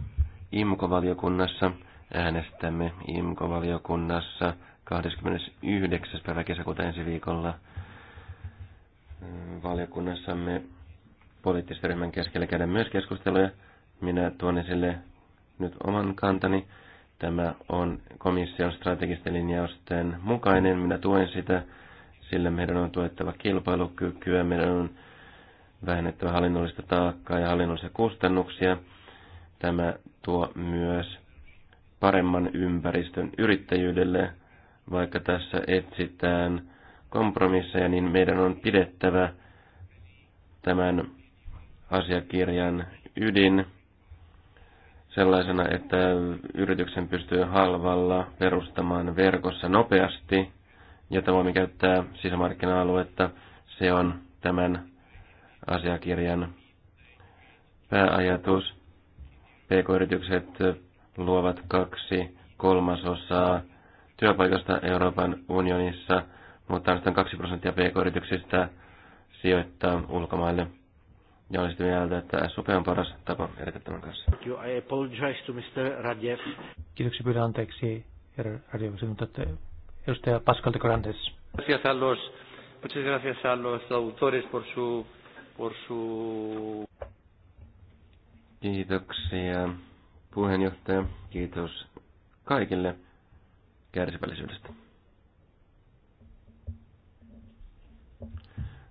imco valiokunnassa Äänestämme imco valiokunnassa 29. päivä kesäkuuta ensi viikolla. Valiokunnassamme poliittisen ryhmän keskellä käydä myös keskusteluja. Minä tuon esille nyt oman kantani. Tämä on komission strategisten linjausten mukainen. Minä tuen sitä, sillä meidän on tuettava kilpailukykyä, meidän on vähennettävä hallinnollista taakkaa ja hallinnollisia kustannuksia. Tämä tuo myös paremman ympäristön yrittäjyydelle, vaikka tässä etsitään kompromisseja, niin meidän on pidettävä tämän asiakirjan ydin sellaisena, että yrityksen pystyy halvalla perustamaan verkossa nopeasti, jota voimme käyttää sisämarkkina-aluetta. Se on tämän asiakirjan pääajatus. PK-yritykset luovat kaksi kolmasosaa työpaikasta Euroopan unionissa, mutta ainoastaan 2 prosenttia PK-yrityksistä sijoittaa ulkomaille ja olen sitä mieltä, että SOP on paras tapa edetä tämän kanssa. I apologize to Mr. Radjev. Kiitoksia pyydän anteeksi, herra Radjev, mutta että edustaja Pascal de Corantes. Gracias a los, muchas gracias a los autores por su, por su... Kiitoksia puheenjohtaja, kiitos kaikille kärsivällisyydestä.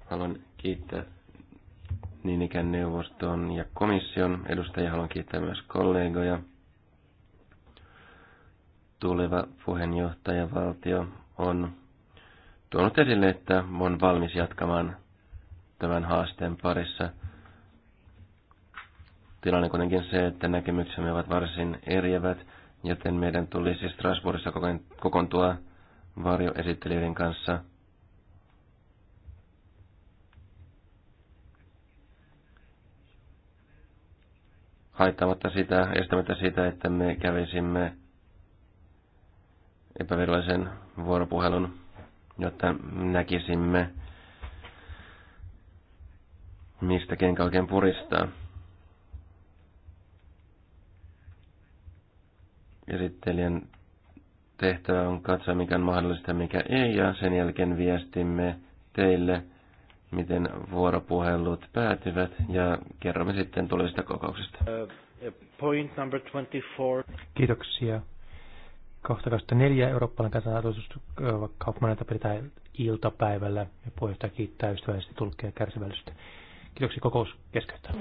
Haluan kiittää niin ikään neuvoston ja komission edustajia. Haluan kiittää myös kollegoja. Tuleva puheenjohtajavaltio on tuonut esille, että on valmis jatkamaan tämän haasteen parissa. Tilanne kuitenkin se, että näkemyksemme ovat varsin eriävät, joten meidän tulisi Strasbourgissa kokoontua varjoesittelijöiden kanssa – haittamatta sitä, estämättä sitä, että me kävisimme epävirallisen vuoropuhelun, jotta näkisimme, mistä kenkä oikein puristaa. Esittelijän tehtävä on katsoa, mikä on mahdollista ja mikä ei, ja sen jälkeen viestimme teille – miten vuoropuhelut päätyvät ja kerromme sitten tulevista kokouksista. Uh, uh, point number 24. Kiitoksia. Kohta 24 eurooppalainen kansanarvoitus uh, kaupmanilta pidetään iltapäivällä ja puheenjohtaja kiittää ystävällisesti tulkkeja kärsivällisyyttä. Kiitoksia kokous keskeyttää.